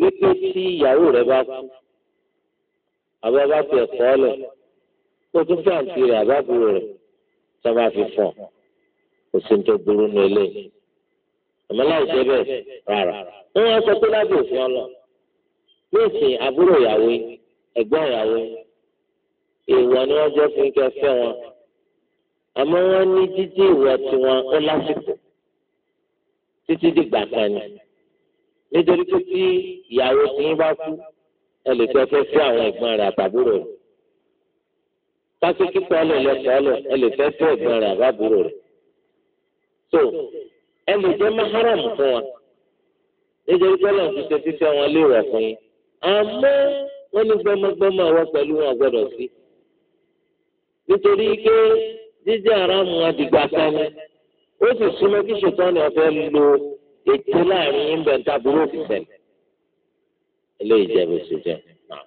wípé tí ìyàwó rẹ bá kú àbá bá fi ẹ̀kọ́ lẹ̀ kó tún fẹ́ àǹtí rẹ̀ àbábúrò rẹ̀ tó bá fi fọ̀ kò sí ní tó burú ní ilé àmọ́ láì jẹ́ bẹ́ẹ̀ rárá wọ́n wá sọ pé lábẹ́ òfin ọlọ́run ní ìsìn àbúrò ìyàwó ẹ̀gbọ́n ìyàwó èèwọ̀ ni wọ́n jẹ́ fún kẹfẹ́ wọn àmọ́ wọ́n ní títí ìwọ tiwọn ó lásìkò títí dìgbà kan ni nítorí pé tí ìyàwó tiyín bá kú ẹ lè fẹ́ fẹ́ fẹ́ àwọn ẹ̀gbọ́n rẹ̀ àtàbúrò rẹ̀ kásì kíkọ́ ọ̀lẹ̀ lẹ́kọ̀ọ́ lẹ̀ ẹ lè fẹ́ fẹ́ ẹ̀gbọ́n rẹ̀ àbábúrò rẹ̀ so ẹ lè jẹ́ maharamu fún wọn nítorí pé ọlọ́run ti ṣe fífẹ́ wọn léèwọ̀ fún yín àmọ́ wọ́n ní gbọ́mọgbọ́mọ àwọn pẹ̀lú wọn gbọ́dọ̀ sí nítorí pé. jíjẹ́ aráàmù wọn ti gbà sẹ́ni ó sì súnmọ́ kí ṣètọ́ni ọ̀fẹ́ lo ètò láàrin yín bẹ̀ ta a eléyìí jẹ́ ṣe jẹ́ náà.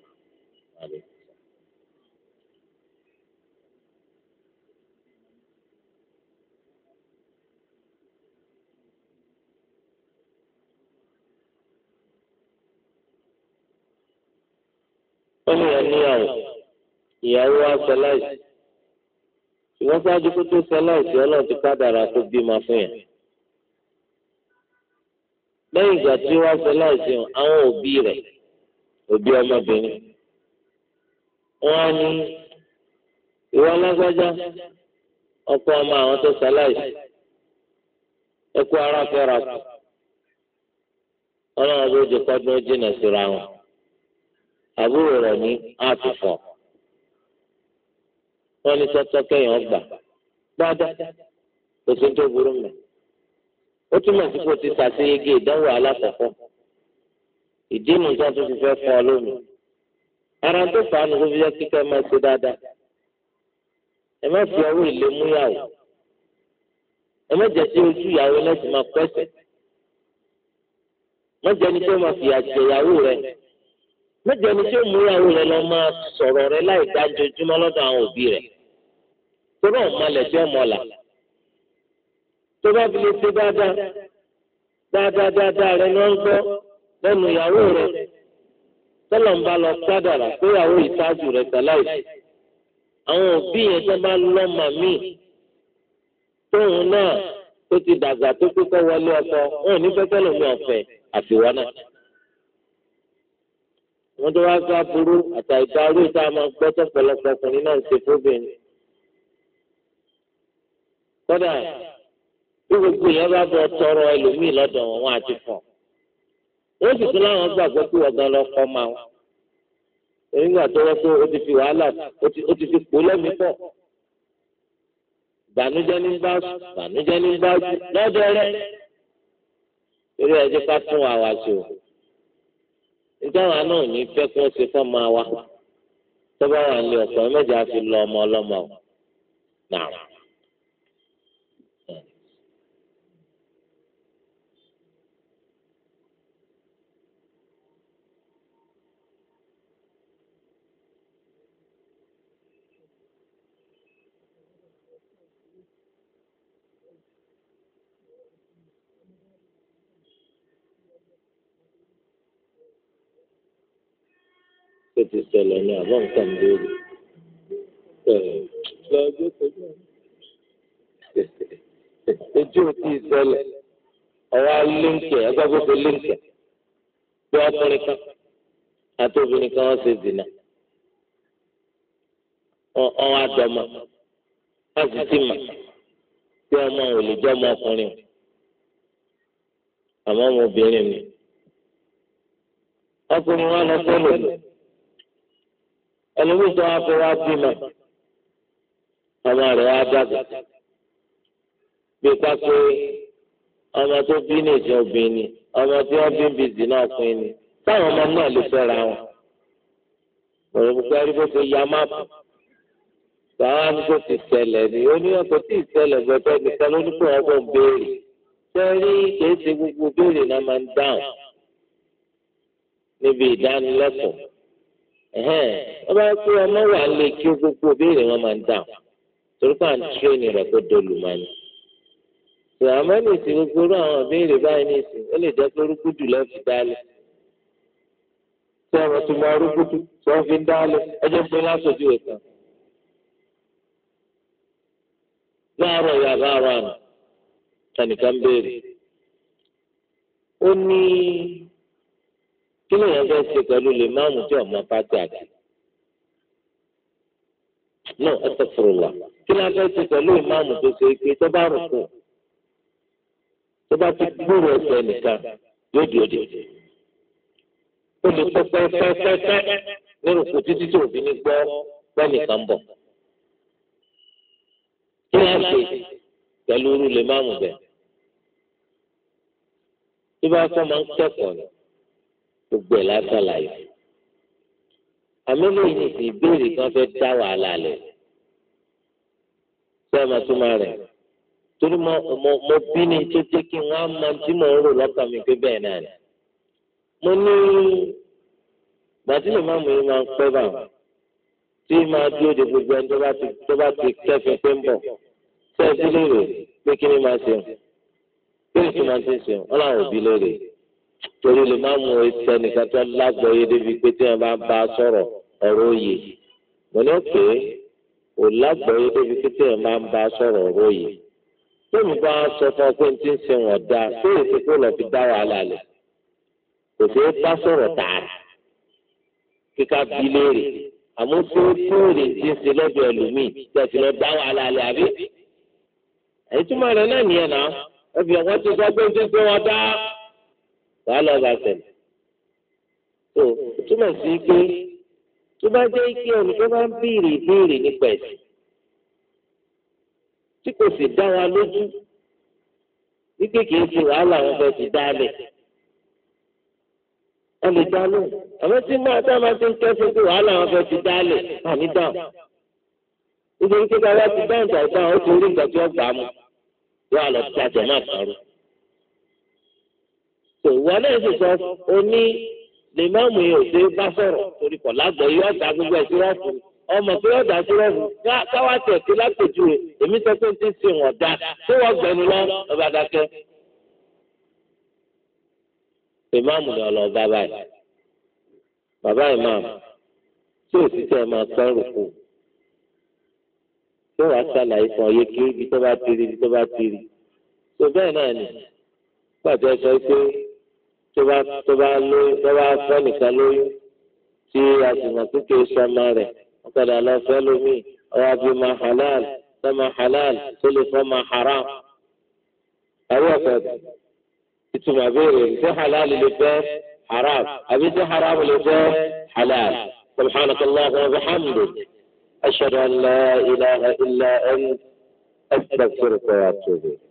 wọ́n ní ìyàwó ìyàwó láìsí. ṣùgbọ́n sáájú kó tó sọ láìsí ọlọ́run ti kádàrá kó bímọ fún yẹn. lẹ́yìn ìgbà tí wọ́n sọ láìsí àwọn òbí rẹ̀ òbí ọmọbìnrin wọ́n á ní ìwọ alágbájá ọkọ ọmọ àwọn tó sọ láìsí ẹkú ara fẹ́ra kù ọlọ́run ló àbúrò rẹ̀ ní àtúfọ̀. wọ́n ní sọ́tọ́ kẹ́yìn ọgbà dáadáa kò sí tó burú mẹ́. ó túmọ̀ sí kò ti ṣàṣeyege ìdánwò alákọ̀ọ́kọ́ ìdí nìkan tó ti fẹ́ fún ọ lónìí. ara tó fà á ní kó fi jẹ́ kíkẹ́ máa ṣe dáadáa. ẹ má fi ọwọ́ ìlé múyàwó. ẹ má jẹ́ sí ojú ìyàwó lẹ́sìn máa pẹ́sẹ̀. má jẹ́ ni tó máa fìyà jẹ ìyàwó rẹ̀ má jẹ́ ni tó mú ìyàwó rẹ̀ lọ máa sọ̀rọ̀ rẹ̀ láì dájojúmọ́ lọ́dọ̀ àwọn òbí rẹ̀ tọ́lọ́ ọ̀mọlẹ̀ tí ọmọ là tó bá fi lè ṣe dáadáa dáadáa dáadáa rẹ ló ń gbọ́ lẹ́nu ìyàwó rẹ tọ́lọ̀ ń bá lọ sádàrà pé ìyàwó ìtajú rẹ sàláìsì àwọn òbí yẹn tó bá lọ́mọ míì tóun náà tó ti dàgbà tó kókó wọlé ọkọ wọn ò ní fẹ́fẹ́ lómi ọ̀fẹ́ àfiwọ́ náà. wọ́n tó wá sá burú àtàìdá orí ìta máa gbọ́ tọ́pọ̀lọpọ̀ ọkùnrin náà ń ṣe fóbìnrin kódà bí gbogbo yẹn bá bọ tọrọ ẹlòmíì lọ́dọ̀ wọn wọn àti fọ ó sì tún láwọn gbàgbọ́ pé ọ̀gá lọ kọ́ máa wọn nígbà pé ó ti fi wàhálà ó ti fi pò lẹ́mìí pọ̀ bànújẹ́ ní bá bànújẹ́ ní bá lọ́dọ̀ rẹ̀ eré o náà ní fẹ́ kí wọ́n fi lọ ọmọ ọlọ́mọ náà. ti ṣẹlẹ̀ ní àbọ̀ nǹkan lórí lọ gbé kojú ojú ò tí ì ṣẹlẹ̀ ọwọ́ líǹkì agbábọ́sọ líǹkì bí ọkùnrin kan àti obìnrin kan wọ́n ṣe dìnnà ọ̀hún àdọ́mọ wọ́n sì ti mà bí ọmọ ò lè jẹ́ ọmọ ọkùnrin àmọ́ ọmọ obìnrin ni ọkùnrin wọn lọ sẹ́lẹ̀ lọ ẹlòmíì tó wá fẹ́ wá bímọ ọmọ rẹ̀ wá dàgbà bí pápé ọmọ tó bí ní ìjọ obìnrin ọmọ tí wọ́n bí bìzì náà pín ni táwọn ọmọ náà lè fẹ́ra wọn òun gbogbo ẹni bó ṣe ya máàpù báwa ní kò ti ṣẹlẹ̀ ni ó ní ọkọ̀ tí ì ṣẹlẹ̀ gbẹgbẹ́ nìkan ló ní kó ọgbọ́n béèrè sẹ́rí kìí gbogbo béèrè náà máa ń dáhùn níbi ìdánilẹ́kọ̀ọ́. Ee, ọba pé ọmọ wà lè kí gbogbo béèrè wọn máa ń dà torí pé à ń kó dolù máa ní. gbogbo rú àwọn béèrè báyìí ní ìsìn ó lè jẹ́ pé lọ́ọ́ fi tó máa fi pé rẹ̀ kan. láàárọ̀ ìyá kí ló yẹn fẹ́ ṣe pẹ̀lú lè máàmù tí ọmọ pátá àti no astaghfirullah kí ló yẹn fẹ́ ṣe pẹ̀lú ìmáàmù tó ṣe pé tó bá rò kù tó bá ti gbúrò ẹsẹ̀ nìkan yóò di òde ó lè pẹ́ pẹ́pẹ́pẹ́ nínú kò títí tí òbí ní gbọ́ pẹ́nìkan bọ̀ kí ló yẹn ṣe pẹ̀lú irú lè máàmù bẹ̀ tó bá fọ́ ń kẹ́kọ̀ọ́ ni gbogbo ẹ̀ lásàlàyé àmọ́ lóyún ní ti ìbéèrè kan fẹ́ dá wàhálà lẹ̀ sọ ma tó ma rẹ̀ torí mo mo mo bí ni tó jẹ́ kí wọ́n á mọ tí mò ń rò lọ́kàn mi pé bẹ́ẹ̀ náà ni mo ní gbàdúrà máa mú yín máa ń pẹ́ bá wọn tí máa dúró de gbogbo ẹni tó bá ti tó bá ti kẹ́fìn pé ń bọ̀ sẹ́ẹ̀ bí lóore pé kí ni máa ṣe kí ni tó máa ṣe ṣe wọn láwọn òbí lóore torí lè má mú etí ẹnìkan tó lágbọ́ yé débi pé tí wọ́n bá ń bá a sọ̀rọ̀ ọ̀rọ̀ òye mo ní pé ò lágbọ́ yé débi pé tí wọ́n bá a sọ̀rọ̀ ọ̀rọ̀ òye tó ń bá a sọ fún ọ pé ti ń ṣe wọ́n dá tó èsì pé lọ́ọ́ fi dá wàhálà lẹ̀ kò sí bá sọ̀rọ̀ tààrà kíkà bí léèrè àmọ́ tó tóòrè ti ń ṣe lọ́dọ̀ ẹlòmíì tí a ti lọ dá wàhálà lẹ̀ àbí ẹ̀yìn túmọ̀ rẹ̀ náà nìyẹn náà wàhálà ọba ṣẹlẹ̀ tó túmọ̀ sí pé tó bá jẹ́ ike ẹnìkan bá ń béèrè ìbéèrè nípa ẹ̀sìn tí kò sì dá wa lójú wípé kì í ṣe wàhálà wọn fẹ́ ti dálẹ̀ ẹ lè dá lóhùn àmọ́ tí máa tá a máa ti ń kẹ́sìn pé wàhálà wọn fẹ́ ti dálẹ̀ àmì dáhùn nítorí pé káwá ti dáhùn tàìtàn ó ti rí nǹkan tí wọ́n gbà á mú yóò lọ àjẹmọ́ àkàrò tó ìwọ náà sì sọ ó ní lèmọ́ọ̀mù yìí ò ṣe é bá sọ̀rọ̀ torí kọ̀ lágbọ̀ yóò dá gbogbo ẹ̀ sírọ́ọ̀fù ọmọ tó yóò dá sírọ́ọ̀fù káwá tẹ̀ sí lápèjúwe èmi sọ pé ti sìn wọ̀n dá tó wọ́n gbẹ̀nu lọ ọba dákẹ́. ìmáàmù ni ọlọ ọba báyìí bàbá ìmáàmù tí ò sì tẹ ẹ máa pẹ́ rùkù tó wàá ṣàlàyé fún ọyẹ kí ibi tó bá ti rí ibi tó bá ti rí tó bẹ́ẹ̀ náà ni pàtó sọ pé. tó bá tó bá lóyún tó bá fẹ́ nìkan lóyún tí a sì mọ̀ pé kì sọmọ rẹ̀ wọ́n padà lọ fẹ́ lómi ọ̀rọ̀ àbí ma halal sọmọ halal tó lè fọ́ ma haram. àwọn ọ̀pẹ̀ ìtumọ̀ béèrè ṣé halal lè fẹ́ haram àbí ṣé haram lè fẹ́ halal. سبحانك اللهم وبحمدك أشهد أن لا إله إلا أنت أستغفرك وأتوب إليك